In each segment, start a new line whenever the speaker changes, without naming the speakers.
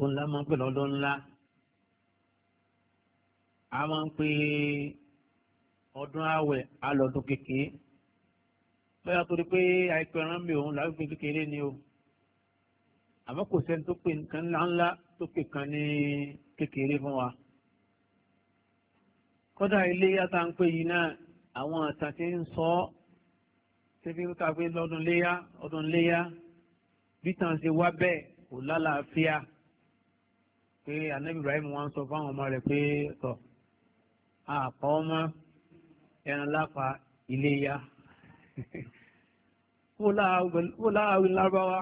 òun la máa ń pè lọ́dọ́ ńlá a máa ń pè ọdún àwẹ̀ alọ́dún kékeré bóyá torí pé àìpẹ̀rán mi òun làwọn ìpín kékeré ni o àmọ́ kò sẹ́ni tó pè nǹkan ńláńlá tó pè kan ní kékeré fún wa kódà ilé yàtà ń pè yìí náà àwọn àtà tí ń sọ ọ́ tẹ́bí ń kàwé lọ́dún léyà ọdún léyà bí tàn ṣe wá bẹ́ẹ̀ kò lálàáfíà pé anabi ibrahim wa ń sọ fáwọn ọmọ rẹ̀ pé tọ̀ àpọ̀ ọmọ ẹran lápá iléyá wó láàárín lárúbáwá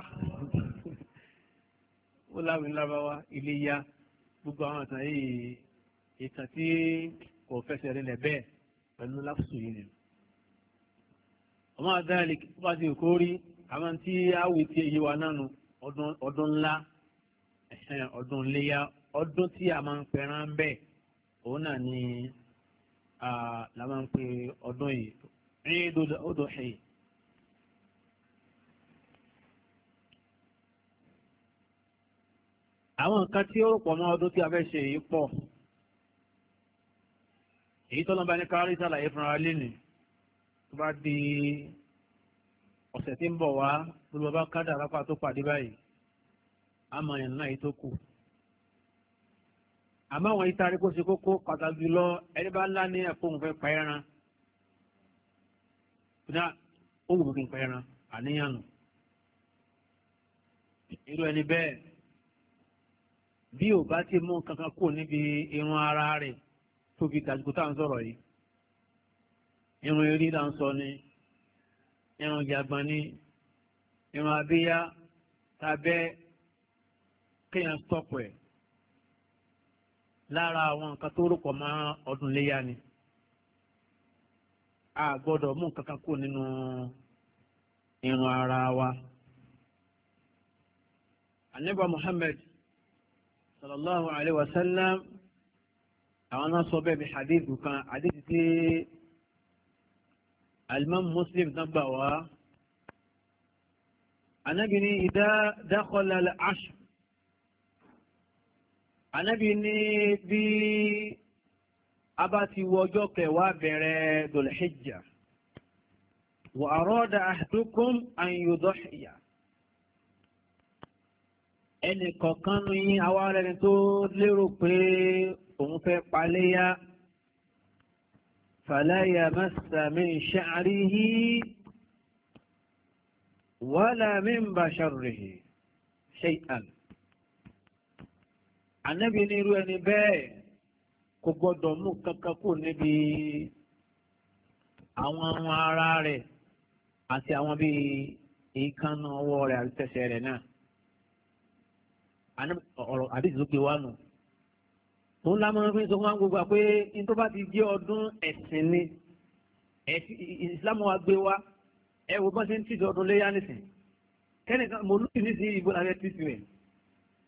wó láàárín lárúbáwá iléyá gbogbo àwọn ìtàn yìí ìtàn tí kò fẹsẹ̀ rẹ̀ lẹ̀ bẹ́ẹ̀ pẹ̀lú láfùsù yìí nìyẹn ọmọ adáàlì bá ti kó àwọn tí a wì tí wa nánu ọdún ńlá ọdún léyà ọdún tí a máa ń pẹran bẹ́ẹ̀ òun náà ni la máa ń pe ọdún yìí Eidul Adha àwọn nǹkan tí ó pọ̀ mọ́ ọdún tí a fẹ́ ṣe yìí pọ̀ èyí tó lọ́nba ní kárí sàlàyé fúnra lẹ́nu tó bá di ọ̀sẹ̀ tí ń bọ̀ wá gbogbo bá kádà lápá tó pàdé báyìí àmọ́ yànnà yìí tó kù àmọ́ àwọn yìí tarí kó ṣe kókó pàtàkì jùlọ ẹni bá ńlá ní ẹ̀fọ́ òun fẹ́ pa ẹran kódà ó wù kí n pa ẹran àníyàn nù irú ẹni bẹ́ẹ̀ bí ò bá ti mú kankan kúrò níbi irun ara rẹ̀ tó fi tá à ń sọ̀rọ̀ yìí irun eré là ń sọ ni irun jàgbọ́n irun abíyá tàbẹ́ẹ́ kéèyàn stọ́pù ẹ̀ lára àwọn nǹkan tó rúkọ̀ mọ́ ọdún léyà ni a gbọ́dọ̀ mú nǹkan kan kú nínú irun ara wa. Ànábì Muhammad sallallahu alayhi wa sallam àwọn náà sọ bẹ́ẹ̀ bí hadith kan hadith tí alimami muslim náà gbà wá. Ànábì ní idha dakhala al-ashr ànábì ní bí a bá ti wọ ọjọ́ kẹwàá bẹ̀rẹ̀ dòlẹ́hìjà wà àrọ́dà àdókòm àyùdọ́hìyà ẹnì kọ̀ọ̀kan ní àwa rẹ̀ tó lérò pé òun fẹ́ paléyà fàlàyà mẹ́sàmì ṣàríhì wàlàmí bàṣàrìhì ṣe àná ànábì ní irú ẹni bẹ́ẹ̀ kò gbọ́dọ̀ mú kankan kù níbi àwọn ọmọ ara rẹ̀ àti àwọn bíi ìkànnà ọwọ́ rẹ̀ àti tẹ̀sẹ̀ rẹ̀ náà ọ̀rọ̀ àdìsí ló gbé wá nù. òun lámọ́ fi ń sọ fún wa gbogbo pé n tó bá ti jẹ́ ọdún ẹ̀sìn ni ìsìlámù wa gbé wá ẹ wo ń tìjọ ọdún léyà nísìn kẹ́nìkan mo lóyún nísìnyí ìbọn abẹ́ títì rẹ̀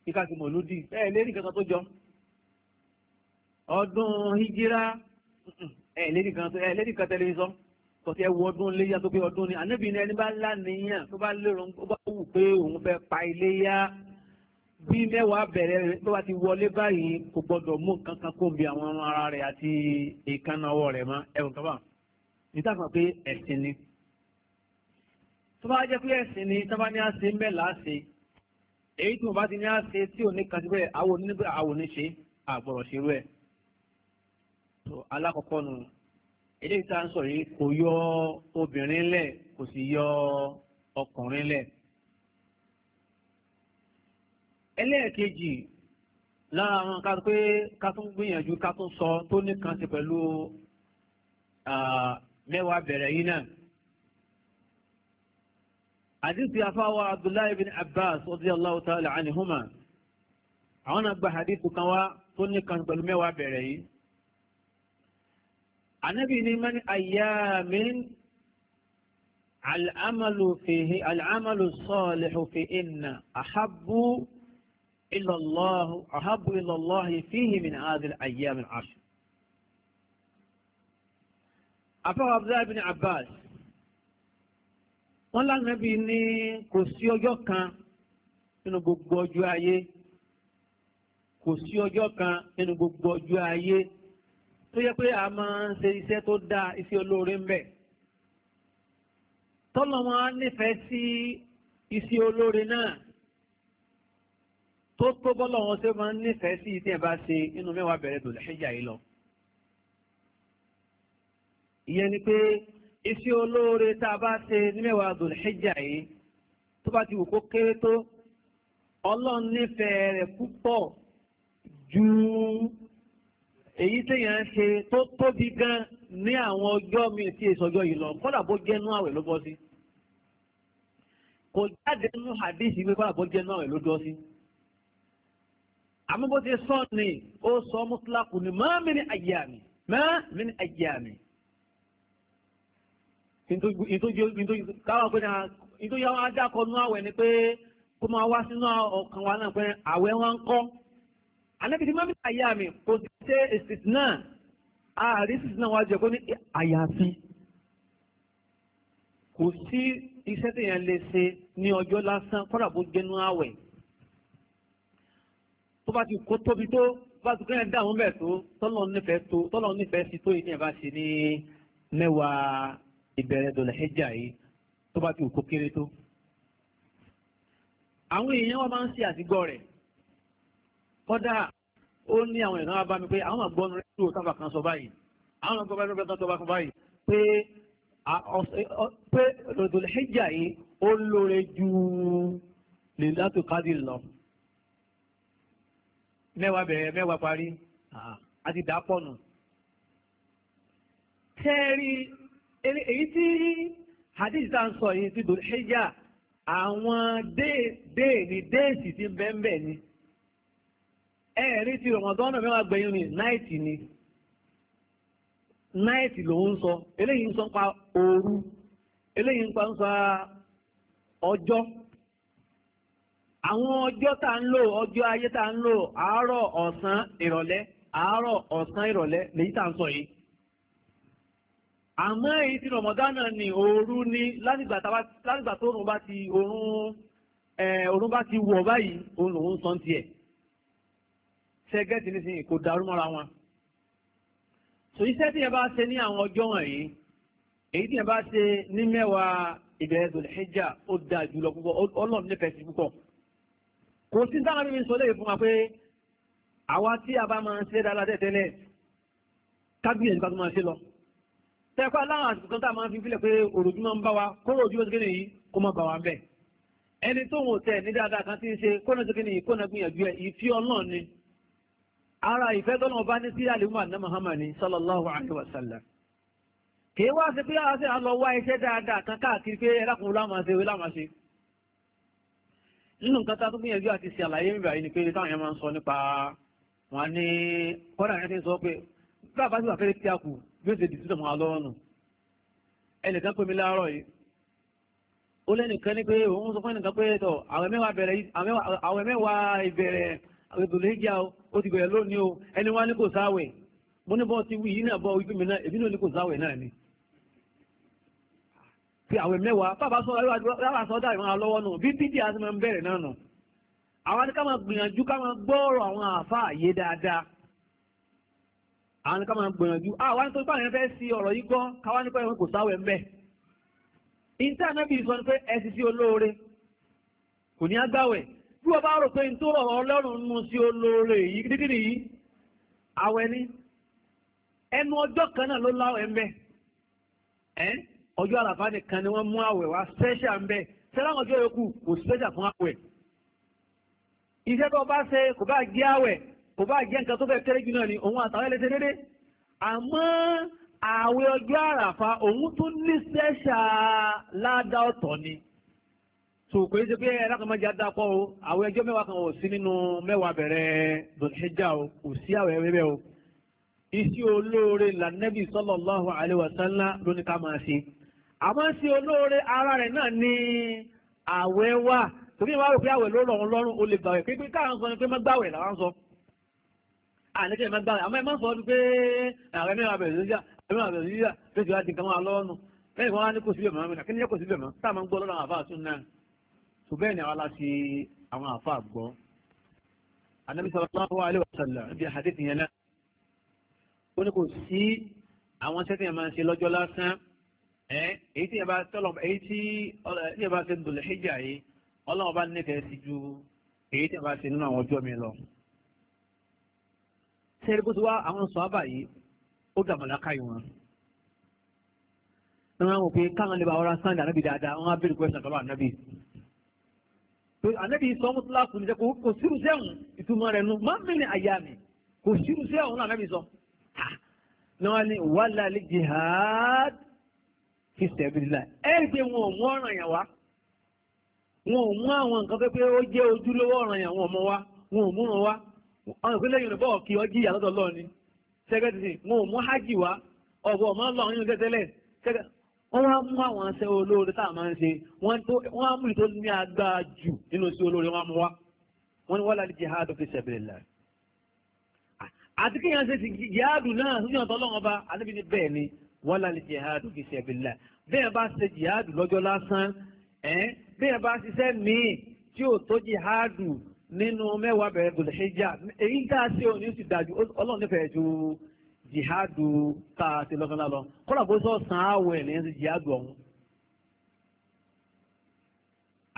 kíkà sí mọ̀lúdì ẹ̀ lérí kankan tó jọ ọdún hijira ẹ̀ lérí kankan tó ẹ̀ lérí kankan tẹlifíṣọ́ kọ̀tí ẹ̀ wọ ọdún léyà tó pé ọdún ni ànábì ní ẹni bá lánìyàn tó bá lérò ó bá wù pé òun fẹ́ pa iléyà bí mẹ́wàá bẹ̀rẹ̀ rẹ̀ tó bá ti wọlé báyìí kò gbọ́dọ̀ mú nǹkan kan kó bi àwọn ọmọ ara rẹ̀ àti ìkànnàwọ́ rẹ̀ mọ́ ẹ̀wọ̀n kan níta kan pé ẹ̀sìn ni tó bá jẹ́ pé ẹ̀sìn ni tó bá ní àṣẹ èyí tí mo bá ti ní á ṣe tí ò ní kan síbẹ̀ àwọn onígbà àwọn oníṣe àgbọ̀rọ̀ ṣerú ẹ̀ tó alákọ̀ọ́kọ́ nu eléyìí tá à ń sọ yìí kò yọ obìnrin lẹ̀ kò sì yọ ọkùnrin lẹ̀ ẹlẹ́ẹ̀kejì lára àwọn ká pé ká tún gbìyànjú ká tún sọ tó ní kan sí pẹ̀lú mẹ́wàá bẹ̀rẹ̀ yìí náà حديث فاو عبد الله بن عباس رضي الله تعالى عنهما عنا بحديث كوا كن كان بلمي وابري النبي من أيام العمل فيه العمل الصالح فيهن أحب إلى الله أحب إلى الله فيه من هذه الأيام العشر أبو عبد الله بن عباس wọ́n lánàbí ní kò sí ọjọ́ kan nínú gbogbo ọjọ́ ayé kò sí ọjọ́ kan nínú gbogbo ọjọ́ ayé tó yẹ pé a máa ń ṣe iṣẹ́ tó dáa iṣẹ́ olóore ń bẹ tọ́lọ́ wọn nífẹ̀ẹ́ sí iṣẹ́ olóore náà tó tó bọ́lọ̀ wọn ṣe máa ń nífẹ̀ẹ́ sí iṣẹ́ bá ṣe inú mẹ́wàá bẹ̀rẹ̀ dòlẹ́ṣẹ́jà yìí lọ ìyẹn ni pé iṣẹ́ olóore tá a bá ṣe ní mẹ́wàá Dhul-Hijjah yìí tó bá ti wù kó kéré tó ọlọ́run nífẹ̀ẹ́ rẹ̀ púpọ̀ ju èyí téèyàn ṣe tó tóbi gan ní àwọn ọjọ́ mi tí èso ọjọ́ yìí lọ kọ́dà bó jẹ́nu àwẹ̀ ló bọ́ sí kò jáde nínú hadisi pé kọ́dà bó jẹ́nu àwẹ̀ ló dọ́ sí àmọ́ bó ti sọ ni ó sọ mọ́tòlákù ni ma min ayyami ma min ayyami nítorí yà wá dákọ̀ nú àwẹ̀ ni pé kó máa wá sínú ọkàn wa náà pé àwẹ̀ wọn ń kọ́. anábìtì máa ń bá mi kò sí ṣe èsìtì náà ààrí èsìtì náà wá jẹ kó ní àyàfi. kò sí iṣẹ́ tèèyàn lè ṣe ní ọjọ́ lásán kọ́dà bó jẹ́nu àwẹ̀. tó bá ti kó tóbi tó bá ti kẹ́yìn dáhùn bẹ́ẹ̀ tó tọ́lọ́ nífẹ̀ẹ́ tó tọ́lọ́ nífẹ̀ẹ́ sí tó yìí ní ẹ̀ bá ṣe ní mẹ́wàá ìbẹ̀rẹ̀ dọ̀lẹ̀ ẹjà yìí tó bá ti wù kó kéré tó. àwọn èèyàn wa máa ń ṣe àtìgbọ́ rẹ̀ kọ́dà ó ní àwọn èèyàn wa bá mi pé àwọn àgbọ̀nù rẹ̀ tó sábà kan sọ báyìí àwọn àgbọ̀nù rẹ̀ tó sábà kan báyìí pé pé dọ̀lẹ̀ ẹjà yìí ó lóore ju lè látò kádì lọ. mẹ́wàá bẹ̀rẹ̀ mẹ́wàá parí àti dàápọ̀ nù. tẹ́ẹ̀rí èyí tí hadith -ta ń sọ yìí ti dùn ṣíjà àwọn déèní déèsì ti ni ti rọ̀mọ̀dán mẹ́wàá gbẹ̀yìn ni náìtì ni náìtì ló sọ eléyìí ń sọ pa òru eléyìí ń pa ń sọ ọjọ́ àwọn ọjọ́ ta ń lò ọjọ́ ayé ń lò àárọ̀ ọ̀sán ìrọ̀lẹ́ àárọ̀ ọ̀sán ìrọ̀lẹ́ lèyí àmọ́ èyí tí rọmọdánà ni òru ni látìgbà tó òrùn bá ti òrùn òrùn bá ti wọ̀ báyìí òun lòun sàn tiẹ̀ ṣẹ́gẹ́tì nísìnyí kò dàrú mọ́ra wọn. sò iṣẹ́ tí yẹn bá ṣe ní àwọn ọjọ́ wọ̀nyí èyí tí yẹn bá ṣe ní mẹ́wàá ìbẹ̀rẹ̀ zòlẹ́jà ó dáa jùlọ púpọ̀ ọlọ́run nífẹ̀ẹ́ sí púpọ̀. kò sí dáhà mímu sọ léyìí fún wa pé àwa tí a bá máa ń ṣe dáadáa tẹ́tẹ́lẹ̀ kábíyèsí bá tó máa ṣe lọ tẹ́kọ́ aláwọn àsìkò kan tá a máa fi fílẹ̀ pé òròjú máa ń bá wa kóró ojú oṣù kìnìyí kó má bà wá ń bẹ̀. ẹni tó wọn ò tẹ̀ ní dáadáa kan ti ń ṣe kóná oṣù kìnìyí kóná gbìyànjú ẹ̀ ìfi ọlọ́run ni. ara ìfẹ́ tọ́lọ́ ọba ní sí àlùmọ́ àná Muhammad sallallahu alayhi wa sallam. kì í wá sí pé a ṣe àlọ́ wá iṣẹ́ dáadáa kan káàkiri pé ẹlẹ́kùnrin lámàṣe wé lámàṣe. nínú nǹkan tá a tún gbìyànjú àti ṣe àlàyé mi báyìí ni pé táwọn yẹn máa ń sọ nípa wọn ní kọ́dà yẹn ti sọ pé bá a bá ti wà fẹ́rẹ́ bí ó ṣe dìtú tọ̀mọ́ alọ́ọ̀nù ẹnìkan pè mí láàárọ̀ yìí ó lẹ́nìkan ní pé òun sọ fún ẹnìkan pé tọ̀ àwọn mẹ́wàá bẹ̀rẹ̀ àwọn mẹ́wàá ìbẹ̀rẹ̀ àgbẹ̀dọ̀lẹ̀ ìjà ó ti bẹ̀rẹ̀ lónìí o ẹni wá ní kò sáwẹ̀ mo ní bọ́ ti wí yìí náà bọ́ wípé mi náà èmi náà ní kò sáwẹ̀ náà ni fi àwẹ̀ mẹ́wàá bàbá sọ lára sọ dáì máa lọ́wọ́ nù bí bídí àti máa ń bẹ̀rẹ̀ náà nù àwọn adé ká máa gbìyànjú ká máa gbọ́ọ̀rọ̀ àwọn àáfàá yé dáadáa àwọn ká máa gbìyànjú àwọn ah, nítorí pé àwọn fẹ́ sí ọ̀rọ̀ yìí gbọ́ káwá nípa ẹ̀wọ̀n kò sáwẹ̀ ń bẹ̀. ìta anábì sọ ni pé ẹ sì sí olóore kò ní agbáwẹ̀ bí wọ́n bá rò pé nítorí ọ̀rọ̀ ọlọ́run nu sí olóore yìí dídí nìyí àwẹ̀ ni ẹnu ọjọ́ kan náà ló láwẹ̀ ń bẹ̀ ẹ́ ọjọ́ àràfá nìkan ni wọ́n mú àwẹ̀ wá special ń bẹ̀ sẹ́láwọn ọjọ́ yòókù kò special fún àwẹ̀ iṣẹ́ tó kò bá jẹ́ nǹkan tó fẹ́ kéré jù náà ni òun àtàwọn ẹlẹ́sẹ̀ dédé àmọ́ ààwẹ̀ ọjọ́ àràfà òun tún ní sẹ́ṣà ládàá ọ̀tọ̀ ni tò kò ṣe pé ẹlẹ́kọ̀ọ́mọ́jà dápọ̀ o ààwẹ̀ ọjọ́ mẹ́wàá kan ò sí nínú mẹ́wàá bẹ̀rẹ̀ dòṣẹ́jà o kò sí ààwẹ̀ bẹ́bẹ́ o iṣẹ́ olóore lànẹ́bì sallallahu alaihi wasallam ló ní ká máa ṣe àmọ́ sí olóore ara rẹ̀ náà ní ààwẹ̀ wà tòbí ìwà rò pé ààwẹ̀ ló rọ̀ ọ́ lọ́rùn o lè gbàwẹ̀ pé káà ń sọ ni pé má gbàwẹ̀ làwọn sọ àníkẹ́ ìmọ̀ gbára àmọ́ ẹ má sọ ọdún pé ààrẹ mẹ́wàá bẹ̀rẹ̀ lóyà mẹ́wàá bẹ̀rẹ̀ lóyà tó ti wá di kàmá lọ́nu lẹ́yìn wọn wá ní kò síbẹ̀ mọ́ àmì kí ni yẹ kò síbẹ̀ mọ́ tá a máa ń gbọ́ lọ́dọ̀ àwọn àfáà tún náà tó bẹ́ẹ̀ ni àwa la ṣe àwọn àfáà gbọ́ anabi sallallahu alaihi wasallam níbi àdéhùn yẹn náà ó ní kò sí àwọn sẹ́tì yẹn máa ń ṣe lọ́jọ́ lásán èyí tí yẹn bá tọ́lọ̀ èyí tí yẹn bá ṣe ń dòlè hijja yìí ọlọ́run bá nífẹ̀ẹ́ sí ju èyí tí yẹn bá ṣe nínú àwọn ọjọ́ mi lọ. tẹ́rí bó ti wá àwọn sọ́ábà yìí ó gbà màláka yìí wọn. wọ́n á wò káwọn lè bá ọ̀rá sáńdì ànábì dáadáa wọ́n á bèrè kwẹ́sàn ànábì. ànábì sọ ọmọ tó kò sírù sẹ́wọ̀n ìtumọ̀ rẹ̀ nu máa ń àyà mi kò sírù sọ. ní wọ́n ní jihad fi gbé wọn ò mú ọ̀ràn wọn ò mú àwọn nǹkan pé ó jẹ́ ojúlówó ọ̀ràn wa wọn àwọn ìpínlẹ̀ yorùbá ọ̀kì ọjí àlọ́dọ̀ lọ ni sẹ́kẹ́tìsì wọn ò mú hajj wá ọ̀bọ̀ ọ̀mọ́ lọ nínú tẹ́tẹ́lẹ̀ wọ́n wá mú àwọn aṣẹ olóore tá a máa ń ṣe wọ́n á mú ìtò ní agbára jù nínú sí olóore wọn mú wá wọ́n ní wọ́n láti jihad fi sabilillah àti kéèyàn ṣe ti jihad náà sójú ọ̀tọ̀ ọlọ́run ọba àdébí ni bẹ́ẹ̀ ni wọ́n láti jihad fi sabilillah bẹ́ẹ̀ bá ṣe jihad lọ́jọ́ lásán bẹ́ẹ̀ bá ṣiṣẹ́ míì tí ò tó jihad nínú mẹ́wàá bẹ̀rẹ̀ bùdó hijab èyí dá sí òní sì dájú ọlọ́run nífẹ̀ẹ́ ju jihadu tá a ti lọ́kànlá lọ kọ́lá bó sọ sàn áwẹ̀ ní ẹni jihadu ọ̀hún.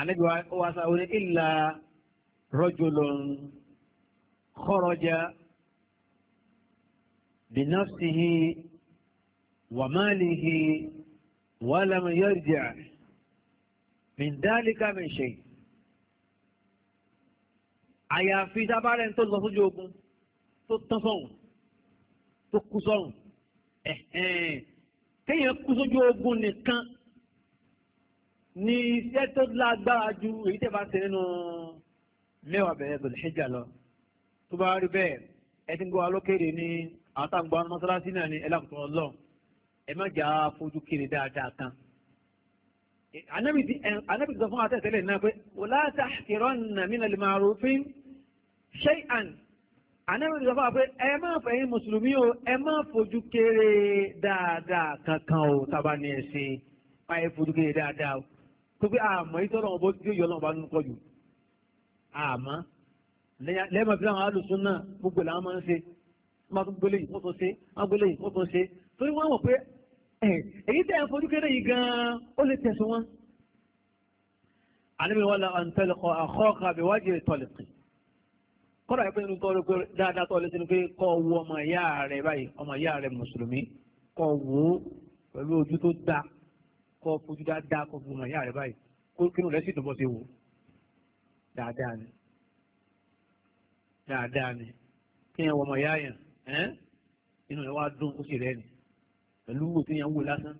àlejò wa sa oní ìlà rajulun kharaja bi nafsihi wa malihi wa lam yarji' àyàfi dábàárẹ̀ tó lọ sójú ogun tó tán sọ̀rùn tó kú sọ̀rùn kéèyàn kú sójú ogun nìkan ní iṣẹ́ tó lágbára ju èyí tẹ̀ bá ṣe nínú mẹ́wàá bẹ̀rẹ̀ bẹ̀rẹ̀ ṣẹ́jà lọ tó bá rí bẹ́ẹ̀ ẹ ti ń gbọ́ alókèrè ní àtàgbọ́ mọ́sálásí náà ní ẹlẹ́kùtù ọlọ́run ẹ má jà fojú kiri dáadáa kan. ànábì sọ fún àtẹ̀tẹ̀lẹ̀ náà pé wọ́n láti àkìrọ̀ nà lè máa rò fíìmù ṣẹ́yàn ànábìrì sọ fún wa pé ẹ má fẹ̀yìn mùsùlùmí o ẹ má fojú kéré dáadáa kankan o tábà ní ẹ ṣe báyìí fojú kéré dáadáa o tó pé àmọ́ ah, ìtọ́lọ́ ọ̀bọ tí yóò yọ ọlọ́ọ̀bá nínú kọjú àmọ́ ah, lẹ́ẹ̀mọ̀ bí àwọn alùsùn náà gbogbo làwọn máa ń ṣe máa tún gbélé yìí wọ́n tún ṣe máa gbélé yìí wọ́n tún ṣe torí wọ́n mọ̀ pé èyí tẹ̀ ń fojú kéré yìí gan-an ó lè tẹ̀sùn wọn. àníbi wọn la ọ̀ntẹ́lẹ̀kọ kọ́ra ẹgbẹ́ inú tọ́lú pé dáadáa tọ́lú sínú pé kọ́ wo ọmọ ìyá rẹ̀ báyìí ọmọ ìyá rẹ̀ mùsùlùmí kọ́ wo pẹ̀lú ojú tó da kọ́ fojú dáadáa kọ́ fún ọmọ ìyá rẹ̀ báyìí kó kínú rẹ̀ sì dùnbọ̀ sí wò dáadáa ni dáadáa ni kí yẹn wọ ọmọ ìyá yẹn inú rẹ̀ wá dùn ó sì rẹ̀ ni pẹ̀lú wò tí yẹn wò lásán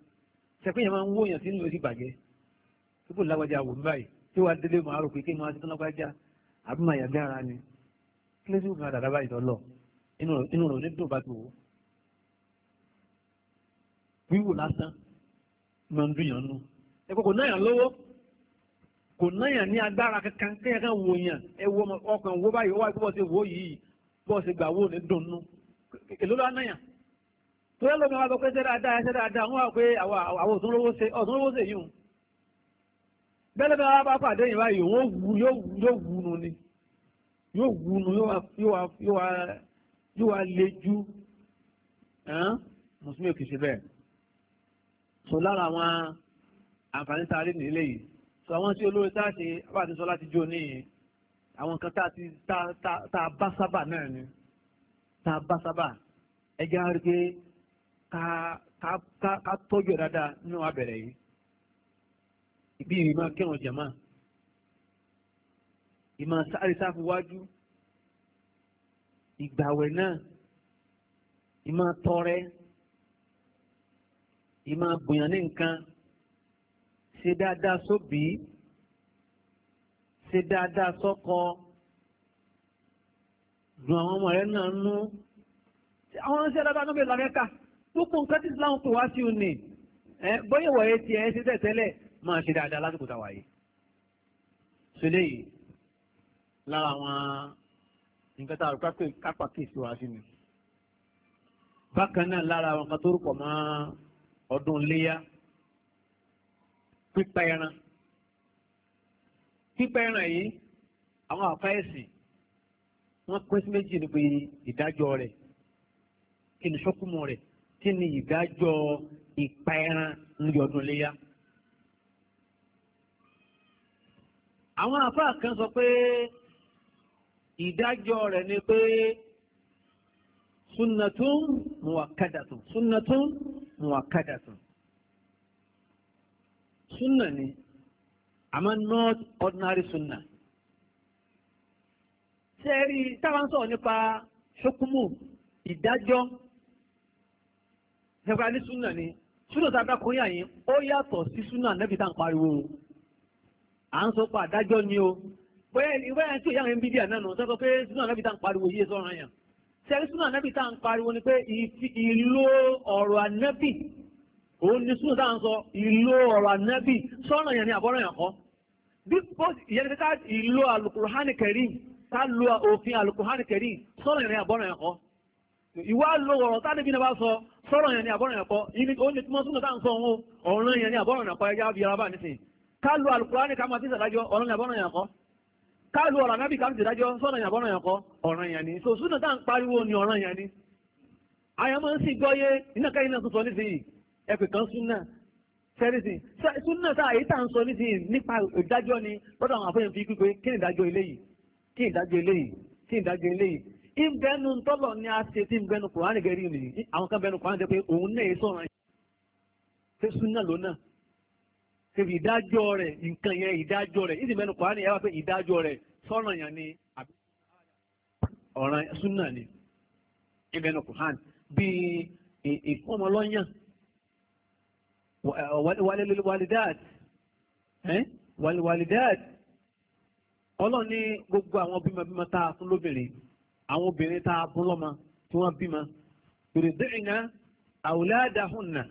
sẹ́pẹ́ yẹn máa ń wò yẹn sínú rẹ̀ sì bàjẹ́ kíkó lágbájá wò ní báyìí tí wàá délé màá rò pé kí n máa ti tán lágbájá àbí màá yàgbé ara ni kí ló sì máa dàdá báyìí lọ́lọ́ inú rẹ̀ onídùn bá ti wò ó wíwò lásán máa ń dùnyàn nù ẹ̀kọ́ kò náyàn lówó kò náyàn ní agbára kankan kéèyàn kan wò yàn ẹ wo ọkàn wo báyìí ó wá bó ṣe wò ó yìí bó ṣe gbà wò ó ní dùn nù èló ló náyàn torí ẹlòmí wa sọ pé ṣe dáadáa ṣe dáadáa wọn wà pé àwọn ọ̀tún lówó ṣe ọ̀tún lówó ṣe yìí o bẹ́ẹ̀ lọ́mọ wa bá pàdé yìí báyìí òun yóò wù yóò wù nù ni yóò wúnu yóò wá lejú mùsùlùmí kìí ṣe bẹ́ẹ̀ so lára àwọn àǹfààní tá a rí nílé yìí so àwọn tí olórí tá a ṣe bá ti sọ láti jó níyìn àwọn kan tá a ti tá a bá sábà náà ni tá a bá sábà ẹjẹ́ á rí pé ká tọ́jú ẹ̀ dáadáa nínú abẹ̀rẹ̀ yìí ìbí ìrìnnà kírun jẹ̀máà ìmọ̀ sáré sáfúwájú ìgbàwẹ̀ náà ìmọ̀ tọrẹ ìmọ̀ bùyàn ní nǹkan ṣe dáadáa sóbì ṣe dáadáa sọ́kọ dùn àwọn ọmọ rẹ náà nú àwọn ṣe dáadáa náà bẹ̀rẹ̀ lámẹ́ka gbogbo nǹkan tí Islam kò wá sí òní ẹ bóyá ìwọ̀ye tiẹ̀ ẹ ṣe tẹ̀tẹ́lẹ̀ máa ṣe dáadáa lásìkò táwa yìí. sọlẹ́ yìí lára àwọn nǹkan tá a rò kápá kéèsì wá sí ni. bákan náà lára àwọn kan tó rúkọ̀ mọ́ ọdún léyà pípa ẹran pípa ẹran yìí àwọn àfáìsì wọ́n pín sí méjì níbi ìdájọ́ rẹ̀ kí ni sọkúmọ rẹ̀ kí ni ìdájọ́ ìpa ẹran níbi ọdún léyà. àwọn àfáà kan sọ pé ìdájọ́ rẹ̀ ni pé sunnatun muwakkadatun sunnatun muwakkadatun sunna ni àmọ́ not ordinary sunna. ṣé ẹ rí i táwọn sọ̀rọ̀ nípa ṣókùmù ìdájọ́ ẹ̀fọ́ ní sunna ni sunna tá a bá kóyà yín ó yàtọ̀ sí sunna nẹ́bí tá à ń pariwo à ń sọ pé àdájọ́ ni o bóyá ìwé ẹ̀ tí ò yára ń bí díẹ̀ náà nù sọ́kọ́ pé súnà nábì tá à ń pariwo yíyé sọ́ran yàn sẹ́rí súnà nábì tá à ń pariwo ni pé ìlò ọ̀rọ̀ ànábì òun ni súnà tá à ń sọ ìlò ọ̀rọ̀ ànábì sọ́ran yàn ni àbọ̀ràn yàn kọ́ bí ìyẹn ni ká ìlò alukurhani karim ká lo òfin alukurhani karim sọ́ran yàn ni àbọ̀ràn yàn kọ́ ìwà lo ọ̀rọ̀ tádébí náà bá sọ sọ́ran yàn ni àbọ̀ràn yàn kọ́ òun ni tí wọ́n tá à ń sọ òun ọ̀ràn yàn ni àbọ̀ràn yàn kọ́ ẹja bí ara bá nísìnyí ká lo alukurhani ká máa ti sàdájọ́ ọ̀ràn yàn àbọ̀ràn yàn kọ́ káàlù ọ̀rọ̀ ànábì ká ti dájọ́ sọ́nà ìyàbọ̀ ọ̀nà ìyàkọ́ ọ̀ràn ìyàn ni so súnà tá à ń pariwo ni ọ̀ràn ìyàn ni àyàn máa ń sì gbọ́yé iná káyìn náà tuntun nísìnyí ẹ̀pẹ̀ kan súnà sẹ́rìsì súnà tá àyè tá à ń sọ nísìnyí nípa ìdájọ́ ni lọ́dọ̀ àwọn àfẹ́yìn fi pípé kí ni ìdájọ́ eléyìí kí ni ìdájọ́ eléyìí kí ni ìdájọ́ eléyìí ìbẹnu tọ́lọ̀ ni a ṣe tí ìbẹnu kùránì gẹ̀rí nìyí àwọn kan bẹnu kùránì jẹ́ pé òun náà èso ọ̀ràn yìí ṣé súnà lónà ṣèbí ìdájọ́ rẹ̀ nǹkan yẹn ìdájọ́ rẹ̀ ìdí mẹ́nu kọ́ra ni ẹ wá pé ìdájọ́ rẹ̀ sọ́nà yẹn ni ọ̀ràn súnà ni ìmẹ́nu kọ́ra bíi ìfọ́mọlọ́yàn wàlídáàdì wàlídáàdì ọlọ́run ní gbogbo àwọn bímọbímọ tá a fún lóbìnrin àwọn obìnrin tá a fún lọ́mọ tí wọ́n bímọ yòròdìrìnà àwòládàhùnà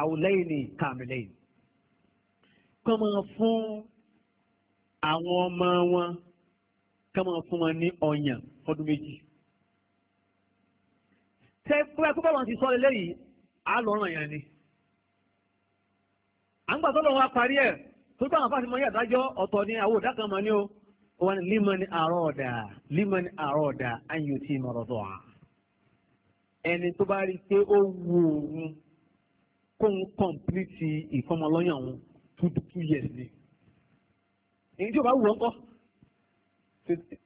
àwòlẹ́yìn kàmìlẹ́yìn kọ́ fún àwọn ọmọ wọn kọ́ fún wọn ní ọyàn ọdún méjì. tẹ pẹ́ wọn ti sọ lọ ràn yẹn ni. à ń gbà tó lọ́wọ́ parí ẹ̀ tó gbà wọn fásitì mọ́ yẹ́ ni àwọn òdá o wọn ni liman àròdà à ẹni tó bá rí pé ó wù òun ìfọmọlọ́yàn òun two two years ni èyí tí o bá wù ọ́ kọ́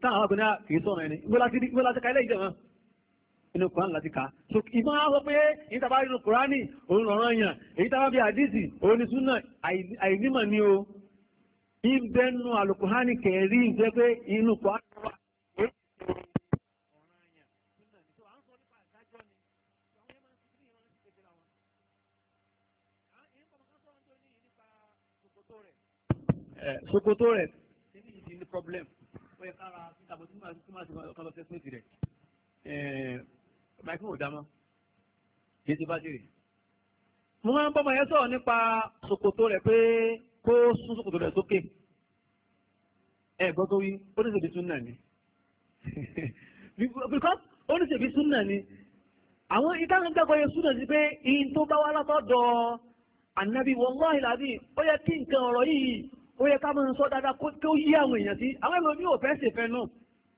táwọn àwọn abẹ́nà kì í sọ̀rọ̀ ẹni wọ́n láti rí wọ́n láti ka ilé ìjọba inú kuran láti ka so ìmọ̀ àwọn pé èyí tàbá nínú kurani òun rọ̀rọ̀ yàn èyí tàbá bí àdìsí òun ní súnà àìnímọ̀ ni o ìbẹ́nu àlùkùránì kẹ̀rí ìjẹ́ pé inú kuran wà. ṣòkòtò rẹ̀ ṣẹ́ni ìdí ní problem wọ́n yẹ kára tàbí tí máa ti kọ́ lọ sẹ́sìmẹ́tì rẹ̀ máìkì ò dámọ́ kì í ti bá jèrè. mo máa ń bọ́ ọmọ yẹn sọ̀rọ̀ nípa ṣòkòtò rẹ̀ pé kó sún ṣòkòtò rẹ̀ sókè ẹ gbọ́ tó wí ó ní ṣèbí súnà ni because ó ní ṣèbí súnà ni àwọn ìtàn gbàgbọ́ yẹn súnà sí pé ihun tó bá wá látọ̀dọ̀ ànábì wallahi lábì ó yẹ kí nǹkan ọ̀rọ̀ yìí ó yẹ ká máa ń sọ dáadáa kó tó yí àwọn èèyàn sí àwọn èèyàn mi ò fẹ́ ṣèfẹ́ náà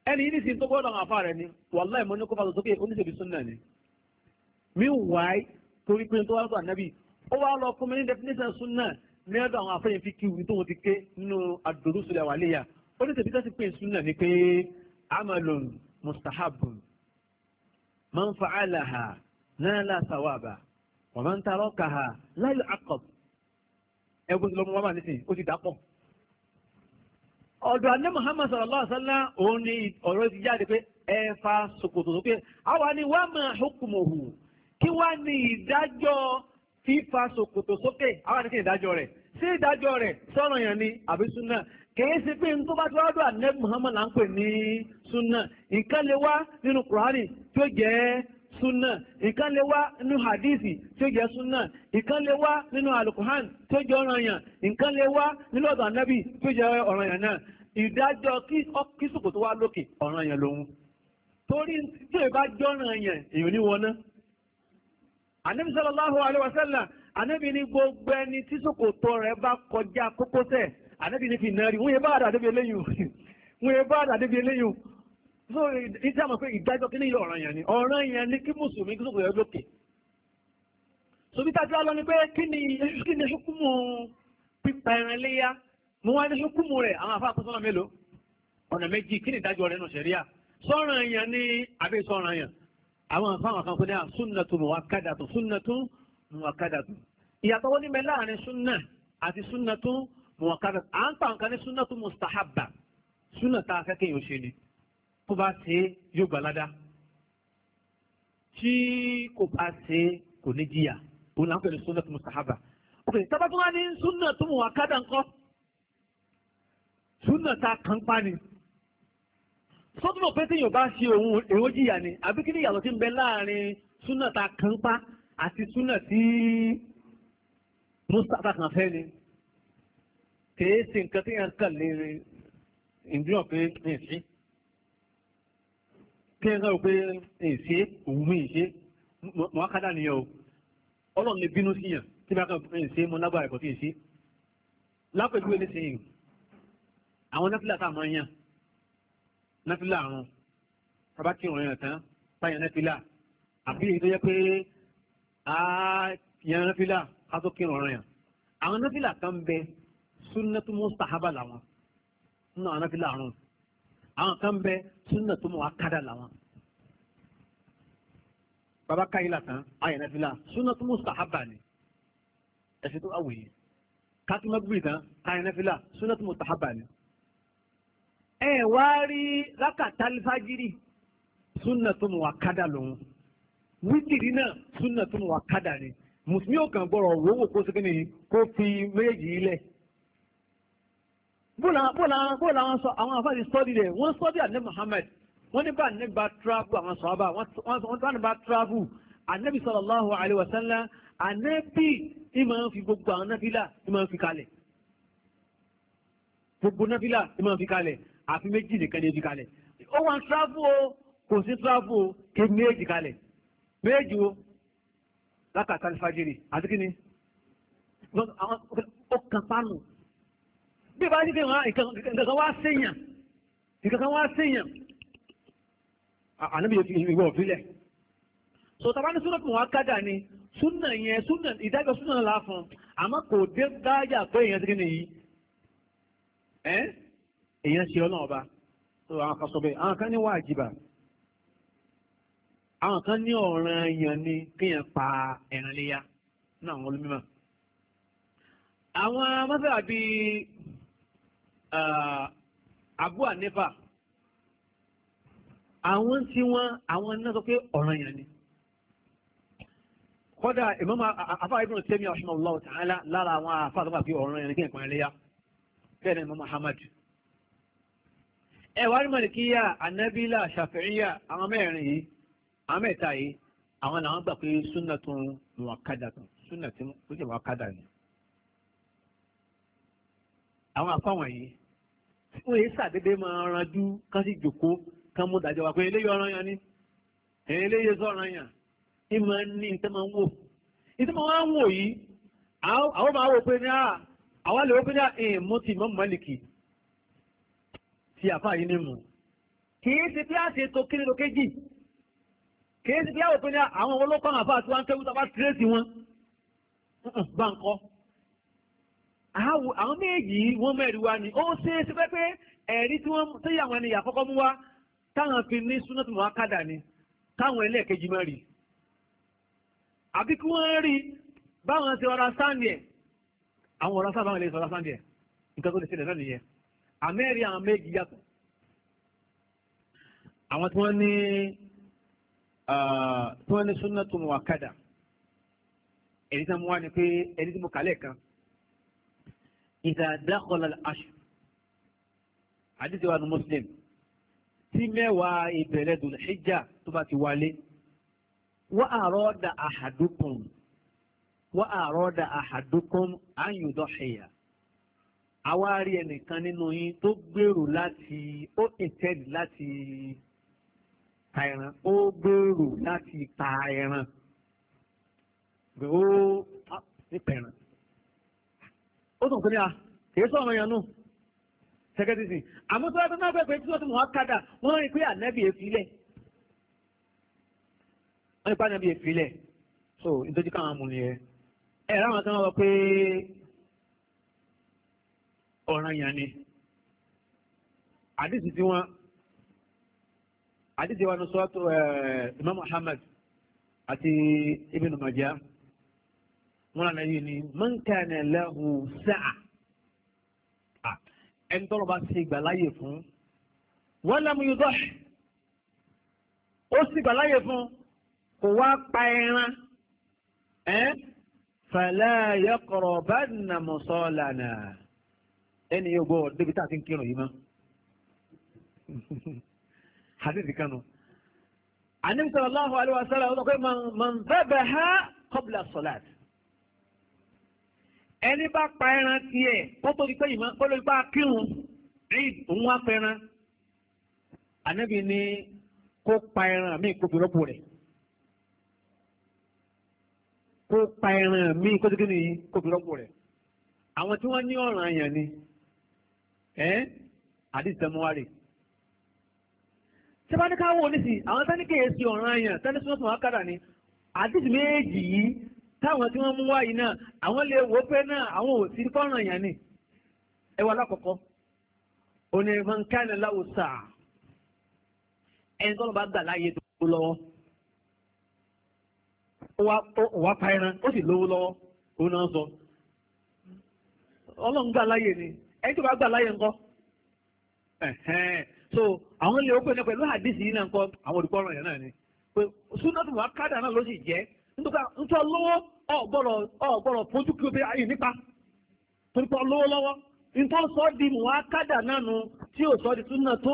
ẹni yìí nìsín tó gbọ́dọ̀ àfa rẹ̀ ni wàláì mo ní kó fàtó sókè oníṣèlú súnà ni meanwhile torí pé tó wá lọ́dọ̀ ànábì ó wá lọ fún mi ní definition súnà ní ọ̀dọ̀ àwọn afẹ́yìn fi kí tó wọn ti ké nínú àdòdúsùlẹ̀ wà léyà oníṣèlú tó ti súnà ni pé amalon mustahabun man fa'alaha nala sawaba wa man tarakaha la yu'aqab ẹgbẹ́ tí lọ́mọ wá mà nísìnyí ó ti dà pọ̀ ọ̀dọ̀ àná Muhammad sallallahu alaihi wasallam òun ni ọ̀rọ̀ ti jáde pé ẹ fa ṣòkòtò sókè àwa ni wàá máa hukmuhu kí wàá ní ìdájọ́ fífa ṣòkòtò sókè àwa ni kí ni ìdájọ́ rẹ̀ sí ìdájọ́ rẹ̀ sọ̀rọ̀ yẹn ni àbí súnà kìí ṣe pé n bá ti wá dọ̀ àná Muhammad là ń pè ní súnà nǹkan lè wá nínú Kùránì tó jẹ́ súnà ìkan lè wá nínú hadithi tí ó jẹ́ súnà ìkan lè wá nínú alukuhan tí ó jẹ́ ọ̀ranyàn ìkan lè wá nínú ọ̀dọ̀ anábì tí ó jẹ́ ọ̀ranyàn náà ìdájọ́ kí sùkò tó wá lókè ọ̀ranyàn lòun torí tí èèyàn bá jọ́ràn yẹn èèyàn ní wọná anabi sallallahu alayhi wa sallam anabi ni gbogbo ẹni tí ṣòkòtò rẹ̀ bá kọjá kókósẹ̀ anabi ni fi nàá wọn yẹ bá àdàdébi eléyìí wọn yẹ bá àdàdébi eléyìí so ìdí àmọ̀ pé ìdájọ́ kí ní ìlú ọ̀ràn yẹn ni ọ̀ràn yẹn ni kí mùsùlùmí kí sòkò yẹn lókè so bí tájú alọ́ ni pé kí ni kí ni ṣùkúmù pípa ẹran léyà mo wá ní ṣùkúmù rẹ̀ àwọn afá àkóso náà mélòó ọ̀nà méjì kí ni ìdájọ́ rẹ̀ nù sẹ̀ríà sọ̀ràn yẹn ni àbí sọ̀ràn yẹn àwọn afá àwọn kan kó ní à súnnàtù muwakkadatu súnnàtù muwakkadatu ìyàtọ̀ wọ́n ní mẹ́ láàrin súnnà àti súnnàtù muwakkadatu à ń pa nǹkan ní súnnàtù mustahabba súnnà tá a fẹ́ kéèyàn ṣe tó bá ṣe yóò gbalada tí kò bá ṣe kò ní jìyà òun là ń pẹ̀lú sunnah mustahaba ok tábà tó wá ní sunnah tó mú wa kádà ńkọ́ sunnah ta kàn pa ni sọ́dúnmọ̀ pé téèyàn bá ṣe òun èèwọ̀ jìyà ni àbí kí ni ìyàtọ̀ tí ń bẹ láàrin sunnah ta kàn pa àti sunnah tí mustapha kan fẹ́ ni kèé ṣe nǹkan téèyàn kàn lè rìn ìdúrà pé ní ìsín kí ẹ rò pé èsì òun mi ìṣe mọ akádà nìyẹn o ọlọ́run lè bínú síyàn tí bá kàn pé èsì mo lágbára ẹ̀kọ́ kí èsì lápẹ̀lú ẹni sẹ́yìn àwọn nẹ́fìlà tá a máa ń yàn nẹ́fìlà àrùn bàbá tí òun yàn tán báyàn nẹ́fìlà àbí èyí tó yẹ pé a yàn nẹ́fìlà ká tó kírun yàn àwọn nẹ́fìlà kan bẹ sunnatu mustahaba làwọn nínú àwọn nẹ́fìlà àrùn àwọn kan bẹ súnà tó mọ̀ akádà làwọn. baba káyìlá tán ayẹ̀nà fìlà súnà tó mọ̀ sàhábà ni ẹ̀sìn tó awòye kátìmọ́gbìn tán ayẹ̀nà fìlà súnà tó mọ̀ sàhábà ni. ẹ wá rí rákàtà fájírì súnà tó mọ̀ akádà lòun wítìrì náà súnà tó mọ̀ akádà ni mùsùlùmí ò kàn gbọ́rọ̀ wọ́wọ́ kó sí ni kó fi méjì ilẹ̀ bóòlù àwọn sọ àwọn afáàdì sọ́ọ́dì rẹ̀ wọ́n sọ́ọ́dì ànẹ́ Muhammad wọ́n ní bá ànẹ́ bá tíráfù àwọn sọ̀hábà wọ́n tó ànẹ́ bá tíráfù ànẹ́bí sallallahu alaihi wasallam ànẹ́bí ìmọ̀ fi gbogbo àwọn náfìlà ìmọ̀ fi kalẹ̀ gbogbo náfìlà ìmọ̀ fi kalẹ̀ àfi méjì nìkan ní fi kalẹ̀ ó wà tíráfù o kò sí tíráfù o kí méjì kalẹ̀ méjì o lákàtà alifájìrì àti kíni ó kàn pánù bí bá nígbà ìkankan wá séyàn ìkankan wá séyàn ànábìyẹ ìwé òfilẹ̀ so tàbá ní súnà tó wá kádà ni súnà yẹn súnà ìdájọ́ súnà la fún àmọ́ kò dé dájà pé èèyàn ti kí nìyí ẹ́ èèyàn ṣe ọlọ́run ọba so àwọn kan sọ bẹ́ẹ̀ àwọn kan ní wàjìbà àwọn kan ní ọ̀ràn èèyàn ni kéèyàn pa ẹran léyà náà àwọn olómìnira àwọn mọ́tàbí Uh, Abu Hanifa àwọn tí wọ́n àwọn náà sọ pé ọ̀ràn yẹn ni kódà Imam afáà Ibn Taymiyyah rahimahullahu ta'ala lára àwọn afáà tó bá fi ọ̀ràn yẹn ní kí ẹlẹ́yà bẹ́ẹ̀ ni Imam Ahmad ẹwà rí mọ̀lìkíyà yi ṣàfihàn àwọn mẹ́rin yìí àwọn mẹ́ta yìí àwọn làwọn gbà pé súnà àwọn àfáwọn yìí wọ́n yìí sàdédé máa ranjú kán sì jòkó kán mú dájọ́ wa pé eléyìí ọ̀ràn yẹn ni eléyìí sọ̀ràn yẹn ní máa ń ní ìtẹ́ máa ń wò ìtẹ́ máa ń wò yìí àwọn máa wò pé ní ah, àwọn àlè wò pé ní ìmú ah, ti Imam Málìkì ti àfáà yìí ni mù kìí ṣe bí a ṣe tó kí nínú kéjì kìí ṣe bí a wò pé ní ah, àwọn olókọ́ àfáà tí wọ́n kẹ́wù tó bá tírèsì wọn bá àwọn méjì wọ́n mẹ́rin wá ni ó ṣe é ṣe pé pé ẹ̀rí tí wọ́n tẹ́yà àwọn ènìyàn àkọ́kọ́ mú wá táwọn fi ní súnátù wọn kádà ni káwọn ẹlẹ́ẹ̀kejì máa rí àbí kí wọ́n rí báwọn ṣe ọ̀rá sáńdì ẹ̀ àwọn ọ̀rá sáńdì báwọn lè sọ̀rá sáńdì ẹ̀ nǹkan tó lè ṣẹlẹ̀ náà nìyẹn àmẹ́rí àwọn méjì yàtọ̀ àwọn tí wọ́n ní ah, tí wọ́n ní súnátù wọn kádà ẹ̀rí tí wọ́n mú wá ni pé ẹni tí mo kàlẹ̀ kan ìdá dákọ̀lá aṣọ àdìsí wa ní muslim tí mẹ́wàá ìbẹ̀rẹ̀ dùn hijja tó bá ti wálé wọ́n àrọ́dà àhàdùkùn wọ́n àrọ́dà àhàdùkùn àyùndọ̀ṣẹ̀yà àwárí ẹnìkan nínú yín tó gbèrò láti ó intend láti ta ẹran ó gbèrò láti ta ẹran ó ah, nípa ẹran ó tún kúnlẹ̀ à ah, kìí sọ̀rọ̀ yẹn nù sẹ́kẹ́tìsì àmúṣe wọn tó náà bẹ̀rẹ̀ pé tí wọ́n ti mọ̀ ọ́ wọ́n rí pé ànẹ́bì èfilẹ̀ wọ́n rí pé ànẹ́bì èfilẹ̀ so nítorí káwọn amú ni ẹ ẹ ráwọn tó ya pé ọ̀ràn yẹn ni àdìsí tí wọ́n àdìsí wọn sọ́ọ́tù ẹ̀ wọn àná yìí ni mọ́ńkànnì lẹ́hùn sáà ẹni tọ́lọ́ bá ṣe ìgbà láyè fún wọ́n lẹ́mu yìí dọ́ ó sì gbà láyè fún kò wá pa ẹran fala yaqrabanna musalana ẹni yóò gbọ́ débi tá a ti ń kírun yìí mọ́ hadithi kanu annabi sallallahu alaihi wasallam ó sọ pé man dhabaha qabla salat ẹni bá pa ẹran tiẹ̀ kó tó di pé ìmọ̀ kó ló gbá kírun rí òun wá pẹran ànábì ni kó pa ẹran mi kó fi rọ́pò rẹ̀ kó pa ẹran mi kó tó kí ni kó fi rọ́pò rẹ̀ àwọn tí wọ́n ní ọ̀ràn àyàn ni ẹ́ àdìsí tẹmuwárì tí bá ní ká wò nísìnyí àwọn táníkèé sí ọ̀ràn àyàn táníkèé sí ọ̀ràn ni àdìsí méjì yìí. táwọn tí wọ́n mú wáyìí náà àwọn lè wò pé náà àwọn ò sí yẹn ni ẹ wà lákọ̀ọ́kọ́ òní mọ̀nkánì láwùsà ẹni tó bá gbà láàyè tó lọ́wọ́ ó wá pa ẹran ó sì lówó lọ́wọ́ òun náà sọ ọlọ́run gbà láàyè ni ẹni tó bá gbà láàyè so àwọn lè wò pé pẹ̀lú àdìsí yìí náà ńkọ́ àwọn olùkọ́ ọ̀ràn yẹn náà ni pé kádà náà ló nítorí ntọ lówó ọgbọrọ ọ̀gbọ́rọ̀ fojú kí o fi àyè nípa torí pé lówó lọ́wọ́ nítorí sọ di mụ náà nu tí ò sọ di súnà tó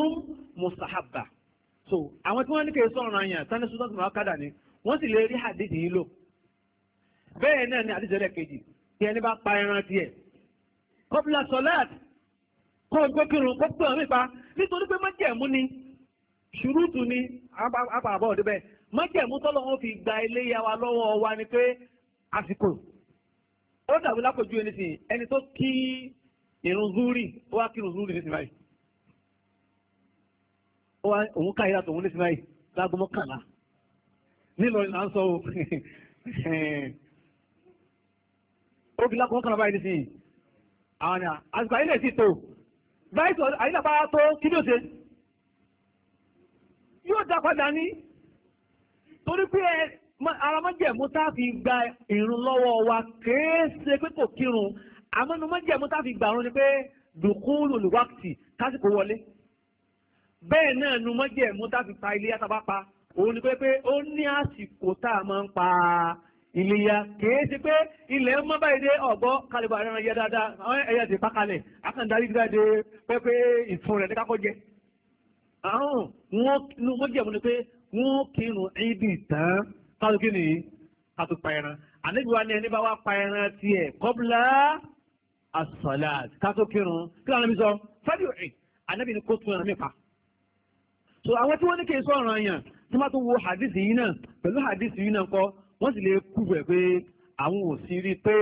so àwọn tí wọ́n ní kì í sọ̀rọ̀ àyàn sani súnà tó muakada ni wọ́n sì lè rí hadith yìí lò bẹ́ẹ̀ náà ni hadith ẹlẹ́kejì tí ẹni bá pa ẹran tiẹ̀ kọ́bílà sọ́láàt kọ́ ọgbẹ́ kírun kó pè ọ́ nípa nítorí pé ni ṣùrùtù ni àbàbọ̀ ọ̀dẹ́bẹ̀ májẹ̀mú tọ́lọ́ wọn fi gba iléyà wa lọ́wọ́ wa ni pé àsìkò ó dàbí lápòjú ẹni sìn ẹni tó kí irun zúrì ó wá kí irun zúrì nísìnyí báyìí ó wá òun káyìí láti òun nísìnyí báyìí láago mọ́kànlá nílọrin là ń sọ o ó fi láago mọ́kànlá báyìí nísìnyí àwọn ni àsìkò ayé lè sì tó báyìí tó àyíká bá tó kí ló ṣe yóò dá padà ní torí pé ara májẹ̀mú tá a fi gba ìrun lọ́wọ́ wa kèé ṣe pé kò kírun àmọ́nu májẹ̀mú tá a fi gbà rún ni pé dùkúrù lùwákìtì kásìkò wọlé bẹ́ẹ̀ náà nu májẹ̀mú tá a fi pa iléyá tá a bá pa òun ni pé pé ó ní àsìkò tá a máa ń pa iléyá kèé ṣe pé ilẹ̀ ń mọ́ báyìí dé ọ̀gbọ́ kálíbà rẹ̀ ẹ̀yà dáadáa àwọn ẹ̀yà ti pákalẹ̀ akàndarí dáadé pé pé rẹ̀ ní kákọ́ àwọn wọn májẹ̀mú ni pé wọ́n kírun ìdì tán káàdùn kí ni káàdùn pa ẹran àníbi wa ni ẹni bá wá pa ẹran tiẹ̀ kọ́bùlá àsọ̀lá káàdùn kírun kí ló ń sọ fẹ́ẹ́ dì ànábì ni kó tún ẹran mi pa. so àwọn tí wọ́n ní kí n sọ̀rọ̀ yàn tí wọ́n tún wo hadith yìí náà pẹ̀lú hadith yìí náà kọ́ wọ́n sì lè kú bẹ̀ pé àwọn ò sí rí pé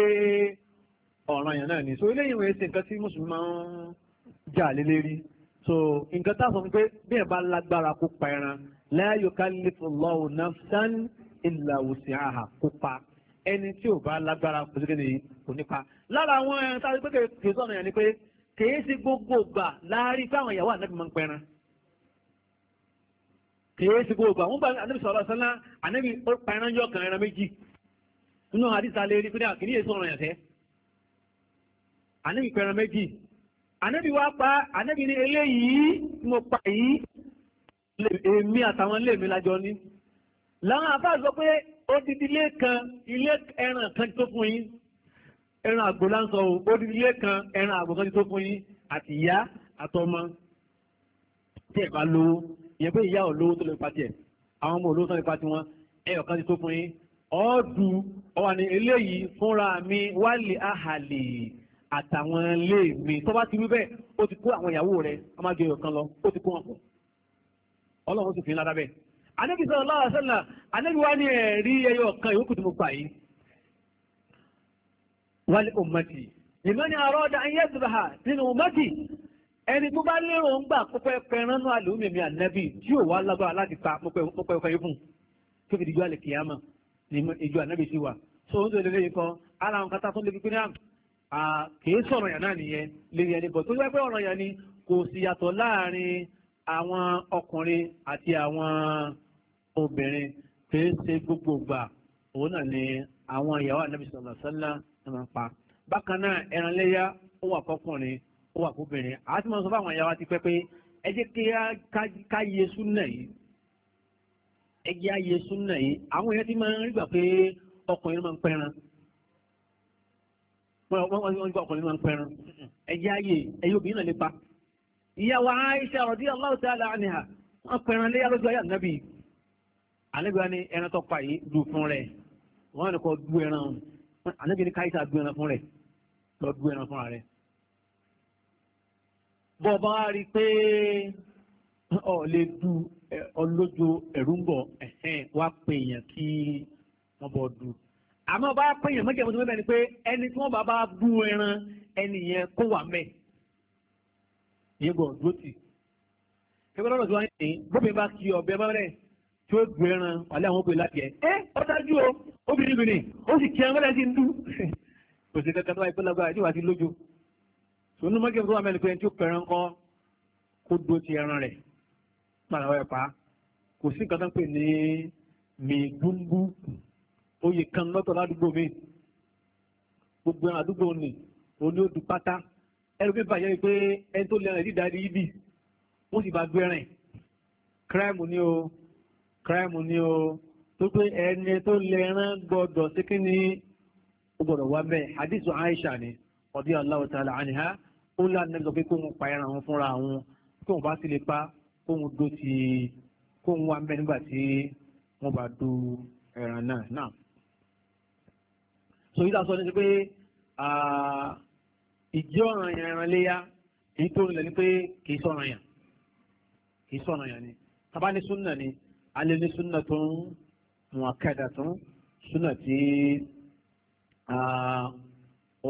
ọ̀ràn yàn náà ni so eléyìí wọ́n ṣe nǹkan tí mùsùlùmí máa ń so nǹkan tá a sọ pé bí ẹ̀ la yukallifu Allahu nafsan illa wus'aha kópa ẹni tí ò bá lágbára kò sí kí ni kò nípa. lára àwọn ẹran tá a ti pé kìí sọ̀rọ̀ yẹn ni pé kìí sí gbogbo ìgbà láàárín pé àwọn ìyàwó ànábì máa ń pẹran. kìí sí gbogbo ìgbà wọ́n bá ànábì sọ̀rọ̀ sọ́nà ànábì ó pẹran yọ kan ẹran méjì nínú àdìsá lè rí pé kìí yé sọ̀rọ̀ yẹn ànábì pẹran méjì ànábì wá pa ànábì ní eléyìí mo pa yìí èmi àtàwọn ilé mi lájọ ní. làwọn àbá sọ pé odidi ilé kan ilé ẹran kan ti tó fún yín ẹran àgbò láǹsọ o odidi ilé kan ẹran àgbò kan ti tó fún yín àti ìyá àtọmọ tí ẹ bá lówó ìyẹn pé ìyá ò lówó tó lè pa tiẹ̀ àwọn ọmọ olówó tó lè pa tiwọn ẹyọ kan ti tó fún yín ọ́ọ̀dù ọ̀wà ní eléyìí fúnra mi wálé àhàlè àtàwọn ilé mi tó bá ti wí bẹ́ẹ̀ ó ti kó àwọn ìyàwó rẹ̀ ọmọ ọlọ́run sì fi ńlá dábẹ́ anábì sọ̀rọ̀ láwọn àṣẹ́là anábì wá ní ẹ̀rí ẹyọ kan ìwé kùtùmù pa yìí wálé ummati ìmọ̀ni àrọ́dà ayé zubaha nínú ummati ẹni tó bá lérò ń gbà pọpẹ pẹranú àlùmímì ànábì tí ò wá lágbára láti pa pọpẹ pọpẹ yìí fún tó fi dìjọ́ àlẹ́ kìyàmà ní ìjọ ànábì sí wa so ń dòdò lẹ́yìn kan ara àwọn kata tó lè fi kìí sọ̀rọ̀ yàn náà nìyẹn lè yẹn ní bọ̀ tó yẹ pé ọ̀rọ̀ yẹn ni kò sì yàtọ̀ láàrin àwọn ọkùnrin àti àwọn obìnrin kìí ṣe gbogbo gbà òun náà ni àwọn ìyàwó ànábì sallallahu alaihi wasallam ẹ̀ máa ń pa. bákan náà ẹran léyà ó wà fọkùnrin ó wà fóbìnrin àti mo sọ fún àwọn ìyàwó àti pẹ́ pé ẹ jẹ́ kí ká yẹ súnà yìí ẹ jẹ́ àyè súnà yìí àwọn èèyàn ti máa ń rí gbà pé ọkùnrin máa ń pẹran wọ́n gbà ọkùnrin máa ń pẹran ẹ jẹ́ àyè ẹ̀yìn obìnrin náà lè pa ìyàwó Aisha radiyallahu ta'ala anha wọ́n pẹ̀rẹ̀ léyà lójú ayé ànábì ànábìwá ni ẹran tó pa yìí dù fún rẹ̀ wọ́n ní kò du ẹran ànábì ní káyíṣà du ẹran fún rẹ̀ lọ du ẹran fúnra rẹ̀. bọ́ bá wá rí i pé ọ lè du ọlójú ẹ̀rú ń bọ̀ wá pè èèyàn kí wọ́n bọ̀ du. àmọ́ bá pè èèyàn mọ́jẹ̀mọ́tò mẹ́bẹ̀ẹ́ ni pé ẹni tí wọ́n bá bá du ẹran ẹni yẹn kó wà mẹ́ẹ̀ ìyẹn gbọ́n dúró tì. ẹgbẹ́ lọ́dọ̀ tí wọ́n ní bóbi bá kí ọbẹ̀ mọ́rẹ̀ tí ó gbé ẹran wàlẹ́ àwọn òpè láti ẹ̀. ẹ ọ dájú o obìnrin bìnrin ó sì kí ẹran sí ń dú. kò sí kankan tó wáyé pé lágbára ìdíwà sí lójú. sọnù mọ́kì tó wà mẹ́rin tí ó pẹ̀rẹ̀ ńkọ́ kó dó ti ẹran rẹ̀ pàrọ̀ ẹ̀ pa kò sí nǹkan tó ń pè ní mìgbúngbú oyè kan lọ́tọ̀ ládùúgbò mi gbogbo àdúgbò ni oní odù pátá ẹrù pépà yẹ pé ẹni tó lẹ́rìn dídá di ibi wọ́n sì bá gbẹ́rìn kíráìmù ni o kíráìmù ni o tó pé ẹni tó lẹ́rìn gbọ́dọ̀ sí kí ni ó gbọ́dọ̀ wá bẹ́ẹ̀ hadithu Aisha ni ọdí Allahu ta'ala anha ó lá nẹ́bí sọ pé kó ń pa ẹran òun fúnra òun kó òun bá sì lè pa kó òun dó ti kó òun wá bẹ́ẹ̀ nígbà tí wọ́n bá dó ẹran náà náà. sọ yìí sọ ní pé ah, ìjẹ́ ọ̀ràn yẹn ẹran léyà èyí tó rìnlẹ̀ ni pé kì í sọ̀ràn yẹn kì í sọ̀ràn yẹn ni tábà ní súnà ni alẹ́ ní súnà tó ń mú akẹ́dà tó ń súnà tí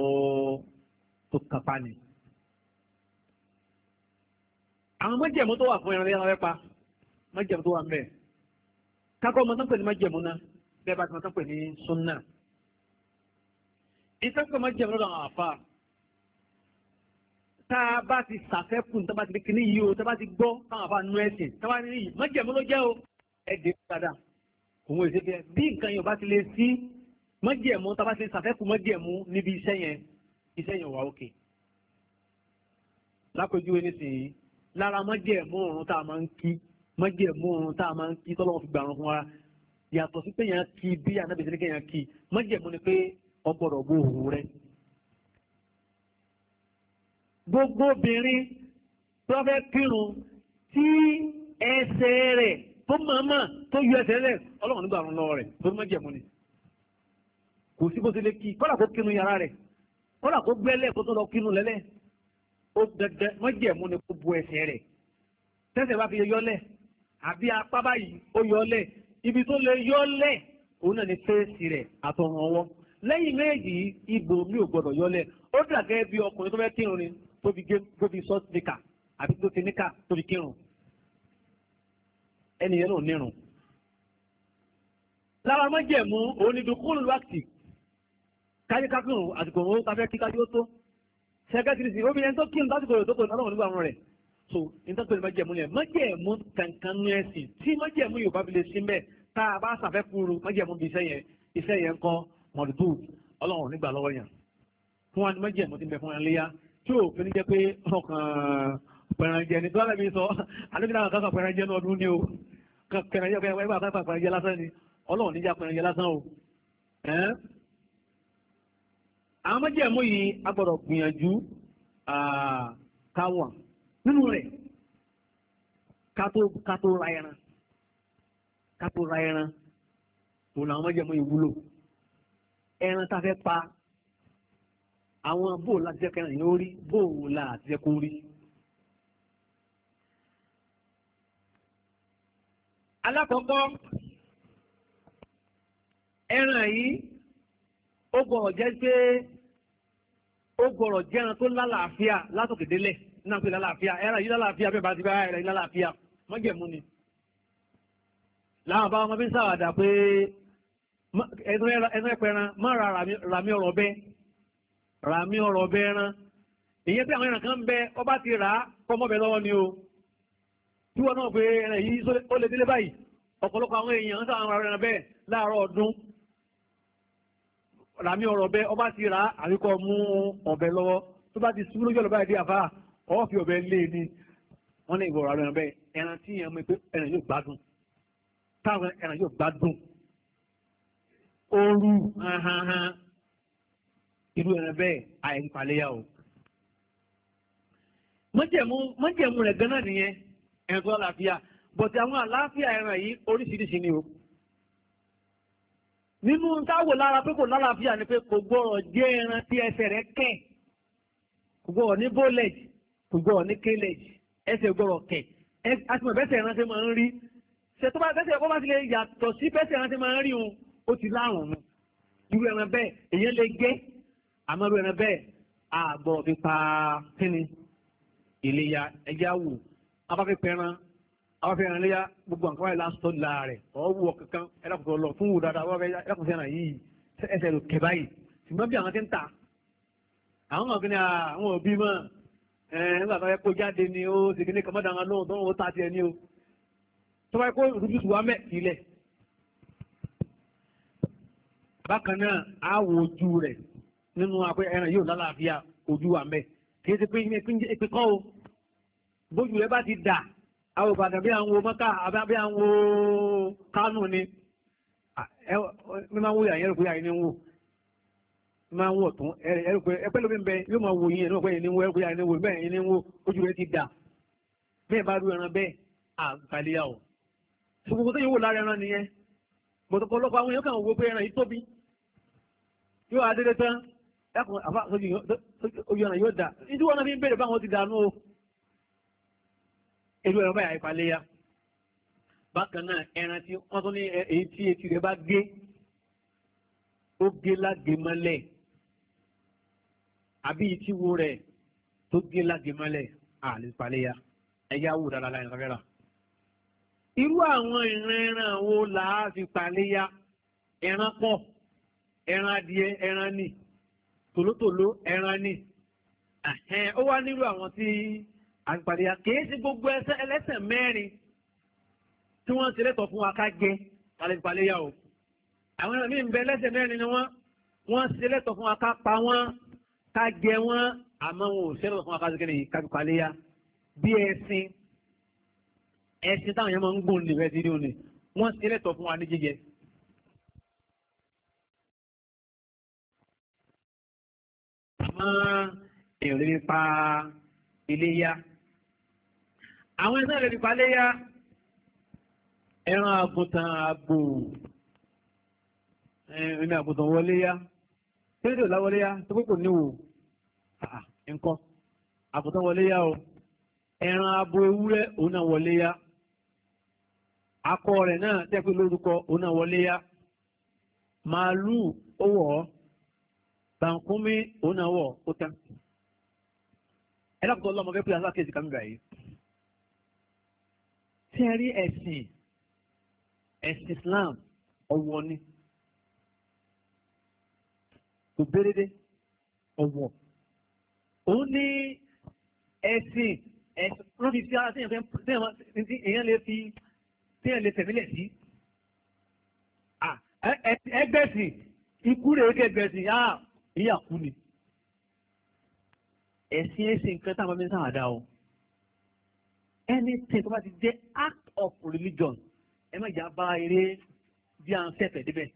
ó tó kápá ni. àwọn májẹ̀mú tó wà fún ẹran léyà rẹ̀ pa májẹ̀mú tó wà mẹ́ẹ̀ kakọ́ ọmọ tó ń pè ní májẹ̀mú náà bẹ́ẹ̀ bá ti máa tó ń pè ní súnà. ìtọ́kọ̀ májẹ̀mú lọ́dọ̀ àwọn àfa tá a bá ti sàfẹ́kùn tá a bá ti kíní yìí o tá a bá ti gbọ́ táwọn àfa nu ẹ̀sìn tá a bá ní yìí mọ́jẹ̀mú ló jẹ́ o ẹ̀dẹ̀ padà òun èsì fẹ́ bí nǹkan yóò bá ti lè sí mọ́jẹ̀mú tá a bá ti sàfẹ́kùn mọ́jẹ̀mú níbi iṣẹ́ yẹn iṣẹ́ yẹn wà òkè. lápèjúwe nísìnyí lára mọ́jẹ̀mú ọ̀run tá a máa ń kí mọ́jẹ̀mú ọ̀run tá a máa ń kí tọ́lọ́wọ́ fi gbà ọ̀run fún wa yàtọ̀ sí pé yẹn kí bí anábìsílẹ̀ kẹ́yàn kí mọ́jẹ̀mú ni pé ọgbọ́dọ̀ gbóòórùn rẹ̀ gbogbo obìnrin tó fẹ́ kírun tí ẹsẹ̀ rẹ̀ tó màmá tó yọ ẹsẹ̀ rẹ̀ ọlọ́run nígbà rún lọ́wọ́ rẹ̀ tó má jẹ̀mú ni kò sí bó ti lè kí kọ́là kó kírun yàrá rẹ̀ kọ́là kó gbẹ́lẹ̀ kó tó lọ kírun lẹ́lẹ̀ ó dandan má jẹ̀mú ni kó bu ẹsẹ̀ rẹ̀ tẹ́sẹ̀ bá fi yọlẹ̀ àbí apá báyìí ó yọlẹ̀ ibi tó lè yọlẹ̀ òun náà ni fèsì rẹ̀ àtọ̀run ọwọ́ lẹ́yìn méjì ibò mi ò gbọ́dọ̀ yọlẹ̀ ó dàgẹ́ bí ọkùnrin tó fẹ́ kírun ni tó fi gé tó fi sọ níkà àbí tó fi níkà tó fi kírun ẹni yẹn náà nírun. lára májẹ̀mú òun ni dùkúlù wákìtì káyé kákùnrùn àsìkò òun káfẹ́ kí kájú ó tó sẹ́kẹ́tìrì sí obìnrin tó kírun lásìkò rẹ̀ tó kò náà nígbà wọn rẹ̀ so nítorí pé májẹ̀mú yẹn májẹ̀mú kankan ní ẹ̀sìn tí májẹ̀mú yóò bá fi lè sí mẹ́ tá a bá sàfẹ́ kúrú májẹ̀mú bí iṣẹ́ yẹn iṣẹ́ yẹn kọ́ mọ̀dùdù ọlọ́run nígbà lọ́wọ́ yẹn fún wa ni májẹ̀mú ti bẹ fún wa léyà tí ò fi ní jẹ́ pé ọkàn pẹ̀rànjẹ ni tó lẹ́bi sọ àdókìlá àwọn kankan pẹ̀rànjẹ ní ọdún ní o pẹ̀rànjẹ lásán ni ọlọ́run níjà pẹ̀rànjẹ lásán o. àwọn méjèèmú yìí a gbọ́dọ̀ gbìyànjú káwọn nínú rẹ̀ kátó ra ẹran kátó ra ẹran òun àwọn méjèèmú yìí wúlò ẹran tá a fẹ́ pa àwọn bóòlù láti jẹ́ kẹrin yóò rí bóòlù láti jẹ́ kó rí. alákọ̀ọ́kọ́ ẹran yìí ó gbọ́dọ̀ jẹ́ pé ó gbọ́dọ̀ jẹ́ ẹran tó lálàáfíà látòkè délẹ̀ náà pé lálàáfíà ẹran yìí lálàáfíà bẹ́ẹ̀ bá ti bá ẹran yìí lálàáfíà mọ́jẹ̀mú ni. làwọn bá wọn bí ń sàwádà pé ẹnu ẹpẹran má ra ràmí ọ̀rọ̀ bẹ́ẹ̀. rami mí ọbẹ bẹ́ẹ̀ rán ìyẹn pé àwọn bẹ ọba ti rà á ni o tí wọn náà pé ẹran yìí ó lè délé báyìí ọ̀pọ̀lọpọ̀ àwọn èèyàn ń sáwọn ẹran bẹ́ẹ̀ láàárọ̀ ọdún rà mí ọba ti rà á àríkọ́ mú tó bá ti sún lójú e ni irú ẹran bẹ́ẹ̀ àìpaléyà o. mọ́jẹ̀mú rẹ̀ gan náà nìyẹn ẹran tó àlàáfíà bọ̀tí àwọn àlàáfíà ẹran yìí oríṣiríṣi ni o. nínú táwọ̀ lára pé kò lálàáfíà ni pé kò gbọ́rọ̀ jẹ́ ẹran tí ẹsẹ̀ rẹ̀ kẹ̀ kò gbọ́rọ̀ ní bólẹ̀jì kò gbọ́rọ̀ ní kélẹ̀jì ẹsẹ̀ gbọ́rọ̀ kẹ̀ àtìmọ̀ bẹ́sẹ̀ ẹran tí máa ń rí ṣètò bá bẹ́sẹ̀ ẹ̀kọ́ bá ti lè yàtọ̀ sí bẹ́sẹ̀ ẹran tí máa ń rí òun ó ti láàrùn mu irú ẹran bẹ́ẹ̀ èèyàn lè gẹ́ àmọ́rú ẹran bẹ́ẹ̀ àgbọ̀ fi pa kíni ìléya ẹja wò abáfẹ́ pẹran abáfẹ́ ẹran léya gbogbo nǹkan wáyé lásán la rẹ̀ ọ̀wọ́ wọ kankan ẹlẹ́kùnfẹ́ ọlọ fún wò dáadáa wọ́n fẹ́ ẹlẹ́kùnfẹ́ ẹran yìí ẹsẹ̀ ló kẹ̀ báyìí ṣùgbọ́n bí àwọn ti ń ta àwọn ọmọ kìnìún àwọn òbí mọ́ ẹ̀ nígbà tó yẹ jáde ni ó sì kìnìún kan mọ́dà wọn lóhùn tó ń wò tá tiẹ̀ ni o tó bá yẹ kó rúdúsù wa mẹ́ ilẹ̀ bákan náà á wo ojú nínú apẹ ẹran yóò lálàáfíà ojú wa mẹ kì í ṣe pé ìpín kọ́ o bójú rẹ bá ti dà àwọn ìbàdàn bí àwọn mọ́kà àbí àwọn kánù ni mi máa ń wo yàrá ẹ̀rọ pé yàrá ni ń wò mi máa ń wò tún ẹ̀rọ pé ẹ̀pẹ́ lómi bẹ yóò máa wò yín ẹ̀rọ pé yàrá ni ń wò ẹ̀rọ pé yàrá ni ń wò bẹ́ẹ̀ yàrá ni ń wò ojú rẹ ti dà bẹ́ẹ̀ bá rú ẹran bẹ́ẹ̀ àgbàlẹ́yà o gbogbo tó yẹ wò lára ẹran nìyẹn bọ̀dọ̀pọ̀lọpọ̀ àwọn èèyàn kàn wò pé ẹran yìí tóbi yóò adé dákun àfa ojú ọ̀nà yóò dà ìdí wọn fi ń bèrè báwọn ti dànù o èrò ẹ̀rọ báyà ìpàlẹ́yà bákan náà ẹran tí wọ́n tún ní èyí tí etí rẹ̀ bá gé ó gé lágé mọ́lẹ̀ àbí etí wo rẹ̀ tó gé lágé mọ́lẹ̀ àlè ìpàlẹ́yà ẹ̀yà wò dáadáa láyìn sáfẹ́ra. irú àwọn ìran ẹran làá fi pàlẹ́yà ẹran pọ̀ ẹran adìẹ ẹran nìí tòlótòló ẹran ni ó wá nílò àwọn tí àgbàdìyà kìí sí gbogbo ẹsẹ̀ ẹlẹ́sẹ̀ mẹ́rin tí wọ́n ti lẹ́tọ̀ọ́ fún wa ká jẹ palẹ̀palẹ̀yà o àwọn ẹ̀rọ míì ń bẹ lẹ́sẹ̀ mẹ́rin ni wọ́n wọ́n ti lẹ́tọ̀ọ́ fún wa ká pa wọ́n ká jẹ wọ́n àmọ́ wọn ò ṣẹlẹ̀ fún wa ká ṣe kéde ká fi palẹ̀yà bí ẹṣin ẹṣin táwọn yẹn máa ń gùn nífẹ̀ẹ́ sí ní òní wọ́n ti lẹ́tọ̀ọ́ fún wa ní jíjẹ mọ́ èèyàn lè fi pa iléyá. àwọn ẹni lè fi pa iléyá ẹran àgùntàn àgbò ẹni àgùntàn wọlé yá kéde òlá yá tó kókò níwò nǹkan àgùntàn wọlé yá o ẹran abo ewúrẹ́ òun náà wọlé yá akọ náà lórúkọ òun náà wọlé yá màálù ó wọ̀ ọ́. bàǹkúmí òun náà wọ̀ ó tán. ẹ lákòókò ọlọ́mọ fẹ́ pé aṣáájú kejì kan gbà yìí. tí ẹ rí ẹ̀sìn ẹ̀sìn Islam ọwọ́ ni kò bérédé ọwọ́ òun ní ẹ̀sìn ẹ̀sìn wọ́n fi sí ara tí èèyàn lè fi tí èèyàn lè tẹ̀mílẹ̀ sí. ẹgbẹ́sìn ikú rèé kẹgbẹ́sìn yáà ìyà kú ni ẹ̀sìn ẹ̀sìn nǹkan táwọn bá ń sàwádà o anything tó bá ti jẹ́ act of religion ẹ má jà bá eré bí à ń sẹ̀fẹ̀ débẹ̀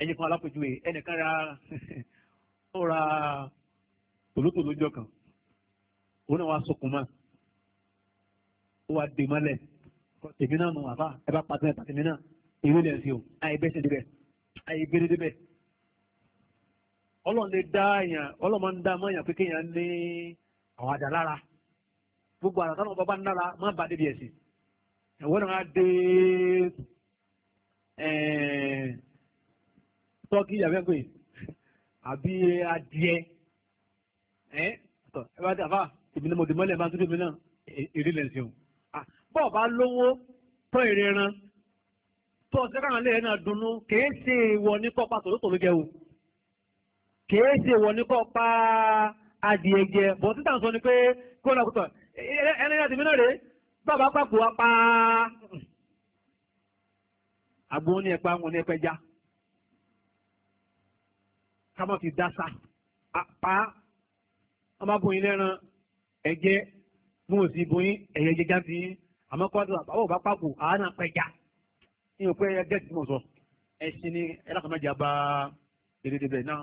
ẹ̀yin kan alápèjúwe ẹnìkan ra ó ra tòlótòló jọ kan òun náà wá sọkùn mọ́ ó wá dè mọ́lẹ̀ tèmi náà nù àbá ẹ bá pàtẹ́ẹ̀ pàtẹ́ẹ̀ náà ìwé lẹ̀ o àyè bẹ́sẹ̀ débẹ̀ àyè bẹ́rẹ̀ débẹ̀ ọlọ́run lè dá àyàn ọlọ́run máa ń dá mọ́yàn pé kéèyàn ní àwọn àdá lára gbogbo àrà táwọn bàbá ń dára má bàa débi ẹ̀sìn ẹ̀wọ́n náà á dé tọ́kì àbẹ́gbẹ́ àbí adìẹ ẹ bá dé àfà èmi náà mo dì mọ́lẹ̀ máa ń tún èmi náà èrè lẹ̀ ń sẹ́wọ̀n bọ́ọ̀ bá lówó tọ́ èrè ran tọ́ ọ̀sẹ̀ káwọn lẹ́yìn náà dunnú kèé ṣe ìwọ ní kọ́pà tòlótòló jẹ́ o kìí ṣe wọ̀ ní kọ́ pa adìẹ jẹ bọ̀ títà ń sọ ni pé kó lọ kútọ̀ ẹni láti mí náà rèé bàbá pàpò wa pa àgbo ní ẹ̀pá wọn ní ẹ̀pẹ́ já ká má fi dásà pa ọmọbìnrin lẹ́ran ẹ̀jẹ̀ mú òsì ìbòyín ẹ̀yẹ jẹjá ti yín àmọ́ kọ́ àti bàbá bàbá pàpò àánà pẹja ní òpin ẹgbẹ́ tí mo sọ ẹ̀sìn ni ẹlẹ́kàmẹ́jà bá dédé bẹ̀ náà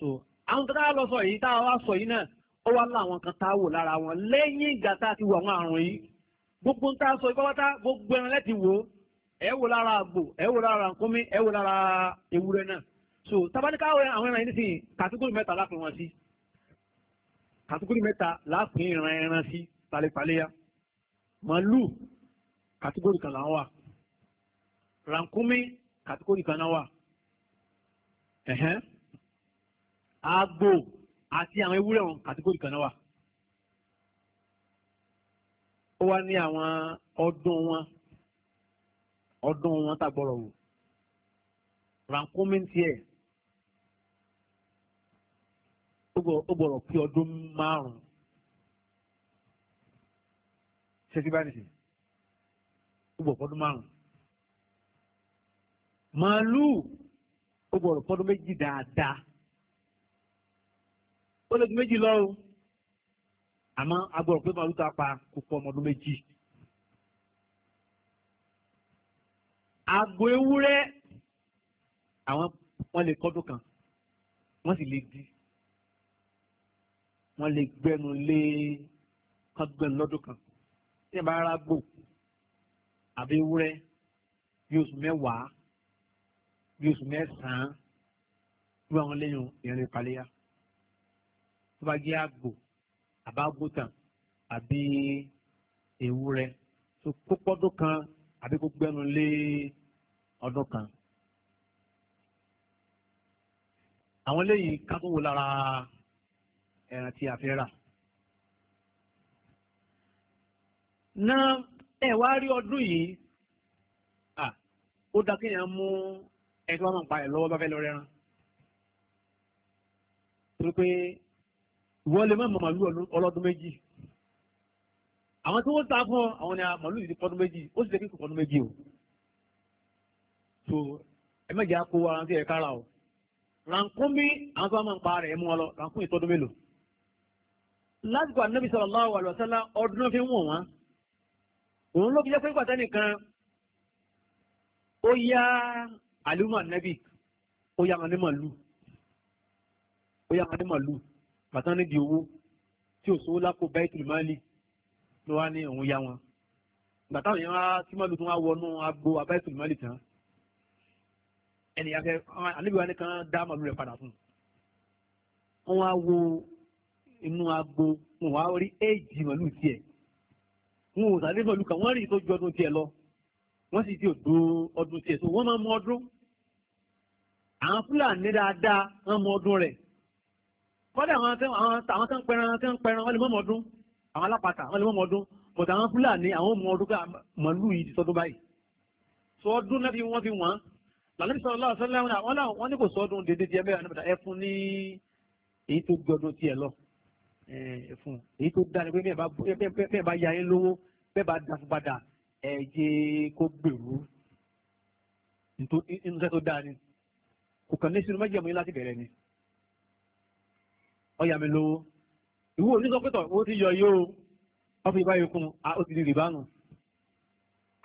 so àwọn kan tá a lọ sọ yìí tá a wá sọ yìí náà ó wá láwọn kan tá a wò lára wọn lẹ́yìn ìgbà tá a ti wò àwọn àrùn yìí gbogbo ń tá a sọ ìpápátá gbogbo ẹran lẹ́ti wò ó ẹ wò lára àgbò ẹ wò lára nkúmi ẹ wò lára ewúrẹ́ náà so tabaníkà àwọn ẹran yìí nísìnyí kàtíkùrì mẹ́ta lápin wọn sí kàtíkùrì mẹ́ta lápin ìran ẹran sí palépaléya màálù kàtíkùrì kan làwọn wà rànkúmi kàtíkùrì kan náà wà àgbò àti àwọn ewúrẹ́ wọn kàtíkórì kan náà wà. ó wá ní àwọn ọdún wọn ọdún wọn tàgbọ̀rọ̀ wò rankominti ẹ̀ ó gbọ́dọ̀ pé ọdún márùn-ún ṣẹ́tí bá nìsín ó gbọ́dọ̀ pọ́dún márùn-ún màálù ó gbọ́dọ̀ pọ́dún méjì dáadáa ó lè ju méjì lọ o àmọ́ agbọ̀rọ̀ pé màálù tá a pa kò pọ̀ ọmọ ọdún méjì. àgò ewúrẹ́ àwọn wọ́n lè kọ́dún kan wọ́n sì lè di wọ́n lè gbẹ́nu lé kán gbẹ́nu lọ́dún kan tí ẹ bá rárá gbò àbí ewúrẹ́ bí oṣù mẹ́wàá bí oṣù mẹ́sàn-án bí àwọn lẹ́yìn ìrìn ìpàlẹ́yà tó bá jẹ́ àgbò àbágbótàn àbí ewúrẹ́ tó kó pọ́dún kan àbí kó gbẹ́nu lé ọdún kan. àwọn eléyìí ká tó wò lára ẹran tí a fẹ́ rà. náà ẹ wá rí ọdún yìí ó dá kéèyàn mú ẹni tó pa ẹ̀ lọ́wọ́ bá fẹ́ lọ rẹ́ran. torí pé ìwọ́n lè má mọ màlúù ọlọ́dún méjì àwọn tí wọ́n ta fún àwọn ni màlúù yìí pọ́dún méjì ó sì jẹ́ kíkọ́ pọ́dún méjì o so ẹ méjì á kó ara sí ẹ̀ka ara o rànkúnmí àwọn tó wà máa ń pa rẹ̀ mú ọ lọ rànkúnmí tọ́dún mélòó lásìkò ànábì sallallahu alaihi wasallam ọdún náà fi ń wọ̀n wọ́n òun ló fi jẹ́ pé pàtẹ́ nìkan ó yá àlùmọ̀ ànábì ó yá wọn ní màlúù ó yá wọn ní màlúù bàtà nídìí owó tí ò sówó lápò báyìí máàlì ló wá ní òun yá wọn bàtà yẹn wá tí màlúù tó wá wọnú agbo abáyìí máàlì tán ẹnìyàn fẹ àníbi wa ní kan dá màlúù rẹ padà fún un wọn wá wo inú agbo wọn wá rí éèjì màlúù tiẹ̀ wọn ò sàdé màlúù kan wọn rí ìtọ́jú ọdún tiẹ̀ lọ wọ́n sì ti òdo ọdún tiẹ̀ tó wọ́n máa mọ ọdún àwọn fúlàní dáadáa wọ́n mọ ọdún rẹ̀ kọ́dà àwọn tàwọn tán pẹran tán pẹran wọ́n lè mọ́ ọdún àwọn alápatà wọ́n lè mọ́ ọdún bọ̀dà àwọn fúlàní àwọn ọmọ ọdún màálù yìí ti sọdún báyìí sọdún náà fi wọ́n fi wọ́n lànàbí sọ̀rọ̀ lọ́wọ́ sọ́lá wọn náà wọ́n ní kò sọdún dédé díẹ̀ mẹ́rin àná ẹ fún ní èyí tó gbé ọdún tiẹ̀ lọ ẹ fún èyí tó dára pé bẹ́ẹ̀ bá ya yín lówó bẹ́ẹ̀ bá da fún padà ẹ jẹ́ kó gbèrú nítorí inú sẹ́ tó dáa ni kò kàn ní sinimá jẹ̀mú yín láti bẹ̀rẹ̀ ni ọyà mi lówó ìwú onísọpẹ́tọ̀ owó ti yọ yóò wọ́n fi báyìí kún ó ti di rìbá nù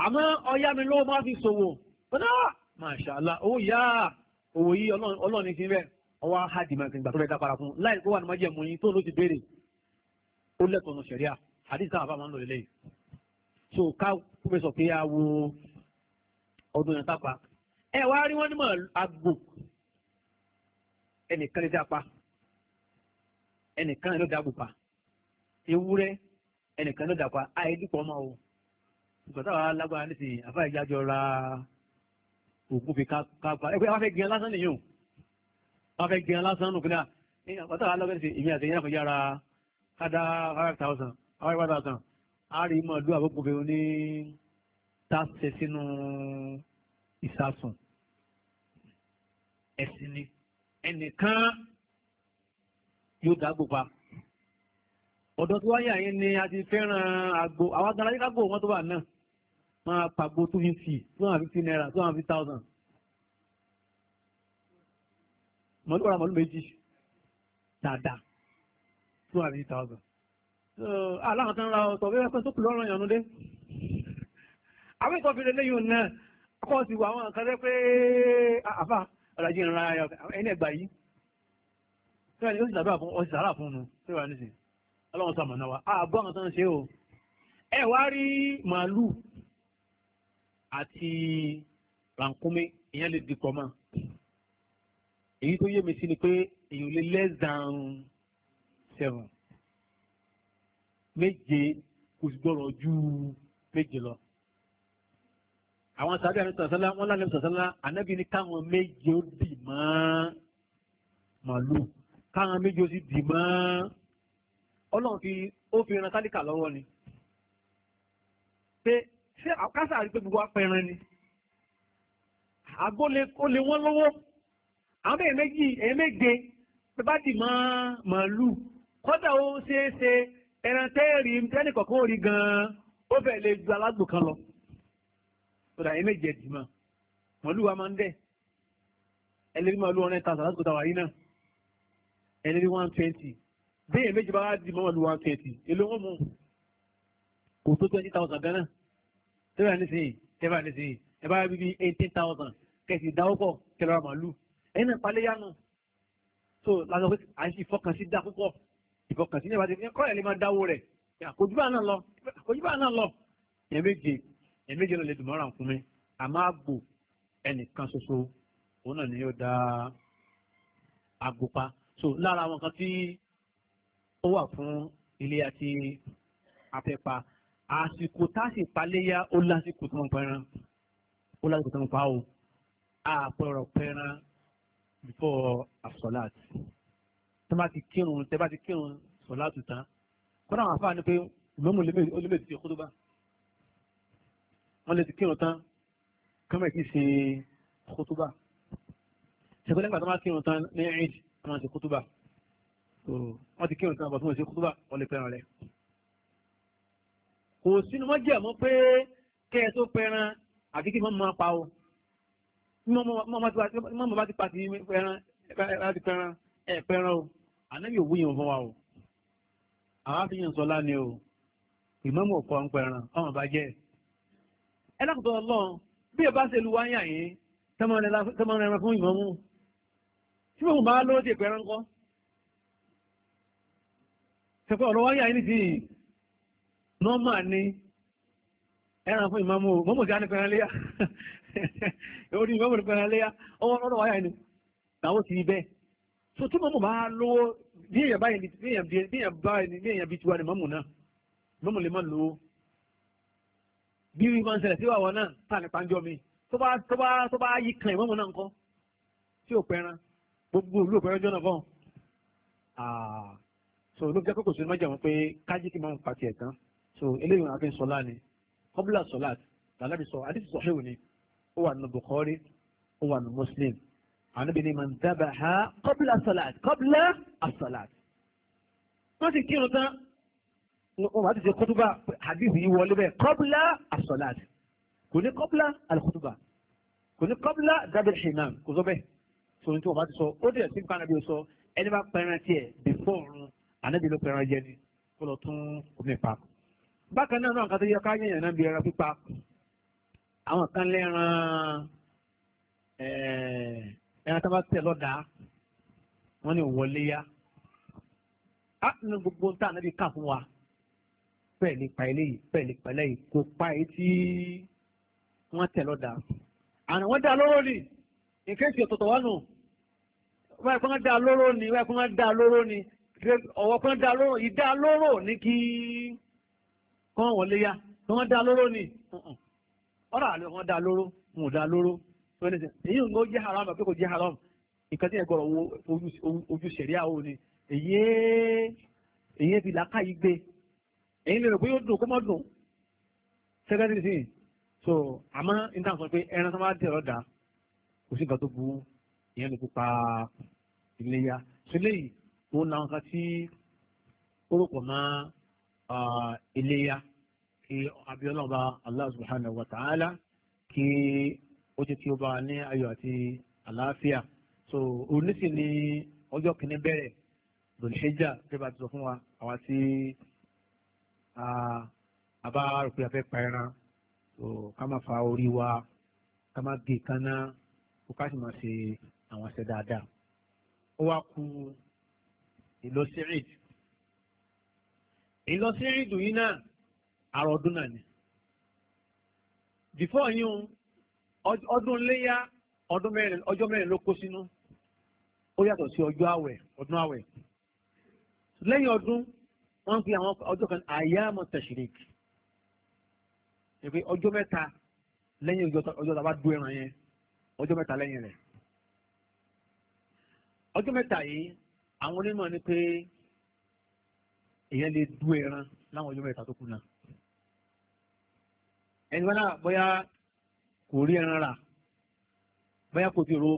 àmọ́ ọyà mi lówó má fi ṣòwò ọ̀nà ah, màṣàlá owó yá owó yìí ọlọ́ọ̀ni ti rẹ̀ ọwọ́ ahadìmọ̀ ìgbà tó rẹ̀ dá para fún láì kó wà ní májẹ̀mú yín tó ló ti béèrè ó lẹ́tọ̀ọ̀nù ṣẹ̀ríà àdìsí àwọn àbámọ́ ń lò lélẹ́yìí so ká kúbẹ̀ sọ pé a wo ọdún yẹn tápa ẹ wá rí wọn ní mọ̀ àgbò ẹnìkan lè dá pa ẹnìkan ló dàgbùpà ewúrẹ́ ẹnìkan ló dàgbà àìdúpọ̀ ọmọ o ìgbàtà wa lágbára nísìnyí àfa ìjájọ ra ògùn fi kápá ẹgbẹ́ wọn fẹ́ gbìyàn lásán nìyí o wọn fẹ́ gbìyàn lásán nù kúnlẹ̀ ìgbàtà wa lágbára nísìnyí èmi àti ìyá àfẹ́yà ra kádà five thousand five thousand àárín mọ̀ ọdún àbúkù fi ní tàṣẹ sínú ìsásùn ẹ̀sìn ni ẹnìkan yóò dágbò pa ọ̀dọ́ tí wáyà yẹn ni a ti fẹ́ràn àgbo àwọn agbára yìí kágbó wọn tó wà náà máa pàgbo two fifty two hundred fifty naira two hundred fifty thousand mọ̀lú ọ̀rọ̀ mọ̀lú méjì dáadáa two hundred fifty thousand aláwọn tó ń ra ọ̀sọ̀ wíwẹ́ pẹ́ sókè lọ́rọ̀ yànnú dé àwọn ìkọ́ fi lè léyìn náà kọ́ sí wà àwọn kan rẹ́ pé ah, àfà ọ̀làjì ìrìnra ẹni ẹgbà yìí fẹ́rẹ̀ yóò sì dàbí àfún ọ̀sì sàárà fún un tí wà nísìn ọlọ́run sàmọ̀nà wa àbọ̀ àwọn tó ń ṣe o ẹ wá rí màálù àti rànkúnmí ìyẹn lè dìpọ̀ mọ́ èyí tó yé mi sí ni pé èyí ò lè less than seven méje kò sì gbọ́rọ̀ ju méje lọ àwọn sábẹ́ àti sàsálà wọn lánàá sàsálà ànábì ní káwọn méje ó dì mọ́ màálù káwọn méjì ó sì dì mọ́ ọlọ́run fi ó fi ran tálíkà lọ́wọ́ ni pé ṣé àkásà rí pé gbogbo apẹran ni àgó lè kó lè wọ́n lọ́wọ́ àwọn bẹ́ẹ̀ méjì ẹ̀ méje pé bá dì mọ́ màálù kọ́dà ó ṣeé ṣe ẹran tẹ́ẹ̀rì tẹ́nìkọ̀kan ò rí gan-an ó fẹ́ lè ju alágbò kan lọ kọ́dà ẹ̀ méje dì mọ́ màálù wa máa ń dẹ̀ ẹ lè rí màálù ọ̀rẹ́ ta sàlásìkò yìí náà ẹni ní one twenty bẹ́ẹ̀ méjì bá wá di mọ́wọ́lù one twenty èló wọn mú kò tó twenty thousand gánà tẹ́lá nísìnyí tẹ́lá nísìnyí ẹ bá bí bí eighteen thousand kẹ̀sì ìdáwọ́pọ̀ kẹlẹ́wà màálù ẹ̀yin náà palẹ́ yánu so lásán pé à ń ṣe ìfọkànsí dá púpọ̀ ìfọkànsí ní ìbáṣe kọ́ ẹ̀ lè máa dáwó rẹ̀ àkójúbà náà lọ àkójúbà náà lọ ẹ̀ méje ẹ̀ méje lọ lè dùn mọ́ra fún mi àmọ́ àgbò ẹnìkan ṣoṣo òun náà ni yóò dá àgbò pa so lára àwọn kan tí ó wà fún ilé àti afẹ́pa àsìkò tá a sì paléyà ó lásìkò tó ń pẹran ó lásìkò tó ń pa o àpẹrọ pẹran before asọláàtì tó bá ti kírun tẹ bá ti kírun sọláàtì tán kó náà wà fáà ní pé ìmọ̀mù olóòlù ti kó tó bá wọ́n lè ti kírun tán kọ́mẹ̀kì ṣe kó tó bá ṣẹ́gbẹ́ lẹ́gbàá tó bá kírun tán ní ẹ̀ẹ́dì wọ́n ti kútúbà wọ́n ti kírun kan àbọ̀ tí wọ́n ti kútúbà wọ́n lè pẹ́ran rẹ̀. kò sínú wọ́n jẹ́ àmọ́ pé kẹ́ ẹ tó pẹ́ran àbí kí mọ́mọ́ pa o mọ́mọ́ bá ti pa ti pẹ́ran láti pẹ́ran ẹ̀ pẹ́ran o ànábì òwú yẹn fún wa o àwọn àfihàn sọlá ni o ìmọ̀mọ̀ kọ́ ń pẹ̀ràn ọmọ bá jẹ́ ẹ lákòótọ́ ọlọ́run bí ẹ bá ṣe lu wáyà yín tẹ́mọ̀ ẹran fún ìmọ̀mù tí òun bá lówó dé pẹ̀rán kọ́ ṣẹ̀pẹ́ ọ̀rọ̀ wáyé ayé nìdí nọ́mà ni ẹran fún ìmọ̀mù mọ́mù sí á ní pẹ̀rán léyà orí mọ́mù ní pẹ̀rán léyà ọwọ́ ọ̀rọ̀ wáyé ni làwọn ti bẹ́ẹ̀ so tí mọ́mù bá lówó bí èèyàn báyìí ni bí èèyàn báyìí ni bí èèyàn bí tiwa ni mọ́mù náà mọ́mù lè má lówó bí wí máa ń ṣẹlẹ̀ sí wàwọ̀ náà tá à ní pàǹjọ́ mi tó bá yí kan ìmọ̀mù náà ń kọ́ tí ò pẹ́ran gbogbo olú òpẹ́rẹ́ jọ́nà fún ah, so olóògbé jẹ́ kókò sí ọmọ jẹun pé kájí máa ń pàtì ẹ̀tàn so eléyìí wọn àfi ń sọlá ni kọ́bùlà sọlá làlábi sọ àdìsí sọ̀hẹ́wò ni ó wà nù Bukhari ó wà nù Muslim àwọn níbi ni mà ń dábàá ha kọ́bùlà sọlá kọ́bùlà àsọlá wọ́n ti kírun tán wọ́n máa ti ṣe kótóbà àdìsí yìí wọlé bẹ́ẹ̀ kọ́bùlà àsọlá kò ní kọ́bùlà àlùkótóbà kò ní kọ́bùlà dábìlì ṣìnà kò sọ bẹ́ẹ̀ sọ̀rọ̀ tí wọ́n bá ti sọ ó dẹ̀ sí nǹkan ànábì sọ ẹni bá pẹran tiẹ̀ bífọ̀ ọ̀run ànábì ló pẹran jẹ ni kó lọ tún omi pa. bákan náà náà nǹkan tó yẹ ká yẹ̀yàn náà bí ẹran pípa àwọn kan lẹ́ran eh, ẹran tó bá tẹ̀ lọ́dàá wọ́n ní wọlé yá á nínú gbogbo ń tà ànábì kà fún wa bẹ́ẹ̀ ni pa eléyìí bẹ́ẹ̀ ni pa eléyìí kò pa èyí tí wọ́n tẹ̀ lọ́dàá àná wọ́n dá lọ́wọ́ nìyí nkéèsì ọ̀tọ̀tọ̀ wà nù wáyé kó ń da lóró ni wáyé kó ń da lóró ni ọ̀wọ́ kó ń da lóró ìdá lóró ní kí kán wọ́n lé ya kó ń da lóró ni ọ̀rọ̀ àlẹ́ wọn da lóró wọn ò da lóró èyí ò ń jẹ́ haram àbí kò jẹ́ haram nǹkan tí yẹn gbọ́dọ̀ wo ojú sẹ̀ríà o ni èyí èyí fi làákà yìí gbé èyí lè rò pé yóò dùn kó má dùn sẹ́kẹ́tì sí so àmọ́ ní táwọn pé ẹran tó máa dẹ̀ dáa kò sí nǹkan tó burú ìyẹn ló kópa iléyà sílẹ̀ yìí òun làwọn kan tí orúkọ mọ́ iléyà kí abiola ọba Allah subhanahu wa ta'ala kí ó jẹ́ kí ó bá ní ayọ̀ àti àlàáfíà so oníṣì ni ọjọ́ kìíní bẹ̀rẹ̀ lòlìṣẹ́jà tẹ́ bá ti sọ fún wa àwa tí àbá rò pa ẹran ká má fa orí wa ká má gé kaná kó ká sì máa ṣe àwọn ṣe dáadáa ó wá ku ìlọsírìd ìlọsírìd yìí náà àròdún náà ni before yín ọdún léyà ọdún mẹ́rin ọjọ́ mẹ́rin ló kó sínú ó yàtọ̀ sí ọjọ́ àwẹ̀ ọdún àwẹ̀ lẹ́yìn ọdún wọ́n fi àwọn ọjọ́ kan àyàmọ̀ tẹ̀sírìkì ẹ̀fẹ̀ ọjọ́ mẹ́ta lẹ́yìn ọjọ́ tá a ẹran yẹn ọjọ́ mẹ́ta lẹ́yìn rẹ̀ ọjọ́ mẹ́ta yìí àwọn onímọ̀ ni pé èèyàn lè du ẹran láwọn ọjọ́ mẹ́ta tó kù náà ẹni wọn náà bóyá kò rí ẹran rà bóyá kò ti rówó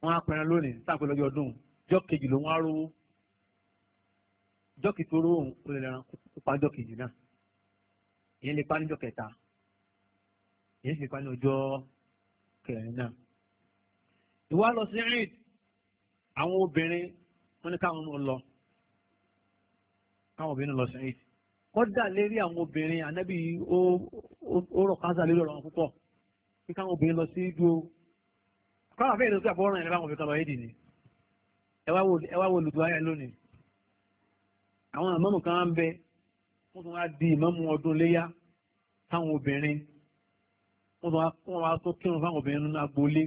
wọn á pẹran lónìí sáàpẹ ọdún kejì ló wọn á rówó òun èyí sì parí ọjọ́ kẹrin náà. ìwà lọ sí eid àwọn obìnrin wọn ní káwọn lọ káwọn obìnrin lọ sí eid kọ́dà lérí àwọn obìnrin ànábì ó rọ̀ káńsà lórí ọ̀rọ̀ wọn púpọ̀ kí káwọn obìnrin lọ sí dúró káwọn afẹ́ ìdọ́sí àbọ̀ràn ẹ̀rọ àwọn obìnrin kan lọ éèdì ni ẹ wá wo olùdó ayé lónìí àwọn àmọ́mù kan á ń bẹ wọ́n tún wá di ìmọ̀mù ọdún léyá táwọn obìnrin wọ́n wá tó kírun fáwọn obìnrin nínú agboolé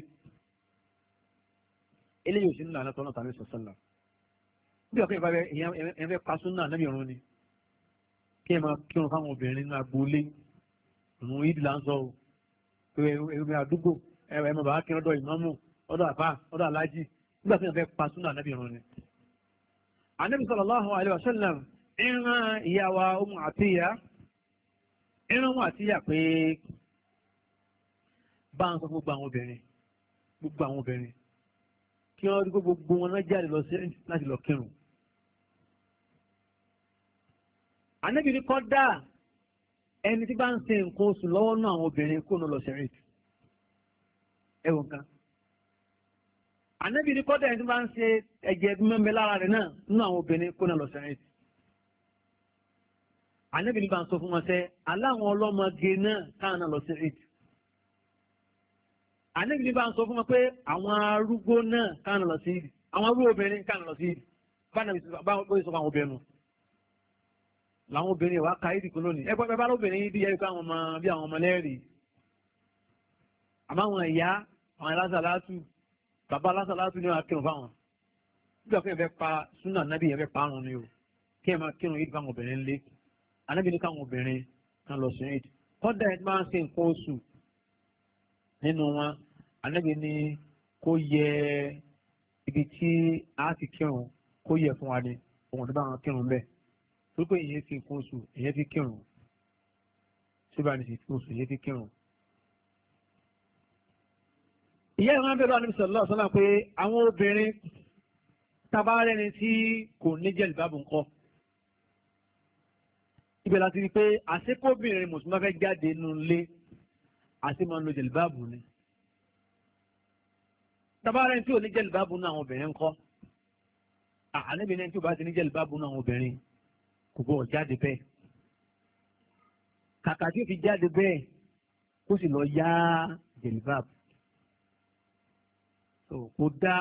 eléyìí ò sí nínú àlọ́ tọ́lọ́ta ní sọ̀sọ́là bí ọ̀kẹ́ ìbá ẹ̀ fẹ́ pa súnà lẹ́mìí ọ̀run ni kí ẹ máa kírun fáwọn obìnrin nínú agboolé òun yìí là ń sọ pé ẹgbẹ́ àdúgbò ẹ máa bàá kírun ọ̀dọ̀ ìmáàmù ọ̀dọ̀ àbá ọ̀dọ̀ aláàjì nígbà tí wọ́n fẹ́ pa súnà lẹ́mìí ọ̀run ni. ànábì sallallahu alaihi wasallam ìran ìyá wa ọmọ àtìyà ìran wọn àtìyà pé bá ń sọ fún gbogbo àwọn obìnrin gbogbo àwọn obìnrin kí wọ́n rí gbogbo wọn náà jáde lọ sí láti lọ kírun. ànábì ní kọ́ dá ẹni tí bá ń ṣe nǹkan oṣù lọ́wọ́ náà àwọn obìnrin kó nà lọ sí rìn ẹ̀wọ̀n kan. ànábì ní dá ẹni tí bá ń ṣe ẹ̀jẹ̀ mẹ́mẹ́ lára rẹ̀ náà nínú àwọn obìnrin kó lọ sí rìn. ànábì bá ń sọ fún wọn sẹ́ aláwọn ọlọ́mọge náà káà náà lọ sí rìn àníbi bá ń sọ fún mi pé àwọn arúgbó náà kàn lọ sí ìdì àwọn arúgbó obìnrin kàn lọ sí ìdì báyìí bó ṣe sọ fún àwọn obìnrin làwọn obìnrin wa ka ìdì kúrò ní ẹgbẹ́ bẹ́ẹ̀ bá lóbìnrin bí ẹ̀rí kọ́ àwọn ọmọ bí àwọn ọmọ lẹ́rìí àmọ́ àwọn ìyá àwọn alásàlátù bàbá alásàlátù ni wọ́n á kírun fáwọn nígbà fún ẹ̀fẹ́ pa súnà nábì ẹ̀fẹ́ parun ni o kí ẹ máa kírun ìdì fáwọn obìnrin lé ànábì ní káwọn obìnrin kan lọ sí ìdì kọ́dà ẹ̀ máa ń ṣe nǹkan oṣù nínú wọn anábì ni kó yẹ ibi tí a ti kírun kó yẹ fún wa ni òun tó bá wọn kírun bẹ́ẹ̀ tó pé ìyẹn fi kún oṣù ìyẹn fi kírun síbà ní fi kún oṣù ìyẹn fi kírun. ìyá ìwọ̀n bẹ̀rẹ̀ ọ̀nà ìṣòro lọ́wọ́ sọ́nà pé àwọn obìnrin tabarẹ́ni tí kò ní jẹ́lì bábù ńkọ́ ibẹ̀ láti rí i pé àṣekóbìnrin mùsùlùmí fẹ́ jáde nulẹ̀ àti máa ń lo jẹ̀lìbáàbù ni tabaara tí o ní jẹ̀lìbáàbù náà àwọn obìnrin ń kọ́ ànábì ní tí o bá ti ní jẹ̀lìbáàbù náà àwọn obìnrin kò bọ̀ jáde bẹ́ẹ̀ kàkà tí o fi jáde bẹ́ẹ̀ kó sì lọ yá jẹ̀lìbáàbù kò dá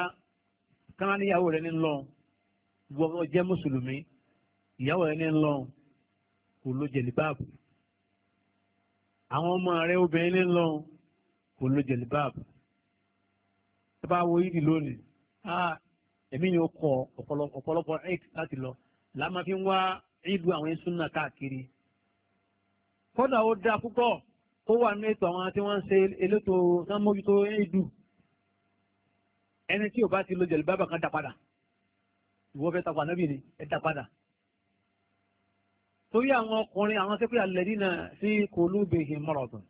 káwọn níyàwó rẹ ní lọ wọ́n jẹ́ mùsùlùmí ìyàwó rẹ ní lọ kò lo jẹ̀lìbáàbù àwọn ọmọ rẹ obìnrin ní lọ kò lo jẹlibab ẹ bá wo yìí lónìí ẹ̀mí ni ó kọ ọ̀pọ̀lọpọ̀ ẹ̀ẹ́dì láti lọ làá máa fi ń wá ìlú àwọn sunna káàkiri kódà ó dáa púpọ̀ ó wà ní ètò àwọn tí wọ́n ń ṣe elétò sánmójútó ìdù ẹni tí ò bá ti lo jẹ̀lú bábà kan dá padà ìwọ fẹ́ tapọ̀ ànábì ẹ dá padà torí àwọn ọkùnrin àwọn sẹ́kùn àlẹ́dí náà sí kòlúbìhìn mọ̀rọ̀dùn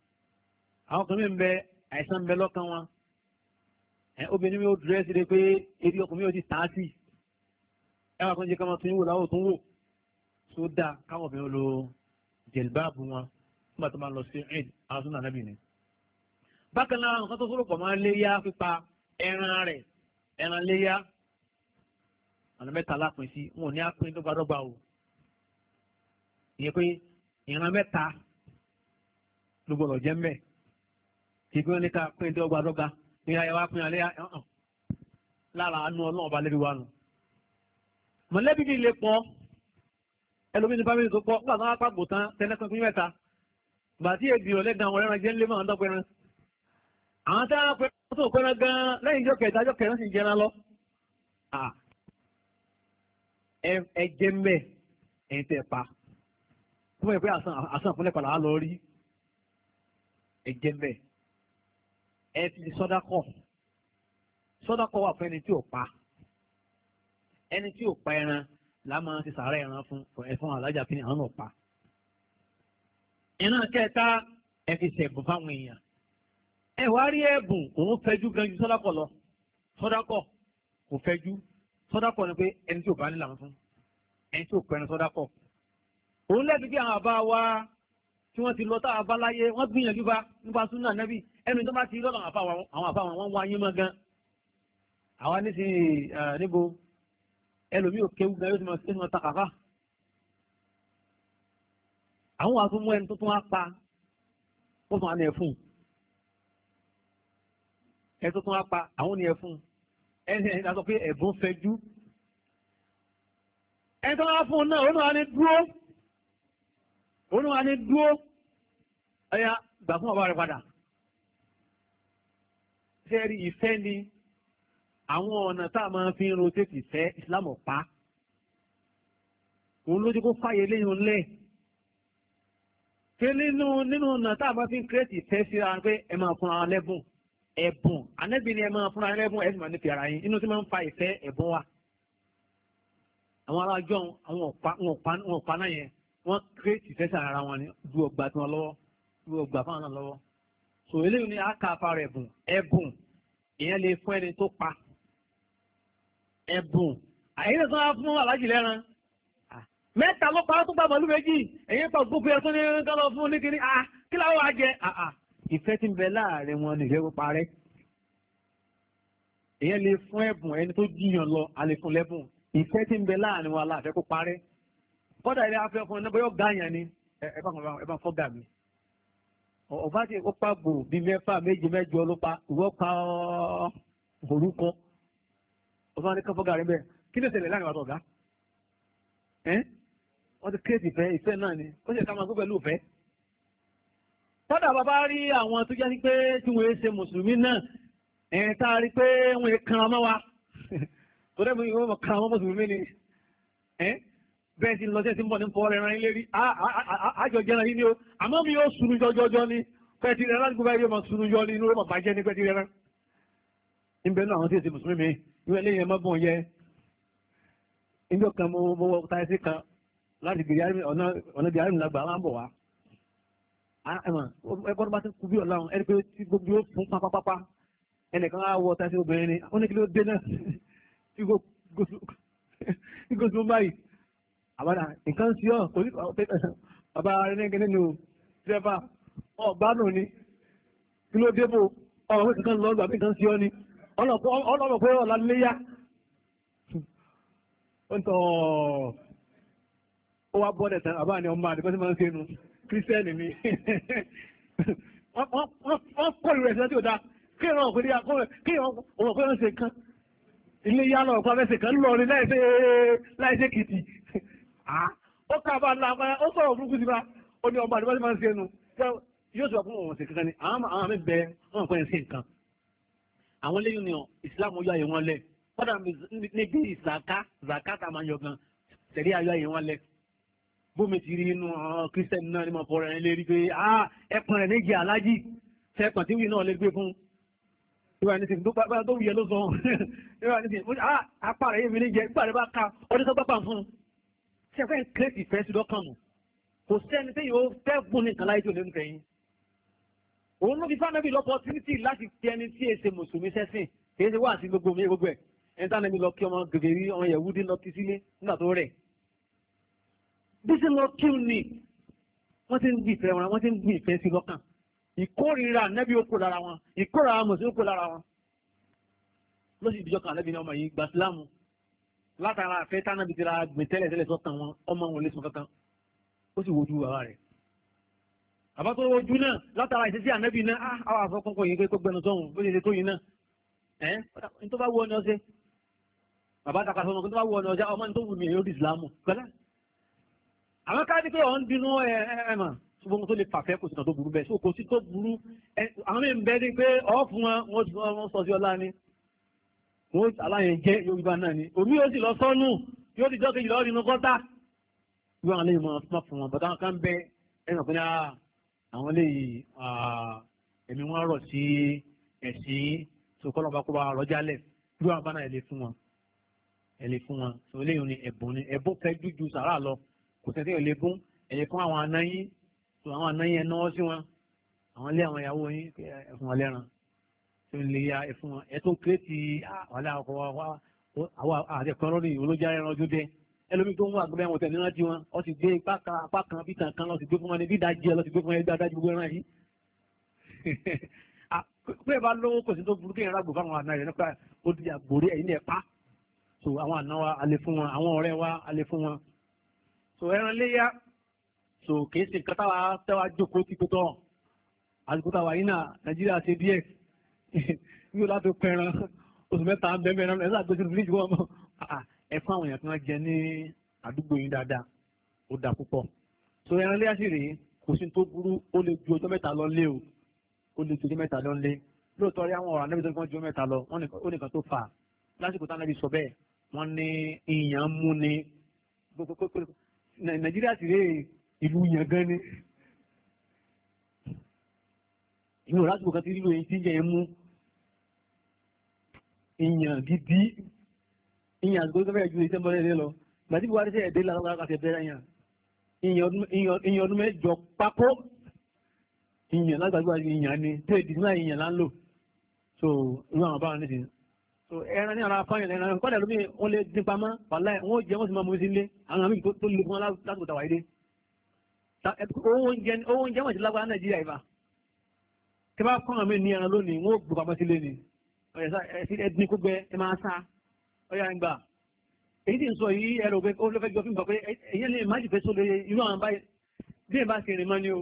àwọn ọkùnrin ń bẹ àìsàn ń bẹ lọ́kàn wọn obìnrin mi ò dúrẹ́sì rẹ pé ebi ọkùnrin mi ò ti tàn á sí ẹ wà kó ń káwọn tún wò láwọn tún wò tó dáa káwọn obìnrin lo jẹ̀lbáàbù wọn nígbà tó máa lọ sí ẹ̀d àwọn sún nàbì ni. bákan náà nǹkan tó sọ̀rọ̀ pọ̀ máa léyà pípa ẹran rẹ̀ ẹran léyà ọ̀nà mẹ́ta lápin sí wọn ò ní ìyẹn pé ìran mẹ́ta ló gbọ́dọ̀ jẹ́ mẹ́ kí gbé wọn ní ká pín dọ́gba dọ́gba ní ayé wa pín alẹ́ hàn lára àánú ọlọ́run ọba lẹ́bi wa nù. mọ̀lẹ́bí mi lè pọ̀ ẹlòmíì ní fámìlì tó pọ̀ nígbà tó wá pàgbò tán tẹ́lẹ́sán pín mẹ́ta gbàtí èdè ọ̀lẹ́ gan ọ̀rẹ́ran jẹ́ ńlẹ́ máa ń dọ́pẹ́ran àwọn tá a pẹ́ tó pẹ́ran gan lẹ́yìn ìjọ kẹta ìjọ kẹrin sì ń jẹran lọ. ẹ jẹ́ mẹ́ ẹ̀ ń tẹ̀ pa kó mọ̀ pé àsán àpọ́nlẹ̀ padà á lọ rí ẹ̀jẹ̀ mbẹ́ ẹ ti sọ́dákọ̀ sọ́dákọ̀ wà fún ẹni tí ò pa ẹni tí ò pa ẹran la máa ti sàárẹ̀ ẹran fún ẹ̀fọn alájà fi hàn náà pa ìran kẹta ẹ fi ṣẹ̀bùn fáwọn èèyàn ẹ wá rí ẹ̀bùn òun fẹ́jú gan ju sọ́dákọ̀ lọ sọ́dákọ̀ kò fẹ́jú sọ́dákọ̀ ni pé ẹni tí ò bá nílà fún ẹni tí ò pẹran sọ́dákọ̀ òun lẹ́bi bí àwọn àbá wa tí wọ́n ti lọ tá àbá láyé wọ́n gbìyànjú bá nípa súnà nẹ́bí ẹnu tó bá ti lọ́dọ̀ àwọn àbá wọn wọ́n wá yín mọ́ gan. àwa nísìnyí níbo ẹlòmíì ò kéwú gan yóò ti máa ta kàkà. àwọn wàá tún mú ẹni tó tún wá pa ó tún wá ní ẹ̀fún ẹni tó tún wá pa àwọn ní ẹ̀fún ẹni ẹni tó sọ pé ẹ̀bùn fẹjú ẹni tó wá fún un náà ó náà wá ní dúró òun wà ní dúó ẹ̀yà gbà fún ọba rẹ̀ padà sẹ́rí ìfẹ́ ni àwọn ọ̀nà tá a máa fi ń rotate ìfẹ́ Islam ọ̀pá òun lójú kó fàyè léyìn lẹ́ẹ̀ pé nínú nínú ọ̀nà tá a máa fi ń create ìfẹ́ síra pé ẹ máa fún ara lẹ́bùn ẹ̀bùn anẹ́bí ni ẹ máa fún lẹ́bùn ẹ máa ní fi ara yín inú tí máa ń fa ìfẹ́ ẹ̀bùn wa àwọn arájọ́ àwọn ọ̀pá náà yẹn wọ́n kírètì fẹ́sẹ̀ ara wọn ni ju ọgbà tí wọ́n lọ́wọ́ ju ọgbà fáwọn náà lọ́wọ́ so eléyìí ni àkà afárá ẹ̀bùn ẹ̀bùn ìyẹn lè fún ẹni tó pa ẹ̀bùn àyẹ̀lẹ̀ tó wá fún aláàjì lẹ́ran mẹ́ta ló pa tó gba màlúù méjì èyí pa gbogbo ẹ̀ tó ní ká lọ fún oníkiri ah kí làwọn wá jẹ ìfẹ́ tí ń bẹ láàrin wọn nìyẹn ó parẹ́ èyí lè fún ẹ̀bùn ẹni tó jiyàn lọ àlè fún lẹ́bùn ìfẹ́ tí ń bẹ láàrin wọn aláàfẹ́ kó parẹ́ kọ́dà ilé afẹ́ ọkùnrin náà bóyá ọ̀gá ni ẹ bá fọ́ gà mí ọba ti ó pa gbò bí mẹ́fà méje mẹ́jọ ló pa ìwọ́ pa orúkọ ọba ní kọ́ fọ́gà rẹ bẹ́ẹ̀ kí ló ṣẹlẹ̀ láàrin wa tọ̀gá wọ́n ti kéèsì ìfẹ́ ìfẹ́ náà ni ó ṣe ká máa gbé pẹ̀lú ìfẹ́ kọ́dà bàbá rí àwọn tó jẹ́ sí pé tí wọ́n ṣe mùsùlùmí náà ẹ̀ tá a rí pé wọ́n kan ọmọ wa tó dẹ́ mi ìwọ́n kan ọmọ mùsùlùmí ni bẹ́ẹ̀ ti lọ sí ẹ̀sìn bọ̀ ní fọ́ ẹran ilé rí àjọ jẹran yìí ni ó àmọ́ mi yóò sunu jọjọjọ ni bẹ́ẹ̀ ti rẹ̀ láti gbogbo ayé máa sunu jọ ni inú rẹ̀ máa bàjẹ́ ní bẹ́ẹ̀ ti rẹ̀ rẹ̀. níbẹ̀ náà àwọn tí èsì mùsùlùmí mi ìwé ilé yẹn mọ́gbọ̀n yẹ ìjọ kan mo mo wọ táyà sí kan láti gbèrè ọ̀nà bí arìnrìn lágbà máa ń bọ̀ wá. ẹgbọ́n bá ti kú bí ọ̀la ẹni pé tí gbogbo yóò fún pápápápá àbádà nǹkan sí ọ kò ní bàbá ẹnìkan nínú dírẹ́fà ọ̀gbá nù ni kí ló débò ọ̀rọ̀ pé kankan lọ́gbà pé nǹkan sí ọ ni ọlọ́rọ̀ pé ọ̀la léyà ó ń tọ́ ó wá bọ́ọ̀dẹ̀ tán àbá ni ọmọ àdìgbọ́sí máa ń ṣe nu kírísítẹ́nì ni wọ́n kọ́ ìrẹsì náà tí ò dáa kí ìran òkú ní akọ́rẹ̀ kí ìran òkú ní ọ̀sẹ̀ kan ilé yá lọ́ọ̀kọ́ abẹ́sẹ̀ kan lọ́ọ̀rin láìsẹ̀ kìtì Ah, ó káàbà lápáyà ó sọ̀rọ̀ burúkú síbá ó ní ọba àdúgbò tí máa ń ṣe ẹnu yóò sọ fún òun ṣèkìkan ni àwọn àwọn àmì bẹ wọn pẹ́ sí nǹkan àwọn lẹ́yìn ni ìsìlámù yọ àyè wọn lẹ̀ kọ́dà níbi ìsàká zàká tá a máa yọ gan tẹ̀lé ayọ àyè wọn lẹ̀ bómi ti rí inú kírísítẹ́nì náà ni mo fọ ẹ̀rín lérí pé ah, ẹ̀pọ̀n rẹ̀ méjì alájì tẹ́pọ̀n tí wí náà lè gbé fún ìwà ní sèkú tó wù yẹ ló sọ ìwà ní sèkú ah, apá rẹ̀ yé mi ní ìgbà rẹ̀ bá ka ọdún tó bá fún un ṣe fẹ́ kírètì ìfẹ́ sí dọ́kàn nù kò sẹ́ni tí yóò fẹ́ gùn ní ìkàlá ìjọ lẹ́nu kẹ́yìn òun ló fi fánàbí lọ́pọ̀ trinity láti fi ẹni tí èsè mùsùlùmí sẹ́sìn kì í ṣe wá àti gbogbo mi gbogbo ẹ̀ ẹni tí ànàbí lọ kí ọmọ gègé rí ọmọ yẹ̀wú dín lọ ti sílé nígbà tó rẹ̀ bí ṣe lọ kí ni wọ́n ti ń gbìn ìfẹ́ wọn wọ́n ti ń gbìn ìfẹ́ sí lọ́kàn ìkórìíra ànàbí ó kó lára wọn ìkórìíra mùsùlùmí ó kó lára wọn lọ́sì ìdíjọ́ kan ànàbí ni ọmọ yìí gbà sílámù látara àfẹ́ tánàbí ti ra gbìn tẹ́lẹ̀ tẹ́lẹ̀ sọ́kàn wọn ọmọ wọn lè sọ kankan ó sì wojú bàbá rẹ̀ bàbá tó wojú náà látara ìṣesí ànábì náà á àwọn àfọ kọ́kọ́ yìí pé gbẹnu sọ́hun bó ṣe ṣe tó yìí náà ẹ̀ ń tó bá wù ọ ní ọ̀sẹ̀ bàbá takasọ ọmọ tó bá wù ọ ní ọ̀sẹ̀ ọmọ ní tó wù mí èyí ó ìsìlámù gbẹlá àwọn káàdì pé ọ̀hún dinú ẹ ẹ mà ṣùgbọ́n tó lè fàfẹ́ kò sí tó burú bẹ́ẹ̀ so kò sí tó burú àwọn mí bẹ́ẹ̀ ni pé ọ̀ fún wọn wọ́n sọ sí ọlá ni wọ́n aláyẹn jẹ́ yorùbá náà ni omi yóò sì lọ sọ́nù yóò ti jọ́kejì lọ́ọ́ nínú gọ́tà yóò àwọn eléyìí máa fún wọn bàtà kan bẹ ẹnì kan náà ah, àwọn eléyìí ah, ẹ̀mí wọn rọ̀ sí ẹ̀sìn sokọ́lọ́ba kó bá rọ́jà lẹ̀ yóò àwọn bá náà ẹ̀ lè fún wọn ẹ̀ lè fún wọn sọ eléyìí ni ẹ̀bùn ni ẹ̀bùn fẹ́ jújú sàrà lọ kò tẹ̀sí ẹ̀ bún ẹ̀yẹ fún àwọn anáyín ìlera ẹ̀fún wọn ẹ̀ tó ń kírètì ah, wàhálà ọkọ̀ wa àwọn àti kan lórí olójà ẹran ojú dẹ ẹlòmíì tó ń wà gbẹ́wọ̀n tẹ̀ níwájú wọn ọ ti gbé ipá kan apá kan bíi tàn kan lọ ti gbé fún wọn ní bí ìdajì ẹ lọ ti gbé fún ẹ gbé adájú gbogbo ẹran yìí pé bá lówó kò sí tó burú kéèyàn rágbò fáwọn àna rẹ̀ nípa ó di àgbòrí ẹ̀yìn ẹ̀ pa so àwọn àna wa alẹ́ fún wọn àwọn ọ̀rẹ́ wa alẹ́ fún wọn so ẹran léyà so kìí ṣe nǹkan táwa tẹ́wàá jókòó ti tó tọ́ àsìkò táwa yìí náà Nàìjíríà ṣe díẹ̀ yóò láti pẹran oṣù mẹ́ta bẹ́ẹ̀ náà ẹ̀sà gbèsè fíríjì wọn mọ́ ah, ẹ fún àwọn èèyàn tí wọ́n jẹ ní àdúgbò yín dáadáa ó dà púpọ̀ so ẹran lé àṣírí kò sí tó burú ó lè ju ọjọ́ mẹ́ta lọ lé o ó lè ju ọjọ́ mẹ́ta lọ lé lóòótọ́ rí àwọn ọ̀rọ̀ anábìsọ fún ọjọ́ mẹ́ta lọ ó nìkan tó fà á lásìkò táwọn ẹbí sọ bẹ́ẹ̀ wọ́n ní ìyàn mú ni nàìjíríà sì rè ìlú yàn gan ni ìlú lásìkò kan ti ìlú yẹn ti yẹn mú ìyàn gidi ìyàn gbogbo fẹ́ ju iṣẹ́ mọ́lẹ́ lé lọ gbàtí buhari ṣe ẹ̀dẹ́ lára kàṣẹ bẹ́ẹ̀ yàn ìyàn ọdún mẹ́jọ pákó ìyàn lágbàgbà ìyàn ni tó èdè nígbà ìyàn là ń lò so irú àwọn báwọn nídìí so ẹran ní ara fáyàn ẹran kọ́dà lómi wọn lè dín pamọ́ wàláì wọn ò jẹ́ wọn sì máa mú sí ilé àwọn àmì tó lè fún wọn lásìkò tàwa ilé oúnjẹ wọn ti lágbára Nàìjíríà ìfà kí bá kọ́ àwọn mi ní ẹran lónìí wọn ò gbọ́ pamọ́ sí ilé ni ẹ̀sìn kó gbẹ ẹ máa sá ọ̀yà ń gbà èyí tí ń sọ yìí ẹ̀rọ pé ó lọ́fẹ́ jọ fún ìgbà pé èyí lè má jìfẹ́ sóde irú àwọn báyìí bí ẹ bá ṣe rìn mọ́ ni o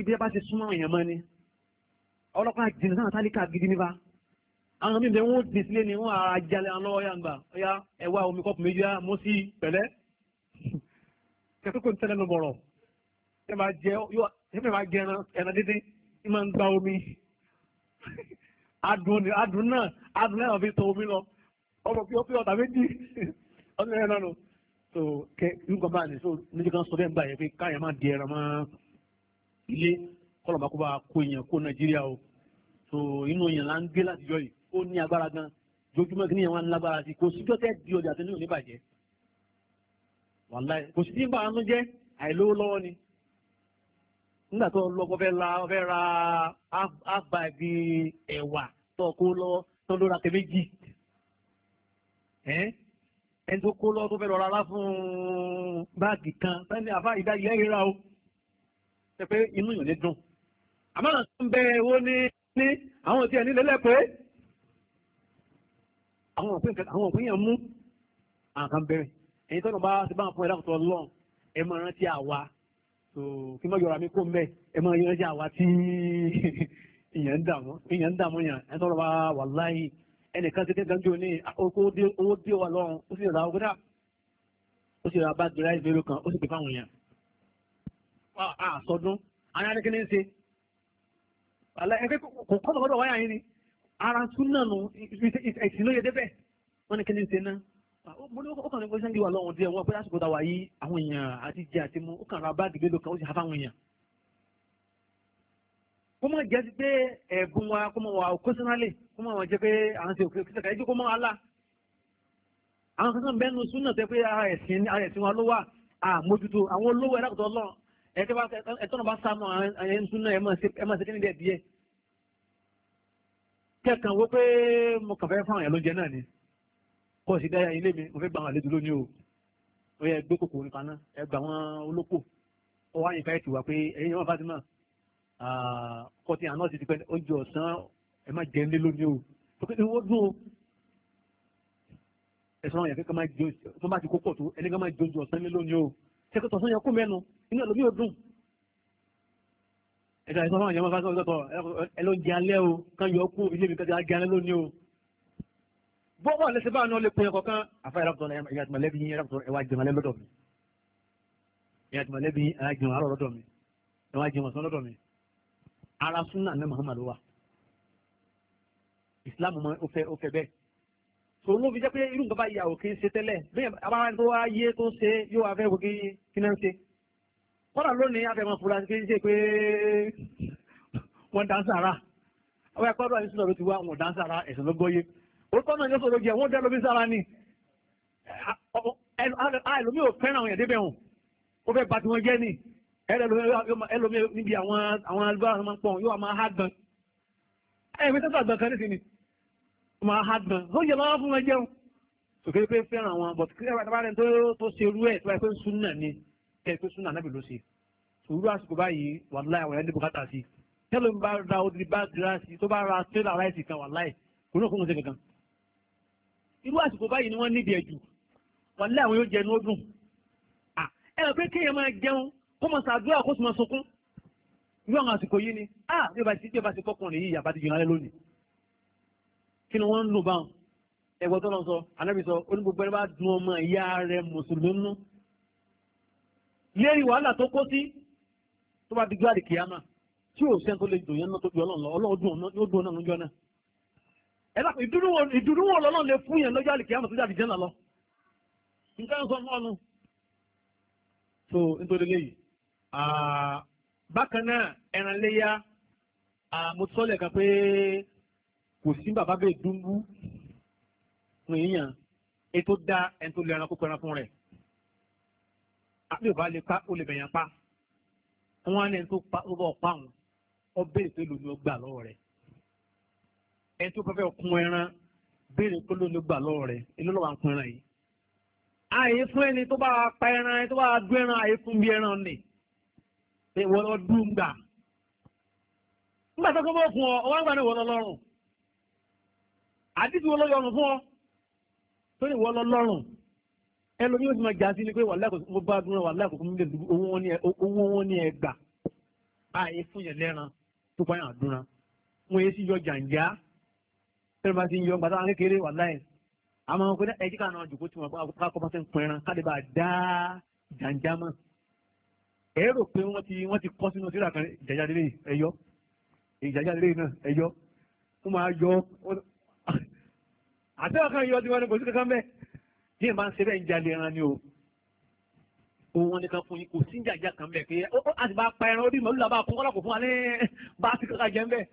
ibi ẹ bá ṣe súnmọ́ èèyàn mọ́ ni ọlọ́pàá jìnnà sáà tálíkà gidi nípa àwọn mímu wọn dì sílé ni wọn ara jalè àwọn lọ́wọ́ yà ń gbà ọyá ẹwà omi kọpù méjì yá mọ sí pẹ̀lẹ́ kẹtùkù ń tẹ́lẹ̀ ló bọrọ ẹ adùn ní adùn náà adùn náà fi tó omi lọ ọmọ pí ọpí ọ̀tà méjì ọdún ẹ̀rọ náà so kẹ nǹkan báyìí so níbi kan sọ bẹ́ẹ̀ gbà yẹn pé káyọ̀ máa di ẹran mọ́ ilé kọlọ̀ máa kó bá kó èèyàn kó nàìjíríà o so inú èèyàn là ń gbé láti jọ yìí ó ní agbára gan jojúmọ́ kí nìyẹn wà ní lágbára sí kò síjọ́ tẹ́ di ọjà tẹ́lẹ̀ òní bàjẹ́ wàláì kò sí tí ń bá àwọn jẹ́ àìlówó lọ́wọ́ ni nígbà tó ń lọ ọbẹ̀ ra ọbẹ̀ ra ábàgbé ẹ̀wà tó kó lọ tó lóra tẹ méjì ẹni tó kó lọ tó fẹ́ lọ rárá fún báàgì kan sẹ́ni àfa ìdájẹ́ ìrà o ṣe pé inú yàn lè dùn àmọ́ àwọn tó ń bẹ owó ní ní àwọn tí ẹ̀ nílẹ̀ lẹ́pẹ́ àwọn òpin yẹn mú àwọn kan bẹ̀rẹ̀ ẹ̀yin tó ń bá ti bá wọn fún ẹ̀ lákòótọ́ lọ́n ẹ̀ máa rántí àwa so kí n bá yọra mi kó mbẹ ẹ máa yanjú àwa tí ìyẹn ń dààmú ìyẹn ń dààmú yàn ẹ tọrọ wa wàláyé ẹnìkan ti kẹkẹ jò ní oko ah, owó dé wa lọ́rùn ó sì rà ọgọdà ó sì rà báàgì ráìsì mélòó kan ó sì pè fáwọn a sọdún àwọn adékè ní í ṣe àlẹ ẹgbẹ kò kọ́ bọ̀gọ́dọ̀ wáyà yín ni ara tún náà nù ìsìn ló yẹ débẹ̀ wọ́n ní kí ní í ṣe náà. Ah, mo ní ó kàn ní pé sẹ́ńdì wà lọ́wọ́ díẹ̀ wọ́n pé lásìkò tá a wà yí àwọn èèyàn àti jẹ àti mu ó kàn ra báàgì mélòó kan ó sì ha fáwọn èèyàn. kó mọ̀ jẹ́ sí pé ẹ̀bùn wa kó mọ̀ wà occasionally kó mọ̀ wọ́n jẹ́ pé à ń ṣe òkè òkè sẹ́kẹ̀ẹ́ kó mọ̀ wá là. àwọn kan náà bẹ́nu sún náà tẹ́ pé ara ẹ̀sìn wa ló wà àmójútó àwọn olówó ẹ̀rọ àkùtọ̀ ọlọ́run ẹ̀tọ́nà bá sá mọ́ ẹ̀yẹn sún náà ẹ̀ máa ṣe kí ni díẹ̀ díẹ̀ kẹ́kàn wó pé mo kàn fẹ́ fáwọn ẹ̀ lóúnjẹ náà ni bọ́ sí dáyà ilé mi mo fẹ́ gba àwọn àlejò lónìí o ó yẹ gbé kòkòrò nìkan náà ẹ gba àwọn olóko ó wá yín káyọ̀tì wá pé ẹ̀yin wọn Fatima kọtí àná ti di pẹ́ oúnjẹ ọ̀sán ẹ má jẹ́ lé lónìí o tó kí ni wọ́n dún o ẹ̀sán yẹn kẹ́kẹ́ máa jó tó bá ti kó pọ̀ tó ẹni kan máa jójú ọ̀sán nílò ni o ṣẹ́kẹ́ tọ̀sán yẹn kú mẹ́nu inú ẹ̀lómi ò dùn. ẹ̀ka ẹ̀sán fáwọn yẹn máa fásitì ọ̀sán tọ̀ ẹ o kán yọ kú ilé mi kẹ́kẹ́ á jẹ alẹ́ lónìí o bọ́wọ́ lẹ́sẹ̀ báwọn náà lè pè é kọ̀ọ̀kan àfa ìyàtọ̀mọ̀lẹ́bí yín ẹwà jẹun alẹ́ lọ́dọ̀ mi ìyàtọ̀mọ̀lẹ́bí ẹwà jẹun àárọ̀ lọ́dọ̀ mi ẹwà jẹun ọ̀sán lọ́dọ̀ mi ara súnà ní Muhammadu wa Islam mọ ofe ofe bẹ́ẹ̀ so ló fi jẹ́ pé irú nǹkan bá yà ò kí ń ṣe tẹ́lẹ̀ bẹ́ẹ̀ abáwọn tó wá yé tó ń ṣe yóò wá fẹ́ wò kí kí náà ń ṣe kọ́dà lónìí afẹ́mọ̀ fúra kí ń ṣe pé wọ́n dáńsára àwọn ẹ̀kọ́ ọ̀dọ́ àyíṣẹ́ lọ́dọ̀ ti wá wọn dáńsára ẹ̀sìn orúkọ náà yóò sọ̀rọ̀ jẹ́ wọ́n dẹ́ lómi sára ni ẹlòmí ò fẹ́ràn àwọn ẹ̀dẹ́bẹ̀ hàn ó fẹ́ bàtí wọn jẹ́ ni ẹlòmí níbi àwọn alùbára máa ń pọ̀ yóò máa há gan ẹ̀mí tó sàgbọ̀n kan nísìnyí máa há gan ó yẹ lọ́wọ́ fún wọn jẹun sòkè pé fẹ́ràn àwọn bọ̀t kí ẹ̀rọ àtàwọn tó tó ṣe irú ẹ̀ tó bá yẹ pé súnà ni ẹ̀ pé súnà náà bì ló ṣe òwúrò àsìkò báyìí wàláì àwọn ẹ̀dẹ́ bùkátà sí tẹ́lómi bá ra odi bá gíláàsì tó bá ra tẹ́lá láìsì kan wàláì kò ní òkú irú àsìkò báyìí ni wọ́n níbi ẹ̀jù wọ́n lé àwọn yóò jẹnu ó dùn ẹ rẹ̀ pé kéèyàn máa jẹun kó mọ̀ sàdúrà kó sì máa sunkún irú àwọn àsìkò yìí ni a bí ọba ti bá ti fọkùnrin yìí yàbá ti jùlọ lónìí kí ni wọ́n ń lò báwọn ẹ̀wọ́ tó lọ sọ anábì sọ onígbogbo ẹni bá dun ọmọ ìyá rẹ̀ mùsùlùmí lérí wàhálà tó kó sí tó bá di gbáàdì kìámà tí ò sẹ́ni lè dùn yẹn náà tó ju ọlọ́run lọ ọlọ́run dùn dùn náà ẹ̀dá ìdúró wọn lọ́nà lè fún yẹn lọ́jọ́ àlìkẹ́ àmọ̀ tó jáde jẹ́nà lọ nǹkan sọ mọ́ ọnu so nítorí léyìí bákan náà ẹran léyà mo sọ lẹ́ẹ̀kan pé kò sí bàbá bẹ́ẹ̀ dúnbú fún èèyàn ètò da ẹni tó lè ẹran kókó ẹran fún rẹ̀ àbí ò bá lè pa ó lè bẹ̀yàn pa wọn á ní ẹni tó pa ó bọ̀ pa òun ọbẹ̀ ètò ìlú ni ó gbà lọ́wọ́ rẹ̀ ẹni tó fẹ́fẹ́ kun ẹran béèrè pé ló ló gbà lọ́wọ́ rẹ̀ èló lọ́wọ́ à ń kun ẹran yìí. àyè fún ẹni tó bá pa ẹran ẹni tó bá dún ẹran àyè fún bí ẹran nì ṣe wọ́n lọ dún gbà. nígbà tó kọ́ bó kun ọ ọwọ́ àgbà ni wọ́n lọ lọ́rùn àdìsí wọ́n lọ yọrùn fún ọ tó ní wọ́n lọ lọ́rùn ẹlòmí yóò ti máa jásí ni pé wàhálà kò mo bá dúró wàhálà kò mo lè du owó wọn ní ẹgbà àyè fún yẹn lẹ́ran tó bá yàn dúnra wọn yé sí yọ jàǹjá fẹ́rẹ̀ bá ti ń yọ gbàtà wọn kékeré wà láì àmọ́ wọn kò ní ẹ̀jẹ̀ kan náà jòkó tí wọn bá kọ́ bá ti ń pẹran káde bá dá jàǹjà mọ́ èrò pé wọ́n ti wọ́n ti kọ́ sínú síra kan jàjà lélẹ̀ ẹ̀yọ́ ìjàjà lélẹ̀ náà ẹ̀yọ́ wọ́n máa yọ àti ọ̀kan yọ tiwọn ni kò sí kankan bẹ́ẹ̀ bí ẹ̀ máa ń ṣe bẹ́ẹ̀ ń jalè ẹran ni o òun nìkan fún yín kò sí jàjà kan bẹ́ẹ̀ pé a ti bá pa ẹran orí màlúù làbá kún kọ́lá fún wa ní bá a ti kankan jẹ́ ń bẹ́ẹ̀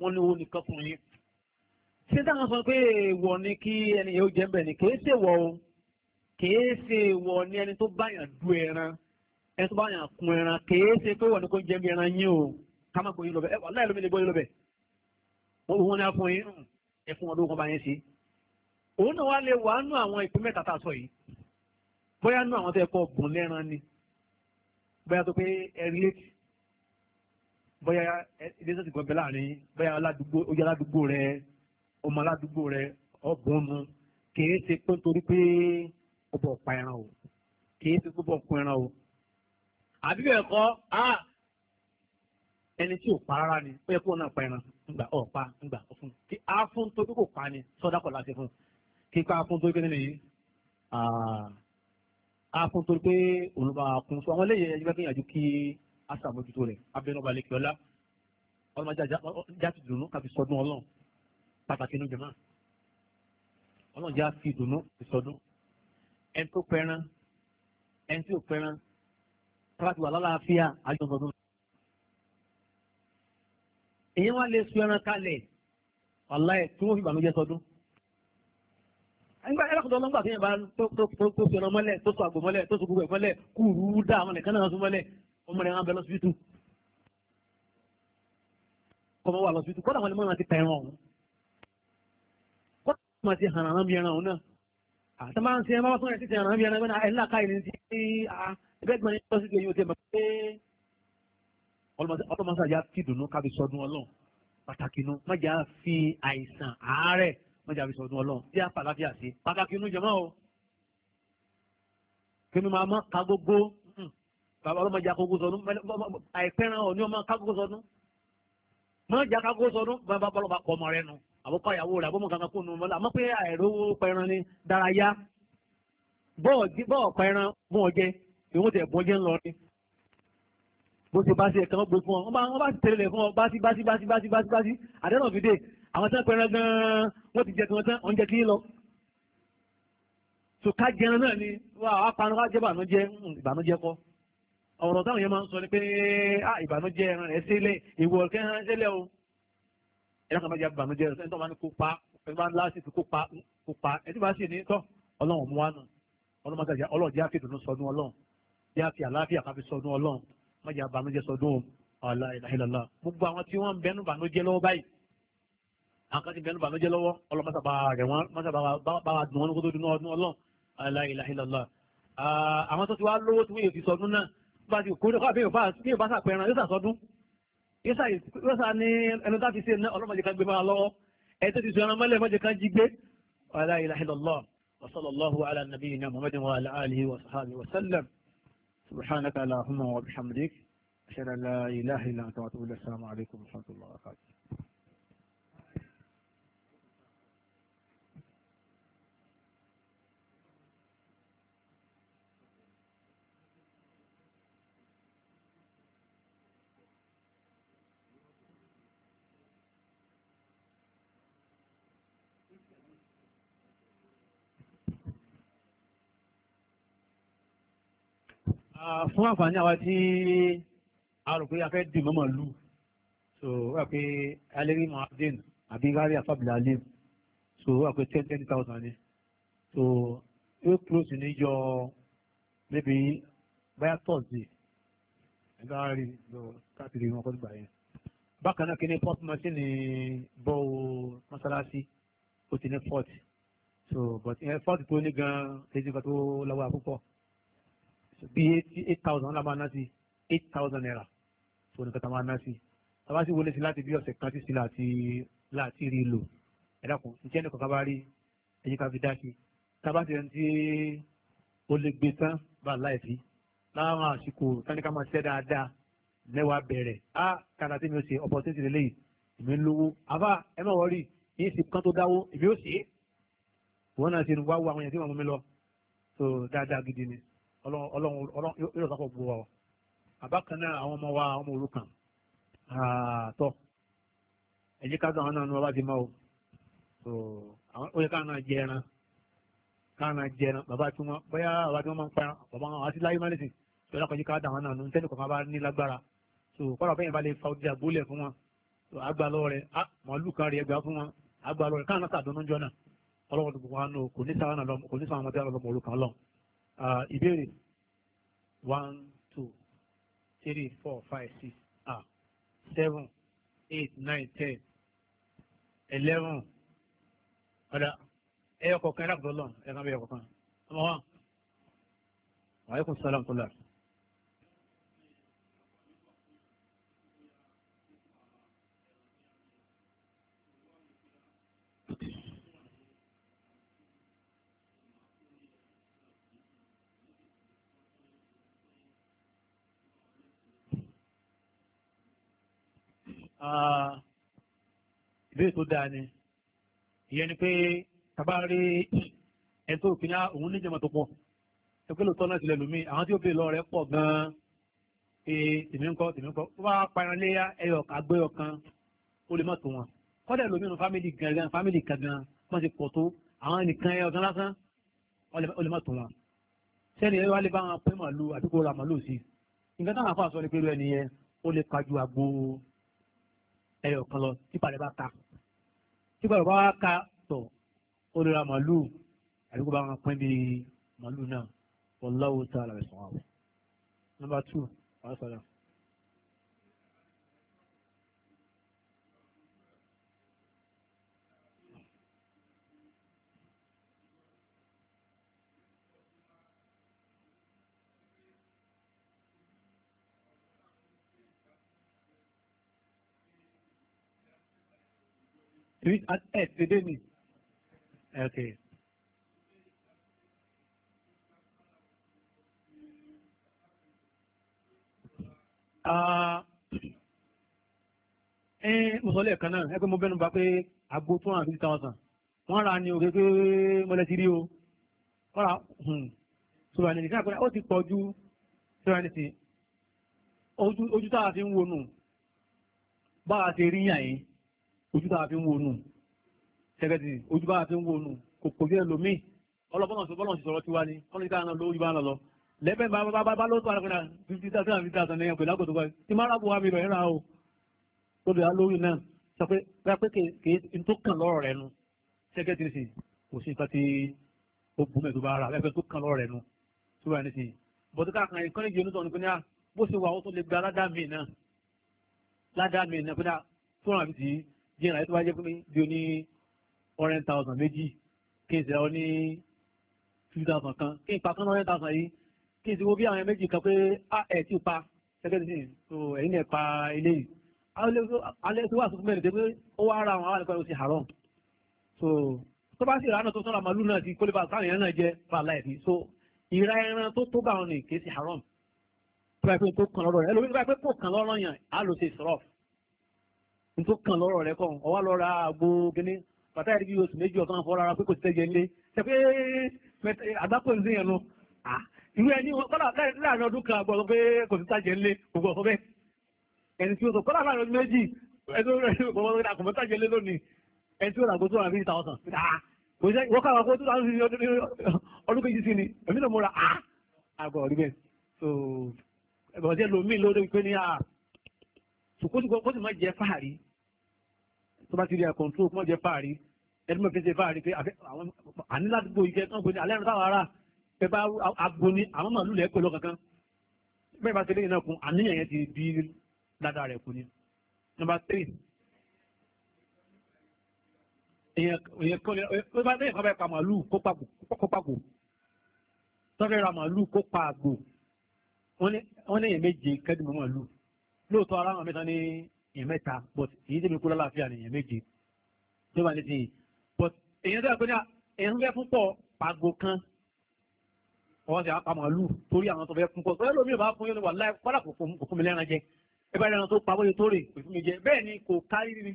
wọ́n ní òun nìkan fún yín ṣé táwọn sọ pé èèwọ̀ ni kí ẹni yẹn ó jẹ́ bẹ́ẹ̀ ni kìí ṣe wọ̀ o kìí ṣe wọ̀ ni ẹni tó báyàn du ẹran ẹni tó báyàn kun ẹran kìí ṣe pé wọ̀ ni kò jẹ́ bí ẹran yín o ká má gbóyún lọ́bẹ̀ ẹ̀wọ̀ aláìlómi lè gbóyún lọ́bẹ̀ wọ́n wọ́n ní afọ yín ẹ̀fún ọdún kan bá yẹn ṣe. òun náà wá lè wà nú àwọn ìpín mẹ́ta tá a sọ yìí bóyá nú àwọn tó yẹ kọ́ bùn lẹ́ran ni bóyá tó pé ẹ̀rí létí bóyá ilé ọmọ aládùúgbò rẹ ọ̀bùnnu kìí ṣe pé torí pé ó bọ̀ pa ẹran o kìí ṣe pé ó bọ̀ pa ẹran o àbí bẹ́ẹ̀ kọ́ ẹni tí ò pa rárá ni ó yẹ kó náà pa ẹran ńgbà ọ̀ pa ńgbà ọ̀ fún kí á fún torí kò pa ni sọ́dá kọ̀ láti fún kí ká fún torí pé nínú yìí á fún torí pé òun bá kún fún àwọn eléyìí ẹni bá gbìyànjú kí á ṣàmójútó rẹ̀ abẹ́nú balẹ̀ kí ọlá ọlọ́mọdé ajá ti dùnú káfí sọdún ọlọ́run pàtàkì ní jọmọ́ ọlọ́jà fi ìdùnnú ìsọdún ẹni tó pẹran ẹni tí ò pẹran tọ́lájú wà lálàáfíà àjọ̀dún. èyí wá lè sun ẹran kalẹ̀ wàláyé tí wọ́n fi ìbànújẹ́ sọdún. nígbà ẹlẹ́kọ̀ọ́ ọlọ́gbà tí yẹn bá tó fi ẹran mọ́lẹ̀ tó sọ àgbò mọ́lẹ̀ tó sọ gbogbo ẹ̀ mọ́lẹ̀ kú rúurú dá àwọn nìkan náà sún mọ́lẹ̀ ọmọ rẹ̀ wọn bẹ lọ́sibítù. kọ́mọ wà lọ́sibítù kọ́dà wọn ni mọ́ máa ti hàn án bí ẹran òun náà àti máa ń ṣe máa tún ẹ̀ sí ti hàn án bí ẹran òun náà ẹ̀là káyìí ní ti ẹgbẹ́ ìgbà yẹn lọ́sí ẹ̀yìn òtẹ́ pé ọlọ́mọsájà ti dùnú kábi sọdún ọlọ́run pàtàkì nu májà fi àìsàn àárẹ̀ májà fi sọdún ọlọ́run tí a fàlàfíà sí pàtàkì nu jẹ̀mọ́ o kí ni máa má ka gbogbo bàbá ọlọ́mọdé agogo sọdún àìpẹ́ràn ọ̀ ní ọmọ kágogo sọdún mọ́jà kágogo sọdún bàbá ọlọ́mọdé akọ ọmọ rẹ nu àbúkọ́ ìyàwó rẹ̀ àbúmọ̀ kankan kó nu mọ́lá àmọ́ pé àìrówó pẹran ni dárayá bọ́ọ̀ pẹran fún ọjẹ́ ìwọ́n tẹ̀ bọ́jẹ́ ńlọ ni bó ṣe bá ṣe ẹ̀ka wọn gbé fún ọ wọn bá ti tẹ̀lé fún ọ báṣí báṣí báṣí báṣí báṣí báṣí àdéhùn fìdí àwọn tán pẹran gan-an wọ́n ti jẹ tiwọn tán ọ̀n jẹ kí lọ. sùkà jẹran náà ni wà á panu wá jẹ́ ìbànújẹ́ hmm, ìbànújẹ́ kọ́ ọ̀rọ̀ táwọn yẹn máa ń sọ ni pé ah, ìbànújẹ́ ẹran rẹ̀ sílẹ̀ ìwọ̀ kẹ́hán sílẹ̀ o ẹ̀rọ kan mẹ́jọ bànújẹ́ rẹ̀ sẹ́ńtọ́ máa ní kópa ẹni máa ń lásìkò kópa kópa ẹni máa sì ní tọ́ ọlọ́run mú wánu ọlọ́run máa jẹ́ ọlọ́run jẹ́ àfi ìdùnnú sọdún ọlọ́run jẹ́ àfi àlàáfíà ká fi sọdún ọlọ́run mẹ́jọ bànújẹ́ sọdún ọ̀la ìlàhìlàlà gbogbo àwọn tí wọ́n ń bẹnu bànújẹ́ lọ́wọ́ báyìí àwọn kan ti bẹnu bànújẹ́ lọ́wọ́ ọlọ́run máa sábà rẹ̀ wọ́n máa sábà bá wa dùn wọn kó tó dùn ọdún ọlọ́run ọ̀la ìlàhìlàlà àwọn tó ti wá lówó tí wọ́n yọ́sà ní ẹnu tá a fi ṣe ná ọlọ́mọdé kan gbé máa lọ́wọ́ ẹni tó ti sọ̀rọ̀ mọ́lẹ̀ mọ́jẹ kan jí gbé wàhálà ìlàhìlọ́lọ́ wasallallahu ala nabiyyina muhammadin wa ala alihi wa sahbihi wa sallam subhanaka allahumma wa bihamdik ashhadu an la ilaha illa anta wa atubu ilayk assalamu alaykum wa rahmatullahi fún àǹfààní àwa tí a rò pé a fẹ́ dì mọ́mọ́ lù so wà pé alẹ́rí mohammed àbí rárí àfàbìlà alim so wà pé ten ten thousand ni so yóò close níjọ níbi báyà thursday ẹgbẹ́ wa rí lọ káàkiri wọn kọ́ gbà yẹn bákan náà kí ni pop machine ni bọ́ọ̀ mọ́sálásí ó ti ní fort so but fort tó ní gan-an kejì kan tó lọ́wọ́ àkókò bí eight thousand la máa ná sí eight thousand naira fún nǹkan tá a máa ná sí tàbá sì wọlé sí láti bí ọ̀sẹ̀ kan sí sí láti láti rí lò ẹ dákun ǹjẹ́ nìkan ká bá rí ẹ̀yìn ká fi dá sí tàbá sì rẹ̀ ti ó lè gbé tán bá láìsí láwọn àsìkò táníkà máa ṣiṣẹ́ dáadáa mẹ́wàá bẹ̀rẹ̀ á kàdà tí mi ò ṣe opportunity lélẹ́yìí èmi lówó àbá ẹ má wọrí yìí sì kán tó dáwó èmi ò ṣe é wọn náà ṣe wá wo àwọn yẹn tí wọn mú mi lọ so dáadáa gidi ni ọlọ́run ọlọ́run yóò sọ́kọ̀ gbogbo wa àbákan náà àwọn ọmọ wa ọmọ òrukàn àtọ́ ah, ẹ̀jẹ̀ ká dáhùn náà ni wọ́n bá ti mọ́ o so ó yẹ káwọn náà jẹ ẹran káwọn náà jẹ ẹran bàbá tí wọ́n bóyá bàbá tí wọ́n máa ń pa bàbá wọn àti láyé máa lè sìn so ẹ̀rọ náà ni tẹ́lẹ̀ kọ̀ọ̀kan bá ní lágbára so kọ́ra bẹ́yìn bá lè fa ọjà gbólẹ̀ fún wọn so àgbà lọ rẹ ah, màálù kan rẹ ẹgbàá fún wọn àgbà Uh, ìbéèrè one two three four five six ah seven eight nine ten eleven ọ̀dà ẹ̀yọkọ̀kan ẹ̀dá kọ̀ọ̀kan lọ́n ẹ̀ka bẹ̀yọkọ̀kan ọmọ wa wàhálà kò sálàmù tó lára. ìbéèrè tó dáa ni ìyẹn ni pé tàbá rí ẹni tó kìíní òun ní jẹmọ tó pọ̀ ẹgbẹ́ lóòótọ́ náà tilẹ̀ lómi àwọn tí ó bèèrè lọ rẹ̀ pọ̀ gan-an pé tèmi ń kọ́ tèmi ń kọ́ ó bá paran léyà ẹyọ àgbẹ̀yọ kan ó lè má tó wọn kọ́dà lómi nu fámìlì gangan fámìlì gangan wọ́n ti pọ̀ tó àwọn nìkan ẹyọ kan lásán ó lè má tó wọn sẹ́ni ẹ̀rọ alẹ́ bá wọn pé màlúù àdúgbò ra màlúù sí nǹkan táwọn afọ ẹyọ kan lọ tipa rẹ̀ bá ka tipa rẹ̀ bá wá ka tọ̀ ó lè ra màálùú àbí kó bá wọn pín bí màálùú náà wallahu ta'ala àlàyé sọ̀rọ̀ àwọn. number two wàá sọ̀rọ̀. ẹ̀ tẹ́lẹ̀ ni okay. ẹ mùsọ̀lẹ̀ kan náà ẹgbẹ́ mo bẹ́nu bá pé àgbo two hundred fifty thousand wọ́n ra ni òkè pé mọ̀lẹ́tì rí o wọ́n ra hmm. sọ̀rọ̀ àníyàn sáà pé ó ti pọ̀ ju sọ̀rọ̀ àníyàn ojú tá a fi ń wo nù bá a ti rí yàn yín ojú tá a fi ń wo nù ṣẹ́gẹ́dì ojú bá a fi ń wo nù kò kò yẹ lómi ọlọ́bọ̀nà sọ bọ́lọ̀ sọ̀rọ̀ tiwa ni wọ́n ní ká náà lójú bá ń lọ lẹ́bẹ̀ bá bá bá bá ló tó ara pẹ̀lú fifty thousand fifty thousand nìyẹn pẹ̀lú àgọ́tọ̀ báyìí tí mara bu wa mi lọ ẹ̀rọ o tó lè lórí náà sọ pé bá pé kèé n tó kàn lọ́rọ̀ rẹ nu ṣẹ́gẹ́dì sì kò sí nǹkan tí ó bu mẹ́tò bá ra ẹgbẹ́ tó kàn lọ́rọ̀ rẹ nu tó wà nísìnyí bọ̀dé káàkiri kan ìkànnì yìí onítọ̀ nípa ní bó ṣe wà ó tó lè gba ládàá mi yẹn láyé tó bá jẹ́ pé bí o ní one thousand méjì kí n sì ra ọ ní two thousand kan kí n pa kán one thousand yìí kí n sì wo bí àwọn méjì kan pé a ẹ̀ tí o pa gẹ́gẹ́ bí sìn so ẹ̀yin ẹ̀ pa eléyìí alẹ́ tó wà sókè mẹ́rin tẹ́ pé ó wá ara àwọn àwọn àlùkò ṣe haram so tó bá sì rà náà tó sọ́ra màlúù náà sí kólébà sáwọn èèyàn náà jẹ́ fún aláìsí so ìra ẹran tó tó bá wọn ni kì í ṣe haram tó bá yẹ pé tó kàn lọ́rọ̀ yẹn ẹlòmíràn bá yẹ pé nítorí kan lọ́rọ̀ rẹ kàn ọwọ́ lọ ra àgbo gíní bàtà yẹn bí oṣù méjì ọ̀tún àfọwọ́ rárá pé kò ti tẹ́jẹ̀ ńlé ṣe pé àgbákò ń sìn yẹn nu ìwé ẹni kọ́lá láàrin ọdún kan àgbọ̀ pé kò ti tẹ́jẹ̀ ńlé gbogbo ọ̀fọ́ bẹ́ẹ̀ ẹni tí ó sọ kọ́lá láàrin ọdún méjì ẹni tó rẹ̀ kò mọ́ tẹ́jẹ̀ ńlé lónìí ẹni tí ó rà gbósùn àbí ìta ọ̀sán wọ́n kàwá kó tó láti fi ọdún kejì sí ni èmi náà mo ra àgọ̀ rí bẹ́ẹ̀ so ẹ̀bọ̀n jẹ́ lomi lórí pé ní kó sì má jẹ fáàrí tó bá ti rí àkọ́ńtró kó má jẹ fáàrí ẹni mọ̀ fi ṣe fáàrí pé àwọn àní ládùúgbò ìjẹ tán gbóni alẹ́ táwọn ará ẹ bá agbóni àwọn màálù lẹ́ pẹ̀lú kankan bẹ́ẹ̀ bá ṣe léyìn náà kun àníyàn yẹn ti bí ládàá rẹ̀ kú ni. number three èèyàn kan lè ó bá lẹ́yìn kan tọ́fẹ́ ra màálù kó àgbò wọ́n ní èèyàn méje kẹ́dùn mọ́ màálù lóòótọ́ ara wọn mẹ́ta ní èèyàn mẹ́ta but èyí tẹ̀mí kú lálàáfíà ní èèyàn méje tó wà ní ti yìí but èèyàn tó yà pé ní èèyàn fẹ́ fún pọ̀ pàgò kan ọwọ́ ti àpamọ́ lù torí àwọn tó fẹ́ fún pọ̀ pẹ́lú omi ò bá fún yóò ní wà láì kọ́lá kò fún mi lẹ́ran jẹ ẹ bá ẹran tó pa bóyá tó rè kò fún mi jẹ bẹ́ẹ̀ ni kò kárí ni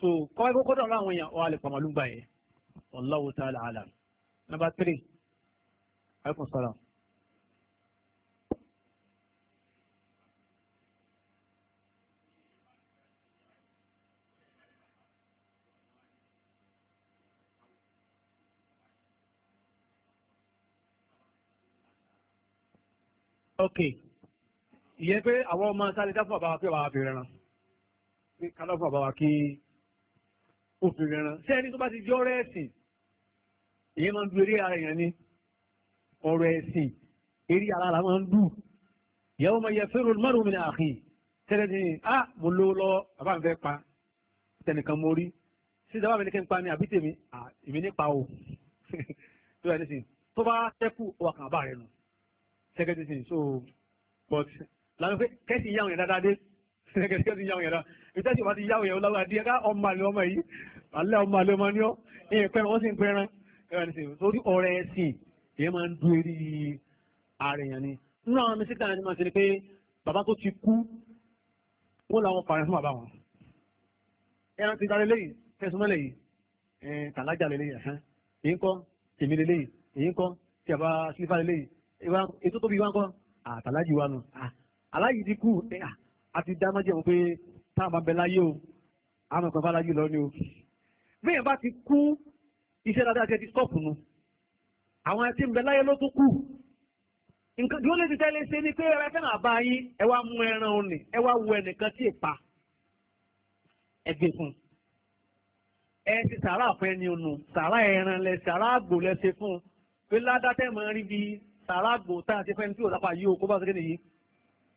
so kọ́ ẹ kókó dọ̀rọ̀ àwọn èèyàn ọ̀ alẹ́ pàmò lù gbà yẹn Allahu ta'ala alam number three alaikum salaam. ok ìyẹn pé àwọn ọmọ sáré dá fún bàbá wa pé bàbá fi rẹran pé kálọ́ fún bàbá wa kí ó fi rẹran ṣé ẹni tó bá ti jọ ọ̀rọ̀ ẹ̀sìn ìyẹn máa ń du eré ara èèyàn ni ọ̀rọ̀ ẹ̀sìn eré ara la máa ń dù ìyàwó máa yẹ fẹ́ràn márùn-ún mi ní àkì tẹ́lẹ̀ ní a mo lówó lọ́wọ́ bàbá mi fẹ́ pa tẹnìkan mo rí sísè bàbá mi ní kí n pa ni àbí tèmi èmi ní pa o tó bá tẹ́kù ọwọ́ kan bá rẹ nù secretary thing so but lànà pé kẹ́sì yáwọn yẹn dáadáa dé secretary kẹ́sì yáwọn yẹn dáa ìtẹ́sí ìwà ti yáwọn yẹn lọ́wọ́ adé ká ọmọ àlè ọmọ yìí alẹ́ ọmọ àlè ọmọ ni ọ́ ìyẹn pẹ́ràn wọ́n sì ń pẹ́ràn ẹ̀rọ ní sèwọ́n torí ọ̀rẹ́ ẹ̀sìn ìyẹn máa ń dún eré ààrẹ yẹn ni nínú àwọn mísí kan ni máa ṣe ni pé bàbá tó ti kú wọ́n làwọn pààrọ̀ fún bàbá wọn ẹran ti darí léyìí fẹsùn mọ́lẹ̀ yìí tàlájà lélẹ́yìí èyí ń kọ́ tèmi lélẹ́yìí èyí kọ́ tí ètò tóbi wá ń kọ́ àtàlájì wa nù aláyì ti kú àti dánájẹ́ wọn pé tá a máa bẹ láyé o àmọ́ ìpàdé aláyì lọ ni o bẹ́ẹ̀ bá ti kú iṣẹ́ dáadáa ti ti stọ́ọ̀pù nu àwọn ẹtí ń bẹ láyé ló tún kù nǹkan tí ó lè ti tẹ́lẹ̀ ṣe ni pé ẹ̀rọ ẹ̀fẹ́ náà yín ẹ wá mú ẹran òní ẹ wá wo ẹnìkan tí ì pa ẹgbẹ́ fún ẹ ti sàrà fún ẹni ònù sàrà ẹran lẹ sàrà àgbò lẹ ṣe fún un pé ládàá tẹ́ mọ́ rí bíi tàràgbò tá a ti fẹ́ ní tí òlápá yìí o kó bá ṣe kéde yìí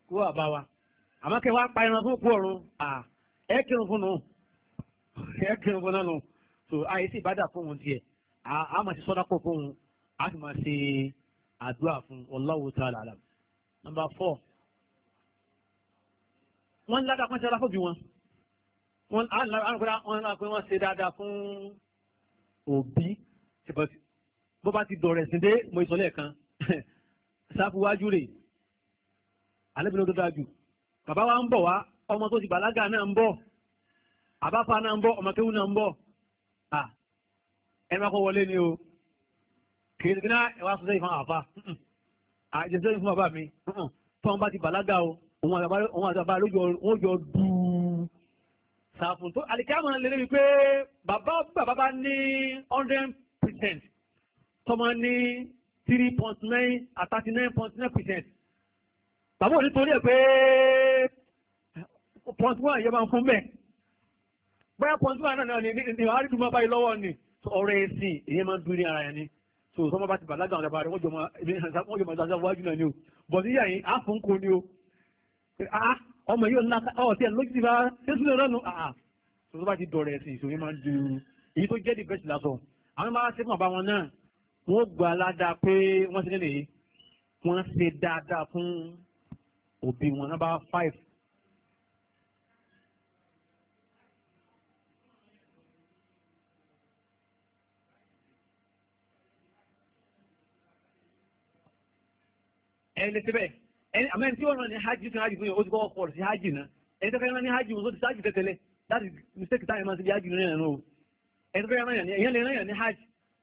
kó wà bá wa àmọ́ kẹ́ wá pa ẹran fún òkú ọ̀run ẹ kírun fún nù ẹ kírun fún nánu tó àìsí ìbádà fún òun tiẹ̀ a máa ṣe sọ́dá pọ̀ fún òun a sì máa ṣe àdúrà fún Allahu ta'ala alam. number four wọ́n ń ládàá pọ́n ṣe aláfọ́bí wọn wọ́n á lára wọn náà pé wọ́n ṣe dáadáa fún òbí bó bá ti dọ̀rẹ̀ sí dé mo ìsọ̀lẹ̀ kan sáfùwájú rè alẹ́bìnrin tó dáa jù bàbá wa ń bọ̀ wá ọmọ tó ti bàlágà náà ń bọ̀ àbáfa náà ń bọ̀ ọmọ kéwù náà ń bọ̀ ẹ máa kọ́ wọlé ni o kì í ní ẹ wá sọ sẹ́yìn fún àfa àìjẹ sẹ́yìn fún bàbá mi fún ọmọ bá ti bàlágà o òun àti bàbá lójó wọn jọ dùn sàfùn tó àlìkámọ̀ náà lélẹ́yìn pé bàbá bàbá bá ní hundred percent tọmọ ní three point nine at thirty nine point nine percent bàbá òní torí ẹ̀ pé point one yẹ máa fún mẹ́ bóyá point one náà ni ní àárídùn máa báyìí lọ́wọ́ ni ọ̀rẹ́ ẹ̀sìn ìyẹn máa ń dúró ní ara yẹn ni so sọmọ bá ti bàlágà àwọn àbárẹ wọ́n jọ máa dáadáa wájú náà ni o bọ̀ sí yàyín á fún kò ní o ah, ọmọ yóò ńlá ọ̀ tí ẹ̀ lójú ti bá jésù náà nù àà so tó bá ti dọ̀rẹ̀ ẹ̀sìn ìṣòwò máa ń dúró èyí tó jẹ́ wọ́n gba aládàá pé wọ́n ti nílé wọ́n ṣe dáadáa fún òbí wọn nọ́mbà five. ẹni síbẹ̀ ẹni àmọ́ ẹni tí wọ́n náà ní hajj fún hajj fún yẹn ó ti kọ́ ọ̀pọ̀ sí hajj náà ẹni tó fẹ́ náà ní hajj wọn tó ti sáájì tẹ́tẹ́lẹ̀ láti mistake táyà máa ti di hajj náà yẹn náà o ẹni tó fẹ́ yẹn ní hajj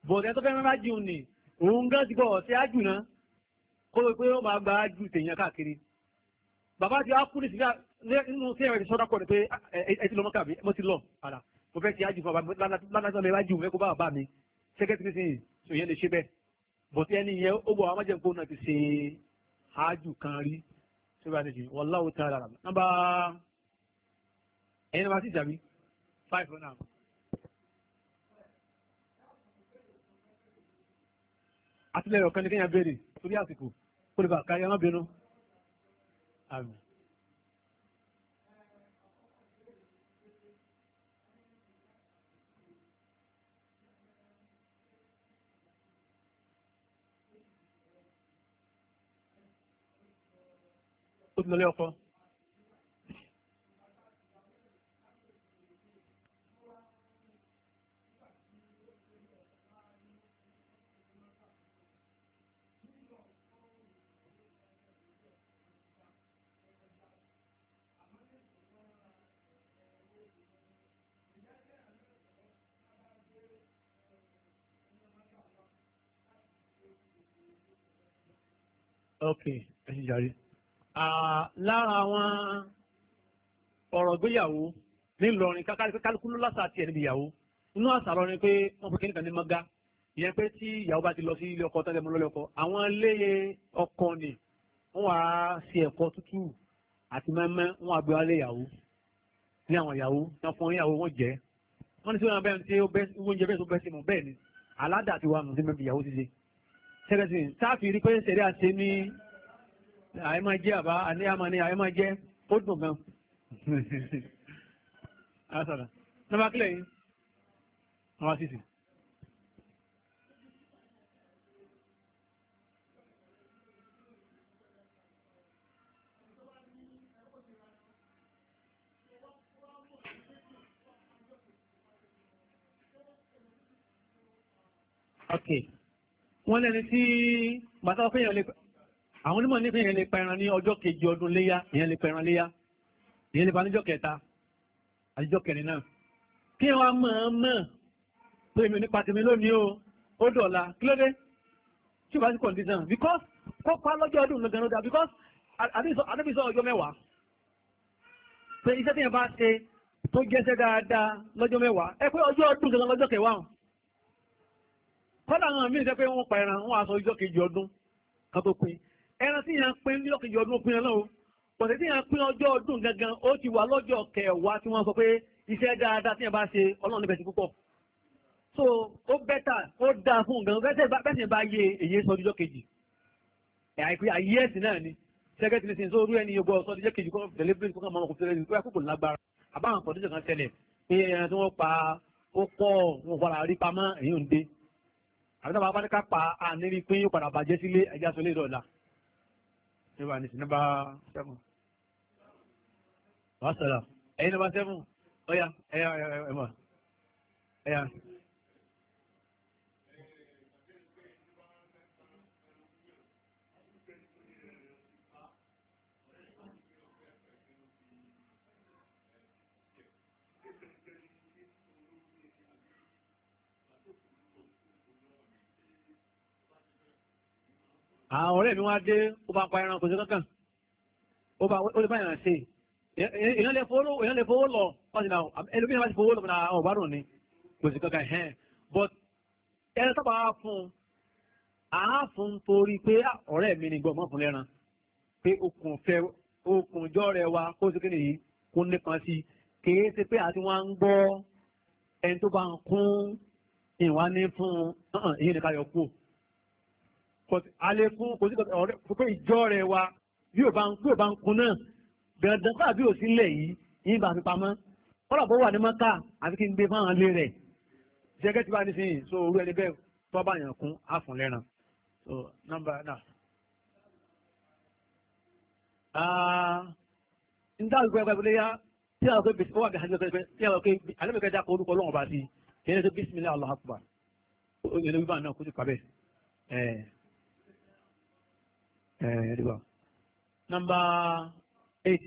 bọ̀dẹ̀ tó fẹ́ máa jù ní òun gán ti gbọ́ ọ̀sẹ̀ ájù náà kó o pé ó máa gba ájù tèèyàn káàkiri bàbá ti á kú ní sílá nínú sí ẹ̀rọ ìṣọ́dá pọ̀ ní pé ẹ ti lọ mọ́kà mi mo ti lọ padà mo fẹ́ ti ájù fún bàbá mi lánàá mi ájù mi kó bá bàbá mi sẹ́kẹ́tì mi sì sọ yẹn lè ṣe bẹ́ẹ̀ bọ̀tí ẹni yẹn ó bọ̀ àwọn májèkó náà ti ṣe ájù kan rí tó bá ti jù wallahu ta'ala nàmbà ẹ̀yin nàmbà àtìlẹyìn ọ̀kan ní kéèyàn béèrè torí àsìkò kó lè bá kárí ọmọ bínú. àmín. ó ti lọ lé ọkọ. ok ẹ ṣe jàre lára àwọn ọ̀rọ̀ gbéyàwó nílọrin kálukú ló lásà tiẹ̀ níbi ìyàwó inú àṣà lọ ni pé wọ́n fi kíníkan ní mọ́gá ìyẹn pé tí ìyàwó bá ti lọ sí ilé ọkọ tẹ́lẹ̀ mọ́ lọ́lẹ́ ọkọ àwọn ilé ọkọ ni wọ́n wá sí ẹ̀kọ tútù àti mẹ́mẹ́ wọ́n àgbẹ̀ wálé ìyàwó ní àwọn ìyàwó ní ọkùnrin ìyàwó wọn jẹ́ wọ́n ní sí wọn bẹ́ẹ̀ ní tí oúnjẹ bẹ́ẹ̀ tó bẹ́ẹ̀ sí mọ́ bẹ́ẹ̀ ni aládàá ti wà nù sí mẹ́bí ìyàwó ti ṣe tẹ́gẹ̀sì táàfì rí pé ṣẹ̀rí àti ní àìmájẹ́ àbá àní àmà ní àìmájẹ́ ó dùn gan. Àṣàrà. Nọ́mbà kílẹ̀ yìí. Nọ́mbà sísì. Okay wọ́n lẹ́ni tí bàtà ọ̀pẹ́ yẹn lè àwọn onímọ̀ nípa yẹn lè pẹran ní ọjọ́ kejì ọdún léyá yẹn lè pẹran léyá yẹn lè pa níjọ́ kẹta àtijọ́ kẹrin náà kí wọ́n máa mọ̀ pé èmi nípa tèmi lónìí o ó dọ̀la kí ló dé tí o bá sí condition because kó pa lọ́jọ́ ọdún lọ́gàn ló dá because àdébí sọ ọjọ́ mẹ́wàá pé iṣẹ́ tí yẹn bá ṣe tó jẹ́sẹ́ dáadáa lọ́jọ́ mẹ́wàá ẹ pé ọjọ́ ọdún gangan lọ́jọ́ kẹwàá kọ́dà àwọn míì sẹ́ pé wọ́n pa ẹran wọ́n aṣọ ìjọ kejì ọdún kan tó pin ẹran tí yàn pín ìjọ kejì ọdún pin náà pọ̀sẹ̀ tí yàn pín ọjọ́ ọdún gangan ó ti wà lọ́jọ́ kẹwàá tí wọ́n sọ pé iṣẹ́ dáadáa tí yàn bá ṣe ọlọ́run níbẹ̀ ti púpọ̀ so ó bẹ́tà ó dáa fún gan bẹ́sẹ̀ bá yé èyí sọ ìjọ kejì ayé ẹ̀sìn náà ni sẹ́gẹ́tì ní sin so orú ẹni yọgbọ́ sọ àbí táwọn abáníká pa àníri pé yóò padà bàjẹ́ sílé ẹja sọ lé ìdọ̀la nígbà ní sí nọ́mbà sẹ́fún wàá sọ̀rọ̀ ẹ̀yin nọ́mbà sẹ́fún ọ̀yà ẹ̀yà ẹ̀yà ẹ̀yà. àwọn ọ̀rẹ́ mi wá dé ó bá pa ẹran kò sí kankan ó bá ó lè bá ẹran ṣe èèyàn lè fowó lọ wọ́n ti na ẹlòmíì bá ti fowó lọ náà ọ̀bá dùn ni kò sí kankan hẹ́n but ẹran sábà á fún un àá fún un torí pé ah, ọ̀rẹ́ mi ni gbọ̀mọ́ fún lẹ́ran pé okùn fẹ́ okùn jọ́ rẹ̀ wa kó sí kíni yìí kó nípa sí kìí ṣe pé àti wọn ń gbọ́ ẹni tó bá ń kún ìwà ní fún ìyẹn nìkan yọ kú àlékún kò sí ọ̀rẹ́ pé ìjọ rẹ̀ wa bí o bá ń kun náà dandan fún àbí òsín lẹ̀ yìí yín bá fi pamọ́ kọ́lọ̀ bó wà ní mọ́ká àfi kí n gbé fáwọn ilé rẹ̀ jẹ́gẹ́ tí wàá ní sìn so orú ẹni bẹ́ẹ̀ tó bá yàn kún á fún lẹ́ran so nọ́mbà náà. Ah, n dáhùn ìgbà ìgbà ìgbàlẹ́yà tí a wọ́n pé bísí ó wà bí hajj ọ̀gbẹ́ tí a wọ́n pé alẹ́ mi kẹ́ dákọ̀ orúkọ ọlọ́run bá sí kí ẹni tó bísí mi ní Allah akbar ó yẹ lóbi bá náà kó ti kàbẹ́ ẹ̀ ẹ̀ẹ́dẹ́gbà. Eh, nọmba eight.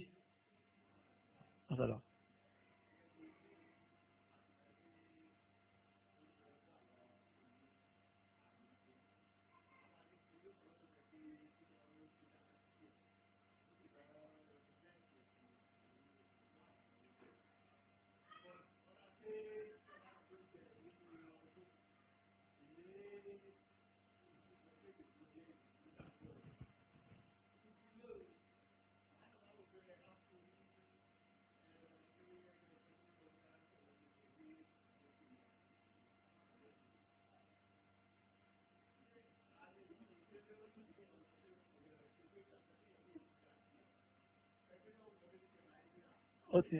ó ti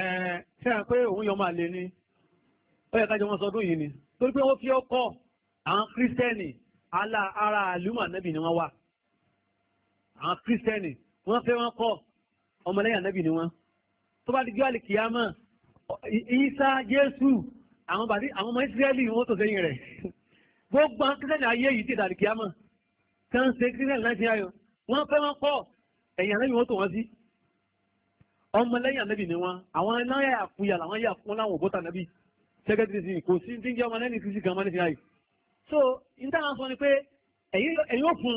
ẹ̀ẹ́ ṣe à ń pé òun yọ máa lè ní ó yẹ kájọ wọn sọdún yìí ni torí pé wọ́n fi ọkọ̀ àwọn kírísítẹ́nì alá ara àlùmọ̀ nẹ́bì ni wọ́n wà àwọn kírísítẹ́nì wọ́n fẹ́ wọn kọ́ ọmọlẹ́yìn ànẹ́bì ni wọ́n tó bá di gbáàlì kìámọ̀ ìsá jésù àwọn bàbí àwọn ọmọ ìsírẹ́lì wọ́n tó sẹ́yìn rẹ̀ gbogbo àwọn kírísítẹ́nì ayé yìí ti dàdí tí wọ́n ṣe kírísítẹ́nì láti ayọ̀ wọ́n fẹ́ wọn kọ́ ẹ̀yìn ànẹ́bì wọ́n tó wọ́n sí ọmọ lẹ́yìn ànábì ni wọn àwọn náà yà fúyà làwọn yà fún láwọn òbótà ànábì sẹkẹtìrìsì kò sí ti ń jẹ́ ọmọ lẹ́yìn kìí sí gan ọmọ nísìnyá yìí so n táwọn sọ ni pé ẹ̀yin ò fún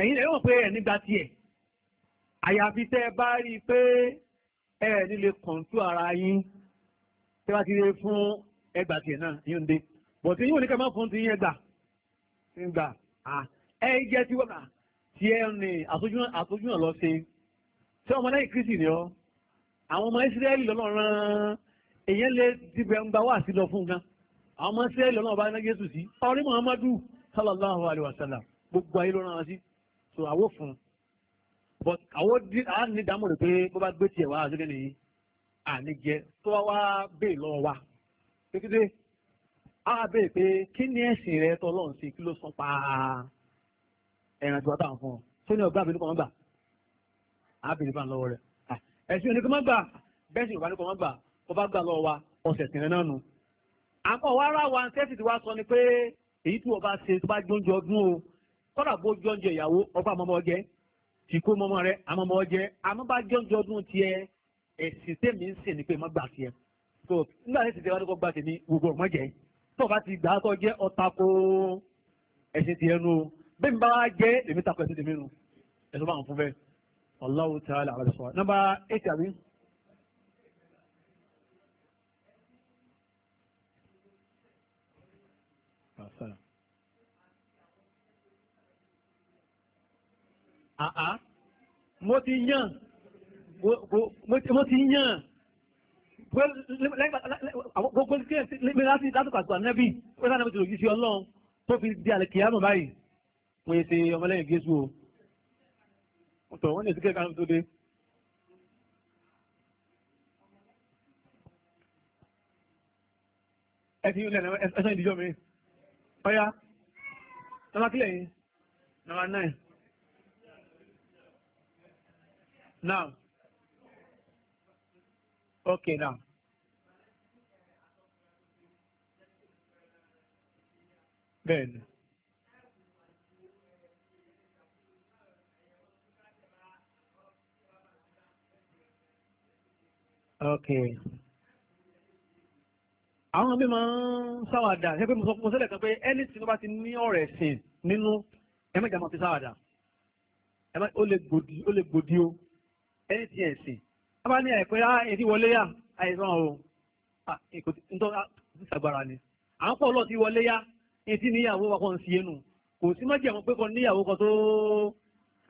ẹ̀yin ẹ̀yin ò pé ẹ̀ nígbà tiẹ̀ àyàfi tẹ́ ẹ bá rí i pé ẹ nílé kọ̀ǹtù ara yín tẹ́ bá ti lè fún ẹgbà tiẹ̀ náà yóò ń dé bọ̀tí yóò ní ká má fún ti yín ẹgbà ẹ jẹ́ tiwọ́n tiẹ̀ ní àtúnjú náà lọ sí tí ọmọ lẹ́yìn kristi ni ọ́ àwọn ọmọ Ísírẹ́lì lọ́nà rán èyàn lè dìbẹ̀ ń gba wá sí lọ fún gan àwọn ọmọ Ísírẹ́lì lọ́nà bá ná Jésù sí ọrí Muhammadu sallallahu alayhi wa sallam gbogbo ayé ló wọn sí so àwo fún but àwo di à ní ìdámọ̀ rẹ̀ pé bó bá gbé tiẹ̀ wá àti kẹ́ni àní jẹ tó wá wá bẹ́ẹ̀ lọ wa kékeré á bẹ́ẹ̀ pé kí ni ẹ̀sìn rẹ tọ́lọ́ ń ṣe kí ló sọ pa ẹ̀ràn tí wọ́n bá fún ọ àbèrè bá ń lọ́wọ́ rẹ̀ ah, ẹ̀sìn òní kò má gbà bẹ́ẹ̀ sì ìbánikọ̀ má gbà kó bá gbà lọ́wọ́ wa ọ̀sẹ̀ tìrẹ náà nu. àkọ́ wa ara wa ṣẹ́ẹ̀sì ti wá sọ ni pé èyí tí ọba ṣe tó bá jóúnjẹ ọdún o kọ́dà bó jóúnjẹ ìyàwó ọba àmọ́mọ́ jẹ́ tí kó mọ́mọ́ rẹ àmọ́mọ́ jẹ́ àmọ́ bá jóúnjẹ ọdún tiẹ̀ ẹ̀sìn tèmi ń sìn ni pé má gbà tiẹ̀ tó nígbà tí ìṣèjọba tó kọ́ gbà tèmi gbogbo ọ̀mọ́ jẹ́ tó bá ti gbà á kọ́ jẹ́ ọ̀ta kó ẹ̀sìn tiẹ̀ nu bẹ́ẹ̀ mi bá wá Allahu ta'ala ala sọ nọ́mbà eight àbí. àá ah, ah. mo ti yàn mo ti yàn gbogbo láti látọ̀kọ̀ àgbà nẹ́bí pẹ́sà nẹ́bí ti lòdì sí ọlọ́run tó fi di àlẹ́kìá mọ̀ báyìí mo yẹ ṣe ọmọlẹ́yìn Jésù o ọ̀tọ̀ wọ́n lè sí kẹ́kẹ́ àwọn tó dé. ẹ ti yún lẹ́nu ẹsẹ̀ ìdíjọ́ mi ọ̀yá nọ́mbà kílẹ̀ yìí nọ́mbà náì now okay now. Bẹ́ẹ̀ni. ok àwọn bí máa ń sáwàdà ṣé pé mo sọ sílẹ̀ kan pé ẹni tí wọ́n bá ti ní ọ̀rọ̀ ẹ̀sìn nínú ẹ̀mẹ́jà máa fi sáwàdà ó lè gbòdì ó lè gbòdì o ẹni tí ẹ̀sìn wọ́n bá ní àìpẹ́ ah, ẹ̀dí wọlé yá àìsàn oh. ah, o ah, nítorí ìsàgbára ni à ń pọ̀ lọ́ọ̀ tí wọlé yá etí níyàwó wa kọ́ ń ṣiyé nù kò sí má jẹ̀mọ́ pé kọ́ níyàwó kan tó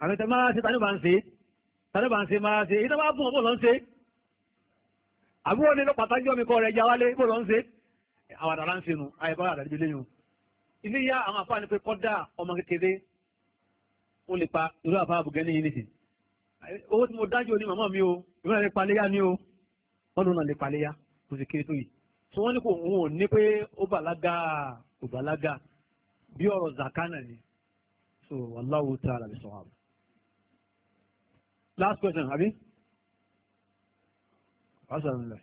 àmì tẹ́ máa ṣe tani bá ń ṣe tani bá ń ṣe máa ṣe ìtàn bá bùn ọ̀pọ̀ lọ́ ń ṣe àbúrò nínú pàtàkì ọmọ ikọ̀ rẹ̀ ya wálé bó lọ ń ṣe àwọn àdàrà ń ṣe nu àyẹ̀bá àdàdìbí léyìn ilé yá àwọn àfáà ni pé kọ́dà ọmọ kékeré ó lè pa irú àfáà bùgẹ́ ní yìí nìsín owó tí mo dájú ní màmá mi o ìwé náà lè paléyà ní o wọ́n lóun náà lè paléyà kò sì kéré tó yìí tí wọ́n ní kò ń wò ní pé ó bàlágà kò bàlágà bí ọ̀rọ̀ zakana ni so wallahu ta'ala bisawab last question abi hasanlẹ̀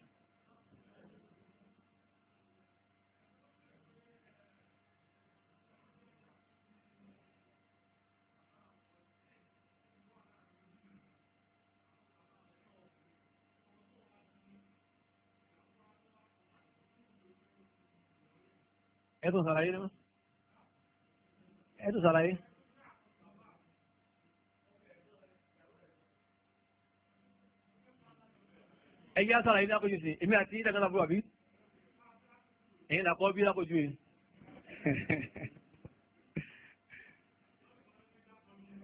ẹ̀tún sàlàyé ní mọ́ ẹ̀tún sàlàyé ẹ̀yà sára ilé àkójú sí èmi àti ilẹ̀ kan lábúrò àbí ẹ̀yìn làkọ́ bí lákójú rẹ̀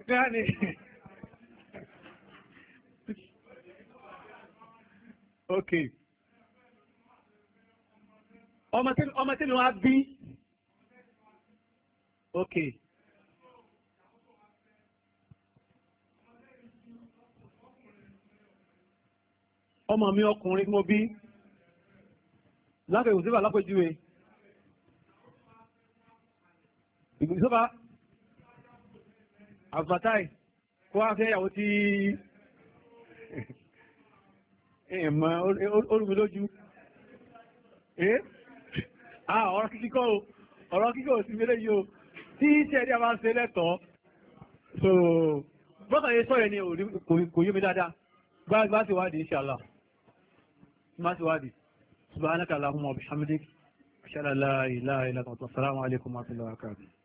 gáàni ok ọmọ tí mi wá bí ok. ọmọ mi ọkùnrin mo bí lápẹ̀ ìwòsíbà lápẹ̀júwe ìgbìsọ́bà àbàtáì kó wá fẹ́ ìyàwó tí ẹ̀mọ̀ orúmi lójú eh ah ọ̀rọ̀ kíkọ́ ọ̀rọ̀ kíkọ́ sí mẹ́lẹ̀ yóò tí iṣẹ́ ẹ̀dí àbá ṣe lẹ́tọ̀ọ́ so bọ́kàn yẹ sọ́rẹ̀ ni kò yé mi dáadáa gbáàgbá sí wádìí inshallah smart wadi subhanaka allahumma wa bihamdik ashhadu an la ilaha illa anta astaghfiruka wa atubu ilayk